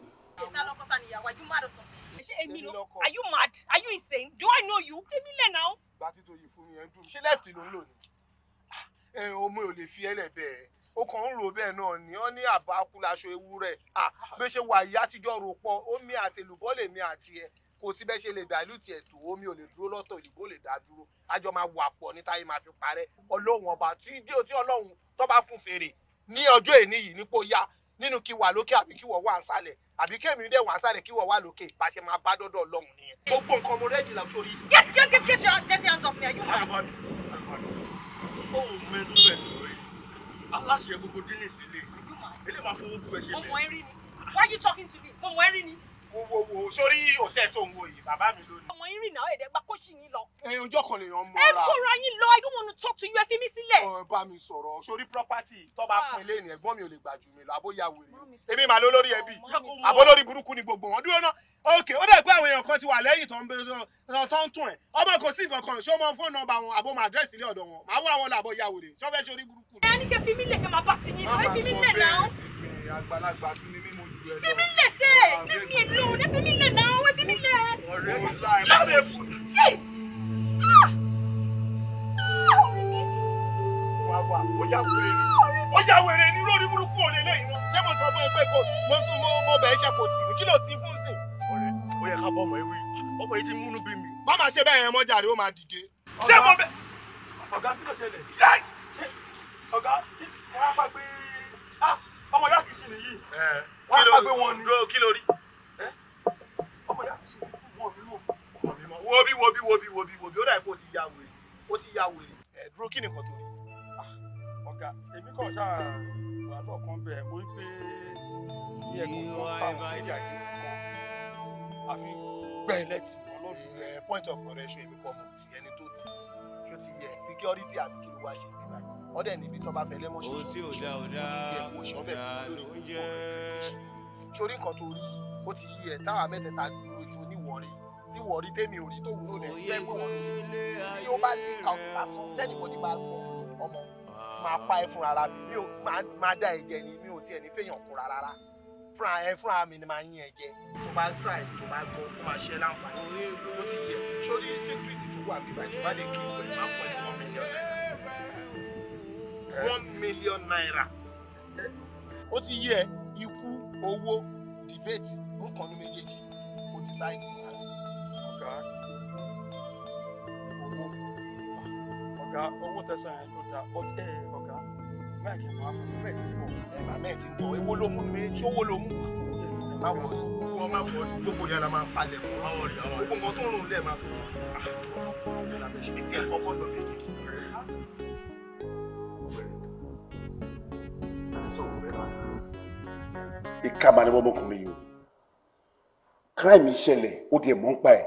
Are you mad? Are you insane? Do I know you? Tèmi lẹ̀ náà. Bàtí lẹ́ẹ̀tì ló ń lò ní? omi ah, ò lè fi ẹlẹ̀ bẹ́ẹ̀. Ó kàn ń rò bẹ́ẹ̀ náà ni ó ní àbá kú laṣọ ewúrẹ́. Ah, bí ó ṣe wà yìí àtijọ́ rò pọ̀, ó àtẹlùbọ́ lèmi àti ẹ̀ kò sí bẹ́ẹ̀ ṣe lè dilute ẹ̀ omi ò lè dúró lọ́tọ̀ òyìnbó lè dá dúró àjọ máa wà pọ̀ ní táyé máa fi parẹ́ ọlọ́run ọba tí dé tí ọlọ́run tó bá fún fèrè ní ọjọ́ èní yìí nípò yá nínú kí wà lókè àbí kí wọ́n wà nsàlẹ̀ àbí kémi dẹ̀ wà nsàlẹ̀ kí wọ́n wà lókè bá máa bá dọ́dọ̀ ọlọ́run nìyẹn. gbogbo nǹkan mo rẹ́dì làwọn sórí. get get get your get your hands off me wo wo wo sórí òtẹ́ tó ń wo yìí bàbá mi lónìí. ọmọ yín rìn ẹ̀dẹ̀ gba kóṣì yín lọ. ẹ ọjọ́ kan lè yan mọ́ra. ẹ kóra yín lọ i don't want to talk to you ẹ fi mí sílẹ̀. ọ bá mi sọ̀rọ̀ sórí property tó bá ah. pin lé ní ẹ̀gbọ́n mi ò lè gbà jù mí lọ àbóyá wèrè èmi màá ló lórí ẹbí àbó lórí burúkú ni gbogbo wọn dúró náà òkè ó dẹ̀ pé àwọn èèyàn kan ti wà lẹ́yìn tó ń bẹ tó ń tún ẹ̀ ọmọ kò sí nǹkan kan ṣé ó mọ fóònù nọ́mbà wọn àbó máa ilé ọ̀dọ̀ wọn màá wọ àwọn làbọ̀ ìyá wèrè ṣọ́fẹ́ sórí burúkú. ẹ ní kẹ́ fi mí lè kẹ́ máa bá ti yín lọ ẹ fi mí lẹ̀ náà. àgbàlagbà tún ni mímú Fimi lè sè, fimi lò, ne fimi lè nà, wè fimi lè. Jáde fún mi. Wà wà, ó yà wèrè ni, ó yà wèrè ni lórí burúkú òde lẹ́yìn náà. Ṣé mo sọ fún ẹ pé kò mo tún mo mo bẹ̀ ẹ́ ṣe kò tì mí? Kí ló ti fún sí? Ọ̀rẹ́, ó yẹ ká bọ́ ọmọ ewé yìí, ọmọ yìí ti múnú bí mi. Má máa ṣe bẹ́ẹ̀ yẹn mọ́ jàre, ó máa dìde. Ṣé mo bẹ. Ọ̀gá sí ló ṣẹlẹ̀. Ọ̀gá sí, ẹ wá pa pé ah, ọmọ yá kìí ṣe nìyí. Eh kí ló rí. wo bí wo bí wo bí wo bí wo bí ó dà bí o ti ya wèrè o ti ya wèrè. ẹ dúró kí nìkan tó rí. Ah, ọ̀gá èmi kàn ṣáà wà point of correction èmi kọ́ mo ti ẹni ti yẹ síkírọ́rìtì àbí kí ló wá ṣe ìdílé yìí wọ́n dẹ̀ níbi tó bá fẹ́ lẹ́mọ̀ṣọ́ ohun tí ò dá ò dá ò dá ló ń jẹ́ sórí nǹkan tó rí ó ti yí ẹ táwa mẹ́tẹ̀ẹ̀ta dúró tí oníwọ̀rí tí wọ̀rí tèmi ò rí tó wúlò rẹ̀ fẹ́ pé tí ó bá ní kàwùtàkùn tẹ́nìbọ̀dì bá gbọ́ ọmọ máa pa ẹ fúnra ara mi máa dá ẹ̀jẹ̀ ni mi ò tiẹ̀ ní fẹ́yàn kúra rárá fúnra ẹ fúnra mi ni máa yín ẹ̀jẹ̀ tó bá try tó bá gbọ́ tó máa ṣe láǹfààní ó ti yẹ sórí secret wà bíbá ìbá lè kí ìwé máa pọ̀ ní one million naira one million naira ó ti yí ẹ ikú owó dìbẹ́tì nǹkan ní méjèèjì ó ti sáyé ọ̀gá owó ọ̀gá owó tẹ̀sán ẹ̀ tó da ọtí ẹ̀ ọ̀gá bẹ́ẹ̀ kì í máa fún bẹ́ẹ̀ ti pọ̀ ẹ̀ bá bẹ́ẹ̀ ti pọ̀ ewó ló mú mi ṣówó ló mú wa má wọ owó ọmọ àwọ ni ah, wọ́n mọ̀kùnrin yìí crime ṣẹlẹ̀ ó di ẹ̀mọ́ ń pa ẹ̀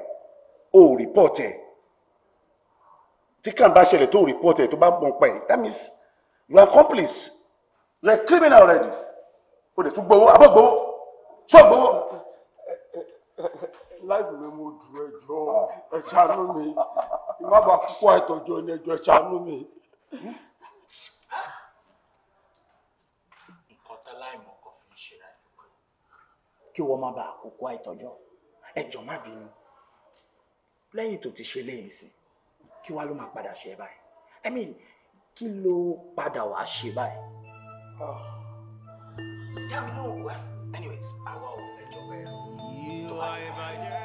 ó rìpọ́ọ̀tì ẹ̀ tí crime bá ṣẹlẹ̀ tó rìpọ́ọ̀tì ẹ̀ tó bá mọ̀ ń pa ẹ̀ that means you are accomplice you are criminal already o lè tún gbowó abọ́ ṣọ́gbọ́n. láìpẹ́ mi mo dùn ẹjọ́ ẹ ṣàánú mi má bàa púpọ̀ ẹ̀tọ́jú ẹni ẹjọ́ ẹ ṣàánú mi. nǹkan tá láìmọ̀ kan fi ń ṣe ra ìlú kí wọ́n má bàa kókó àìtọ́jọ́ ẹjọ́ má bínú lẹ́yìn tó ti ṣe lẹ́yìn sí kí wàá ló máa padà ṣe báyìí i mean kí ló padà wàá ṣe báyìí. Ah. dáhùn náà wà anyways àwa ò ẹjọ́ bẹ́ẹ̀ lọ. ìwà ìbàjẹ́.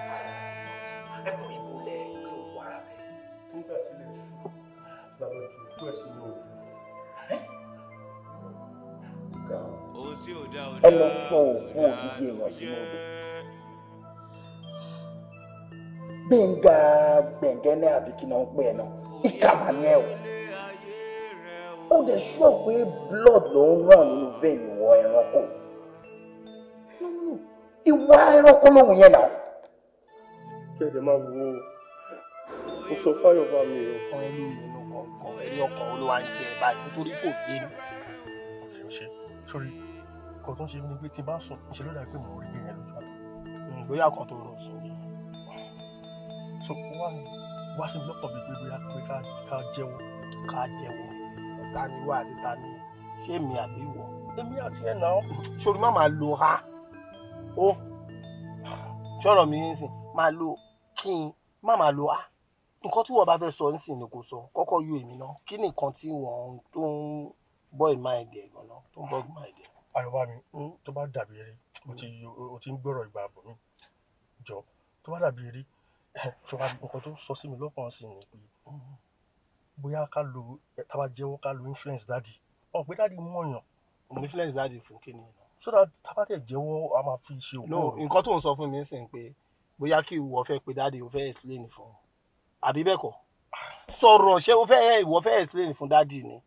ẹkùn ìbúlẹ̀ yóò wà rà bẹ́ẹ̀. nígbà tí ilé ṣù làbẹ̀ jù kú ẹ̀ sí ní ẹ lọ sọ òkú òdìdí èèyàn sínú odò. gbẹ̀ngà gbẹ̀ngẹ́ ní àbíkí náà ń pè ẹ̀ náà ìkàmà ni ẹ o ó dẹ̀ sọ pé blood ló ń ràn nínú vein wọ ẹranko ìwà ẹranko lòun yẹn náà. kí ẹ̀jẹ̀ máa wo mo sọ fáyọ̀ bá mi o. fún ẹni ìlú kọ̀ọ̀kan ẹni ọkàn olúwa ń jẹ ẹ̀bà nítorí kò yé mi. ṣe sórí nǹkan tó ń ṣe mí ni pé tí n bá sùn ṣe ló dà pé mò ń rí bí yẹn lójú àná bóyá kan tó rọ sọ. so wá wá sí mi lọ́pọ̀ mi pé bóyá pé ká jẹ́wọ́ ká jẹ́wọ́ ta ni wá àti ta ni ṣé èmi àbí ìwọ èmi àti ẹ̀ náà sórí má máa lo ha ó ṣọ̀rọ̀ mi yín sìn máa lo kí n má máa lo a nǹkan tí wọ́n bá fẹ́ sọ nísìn ni kò sọ kọ́kọ́ yọ èmi náà kí ni nǹkan tí wọ́n tó ń bọ́ ìmá ẹ̀dẹ̀ ẹ̀gbọ́n náà tó ń bọ́ ìmá ẹ̀dẹ̀. àríwá mi hmm? tó bá dàbí eré o ti ń gbọ́rọ̀ ìgbà àbọ̀ mi jọ tó bá dàbí eré ṣọba nǹkan tó sọ sí mi lọ́kàn sí ni pé bóyá ká lo tábà jẹ́wọ́ ká lo influence dáàdì ọ̀ dáàdì mọ̀ọ́yàn. influence dáàdì fún kí ni so that tabate jẹ́wọ́ a máa fi ṣe òkú. no nǹkan tó ń sọ fún mi sìn pé bóyá kí ìwọ fẹ́ pe dáadé o fẹ́ explain fún un àbí bẹ́ẹ̀ kọ́ sọ̀rọ̀ ṣé o fẹ́ ìwọ fẹ́ explain fún dáadé ni.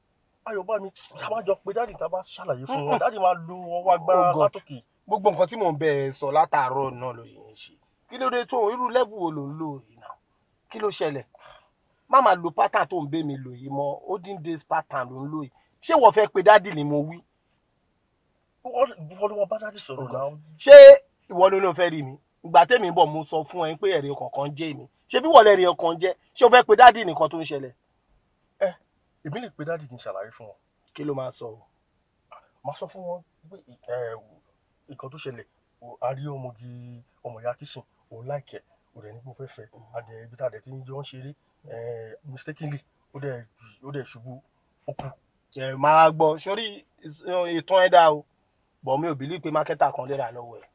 ayọ̀ bá mi tá a bá jọ pé dáadé tá a bá ṣàlàyé fún wọn dáadé máa lo ọwọ́ agbára oh látòkè. gbogbo nǹkan tí mò ń bẹ ẹ sọ látàárọ̀ náà ló yẹ ń ṣe kí ló dé tó irú lẹ́bù wo ló ń lò yìí náà kí ló ṣẹlẹ̀ má máa lo pátá tó ń bẹ́ mi lò yìí mọ́ ó dín days pátá ló ń lò yìí ṣé wọ́n fẹ́ pe dáadé ni mo wí wọ́n ló wọn bá dáàdì sọ̀rọ̀ náà. ṣé ìwọ ló ló fẹ́ rí mi ìgbà tèmi bọ̀ mo sọ fún ẹ pé ẹ̀rí ọkàn kan jẹ́ mi ṣé bí wọ́n lẹ́rìí ọkàn jẹ́ ṣé o fẹ́ pe dáàdì nìkan tó ń ṣẹlẹ̀. ẹ èmi lè pe dáàdì kí n ṣàlàyé fún wọn. kí ló máa sọ o. máa sọ fún wọn pé nǹkan tó ṣẹlẹ̀ àrí ọmọge ọmọ ìyá kìsìn òun láìkẹ́ òun rẹ̀ ní kó fẹ́ fẹ́ adẹ ibi tá a dẹ̀ ti ń jọ ń ṣeré mistakenly ó dẹ̀ ṣubú ó kú. ẹ gbọ́ sórí ìtàn ẹ̀dá o bọ̀ mi ò bìlí pé mákẹ́tà kan lè rà lọ́wọ́ ẹ̀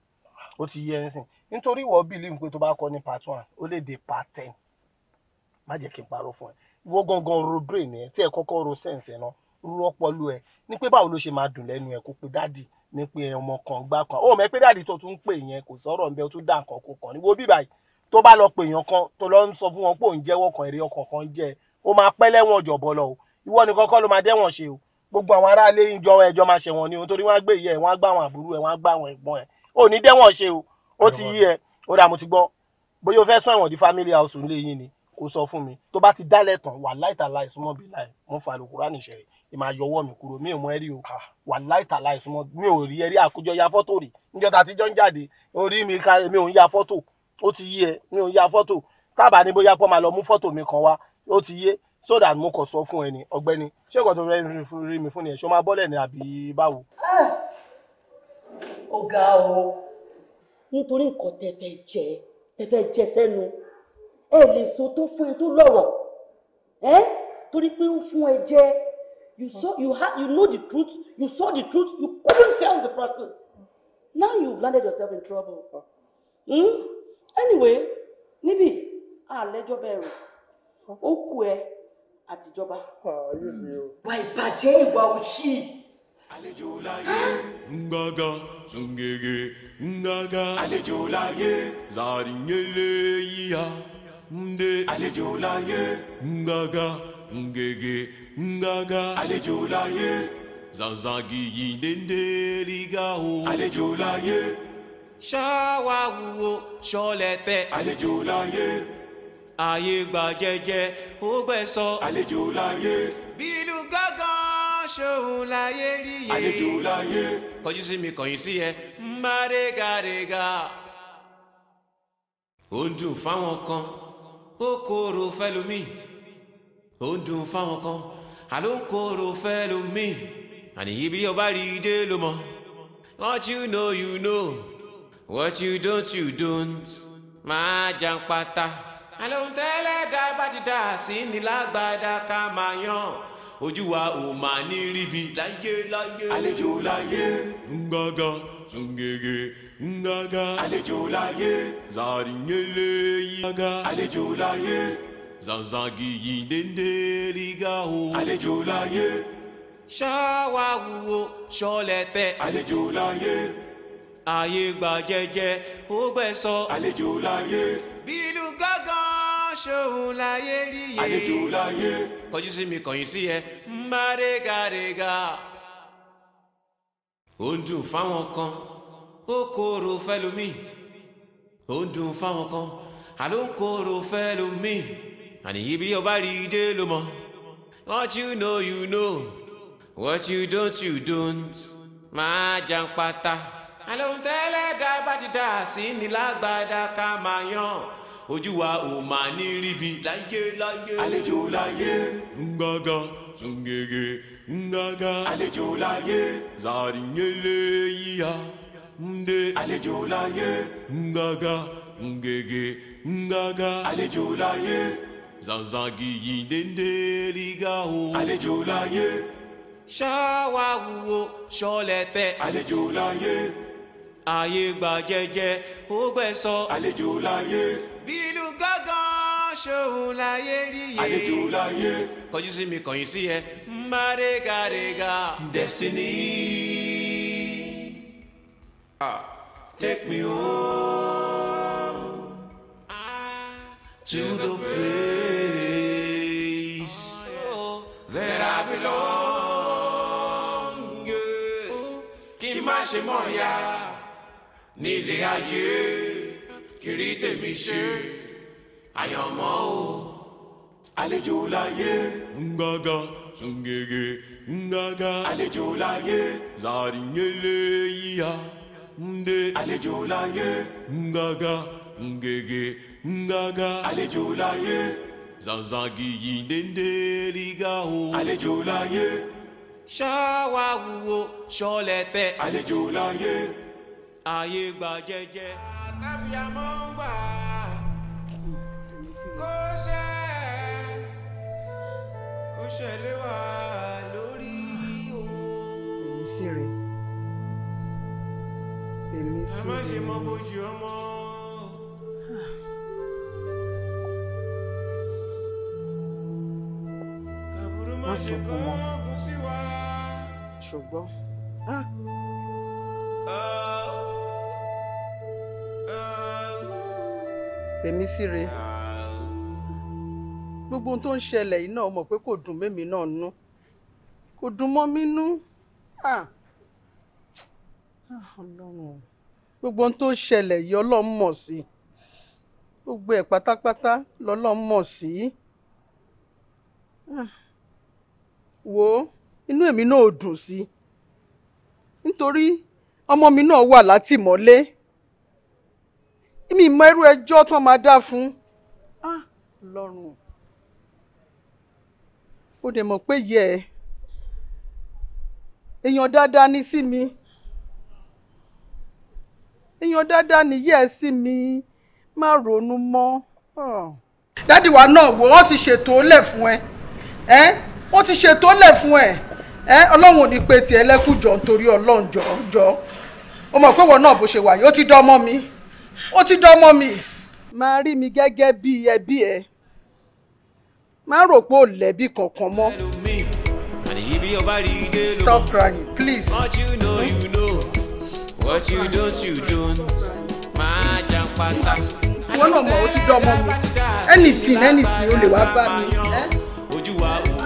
ó ti yẹ ẹ́ sìn nítorí ìwọ bìlí pé tó bá kọ́ ní part one ó lè dé part ten má jẹ́ kí n parọ́ fún ẹ ìwọ gangan ro brain ẹ tí ẹ kọ́kọ́ ro sense ẹ náà ro ọpọlọ ẹ ní pé báwo ló ṣe máa dùn lẹ́nu ẹ kó pe dáàdì ní pé ọmọ kan gbá kan ó mọ̀ pé dáàdì tó tún ń pè yẹn kò sọ̀rọ̀ ń bẹ ó tún dá nǹkan kó kàn ní wo bíbáyìí tó bá lọ pè yàn kan tó lọ ń sọ fún wọn pé òun jẹ́wọ́ kan èrè ọkàn kan jẹ́ ó máa pẹ́ lẹ́wọ̀n jọ̀bọ lọ o ìwọ nìkan kọ́ ló máa dẹ́wọ̀n ṣe o gbogbo àwọn aráalé yín jọ ẹjọ́ máa ṣẹ̀wọ̀n ni o torí wọ́n á gbé ìyá ẹ̀ wọ́n á gbá àwọn àbúrò ẹ̀ wọ́n á gbá àwọn ẹ̀gbọ́n ẹ̀ ò ní dẹ́wọ̀n ṣe o ó ti yí ẹ ó dà mo ti gbọ́ bóyá o fẹ́ sún ẹ̀wọ̀n di family house nílé yín ni kò sọ fún mi tó bá ti dálẹ̀ tán wà láìta láì súnmọ́ bí láì mo fà lókùrá nìṣẹ́ rẹ̀ ẹ máa yọ ọwọ́ mi kúrò mi ò mọ ẹrí o wà láìta láì súnmọ́ mi ò rí ẹrí àkójọ ya fọ́tò rè níjọ́ ta ti jọ ń jáde orí mi ka mi ò ń ya fọ́tò ó ti yé ẹ mi ò ń ya fọ́tò tábà ní bóyá pọ́ máa lọ mú fọ́tò mi kan wá ó ti yé so that mo kàn sọ fún ẹ ni ọ̀gbẹ́ni ṣé nǹkan tó rí mi fún ni ẹ ṣé o máa bọ́lẹ̀ ni àbí báwo. ó o nítorí nǹkan tẹ́tẹ́ jẹ tẹ́tẹ́ jẹ sẹ́nu ẹ lè so tó fún ẹ tó lọ́rọ̀ ẹ torí pé ó fún ẹ jẹ you saw you had you know the truth you saw the truth you couldn't tell the person now you landed yourself in trouble. Hmm. anyway níbi àlẹjọ bẹ̀rẹ̀ ó kù ẹ àtijọba. Hmm. wà ìbàjẹ́ ìwà òṣì. àlejò láyé ngangan sungege ngangan. àlejò láyé zàrìnyẹlẹ yíya nde. àlejò láyé ngangan ngege ngangan. àlejò láyé zanzangi yìí dende riga o. àlejò láyé. ṣáwá wúwo ṣọlẹ tẹ. àlejò láyé ayé gba jẹ́jẹ́ ó gbẹ̀sọ. àlejò láyé. bí gángan ṣòun láyé rí yé. àlejò láyé. kọjú sí mi kọ̀yìn sí ẹ. márégárégá. ó ń dùn fáwọn kan ó kóró fẹ́lómi ó ń dùn fáwọn kan àló ń kóró fẹ́lómi àníyí bí ọba rí i dé ló mọ̀. What you know, you know. What you don't, you don't. Máa jàǹpátá àlóhun tẹ́lẹ̀ dá bá ti dá sí ní lágbádá ká máa yàn ojú wa ò máa ní ríbi láyé láyé àlejò láyé ngangan ngege ngaga àlejò láyé zarinyele yaga àlejò láyé zanzagi yìí dédé ríga o àlejò láyé ṣáwá wúwo ṣọlẹ̀tẹ̀. àlejò láyé. ayé gba jẹ́jẹ́ ó gbẹ̀sọ́. àlejò láyé bílù gángan ṣòun láyé rí yé. àlejò láyé. kọjú sí mi kọ̀yìn sí ẹ. márégárégá. ó ń dùn fáwọn kan ó kóró fẹ́lómi. ó ń dùn fáwọn kan àló ń kóró fẹ́lómi. àníyí bí ọba rí i dé ló mọ. what you know you know what you don't you don't. máa jan pátá àlòun tẹ́lẹ̀ dá bá ti dà sí ní lágbàdá ká máa yan ojú wa ò máa ní ríbi láyé láyé àlejò láyé ngangan ngege ngangan àlejò láyé zàrìnyẹlẹ yíya nde àlejò láyé ngangan ngege ngangan àlejò láyé zanzangi yìí dédé ríga o àlejò láyé ṣáwá wúwo ṣọlẹ tẹ àlejò láyé ayé gba ó gbẹ sọ àlejò láyé bínú gángan ṣòun láyé rí yé. àlejò láyé. kọjú sí mi kọ̀yìn sí ẹ. márégárégá. destiny. Ah. take me home. Ah. to the place. that I belong. kí má ṣe mọ̀ ya nílé ayé kiri tèmi ṣe àyànmọ́ o àlejò láyé. ngaga ngege ngága àlejò láyé. zàrìnyẹlẹ yíya nde àlejò láyé. ngaga ngege ngaga àlejò láyé. zanzagi yìí dende riga o àlejò láyé. ṣáwá wúwo ṣọlẹ tẹ àlejò láyé. ayé gba jẹ́jẹ́ tábìyàmọ́ ń gbà kó ṣe kó ṣe léwà lórí o. a má ṣe mọ bójú ọmọ. má sunkún mọ́ ṣùgbọ́n. Ah. Ah tèmi sí re gbogbo ohun tó ń ṣẹlẹ̀ yìí náà mọ̀ pé kò dùn mẹ́mi náà nú kò dùn mọ́ mi nú ah, gbogbo ohun tó ṣẹlẹ̀ yìí ọlọ́run mọ̀ sí gbogbo ẹ̀ pátápátá lọ́lọ́run mọ̀ sí wo inú èmi náà ò dùn sí nítorí ọmọ mi náà wà látìmọ́lé mi mọ irú ẹjọ́ tán máa dá fún lọ́rùn ó dẹ̀ mọ̀ pé yẹ ẹ èèyàn dáadáa ni sí mi èèyàn dáadáa ni yẹ ẹ sí mi má ronú mọ́. dádì wa náà wò wọ́n ti ṣètò ó lẹ̀ fún ẹ ẹ wọ́n ti ṣètò ó lẹ̀ fún ẹ ẹ ọlọ́run ò ní pe tiẹ̀ lẹ́kùjọ́ nítorí ọlọ́run jọ̀ọ́ jọ̀ọ́ ó mọ̀ pé wọn náà bó ṣe wà yìí ó ti dán ọmọ mi ó ti dọmọ mi. máa rí mi gẹ́gẹ́ bí ẹbí ẹ má rò pé ò lẹ́bí kankan mọ́. stop crying please. what you know you know what you don't you don't máa jà pátá. ìwọ náà mọ̀ ó ti dọmọ mi anything anything ó lè wá bá mi. ojú wa wò.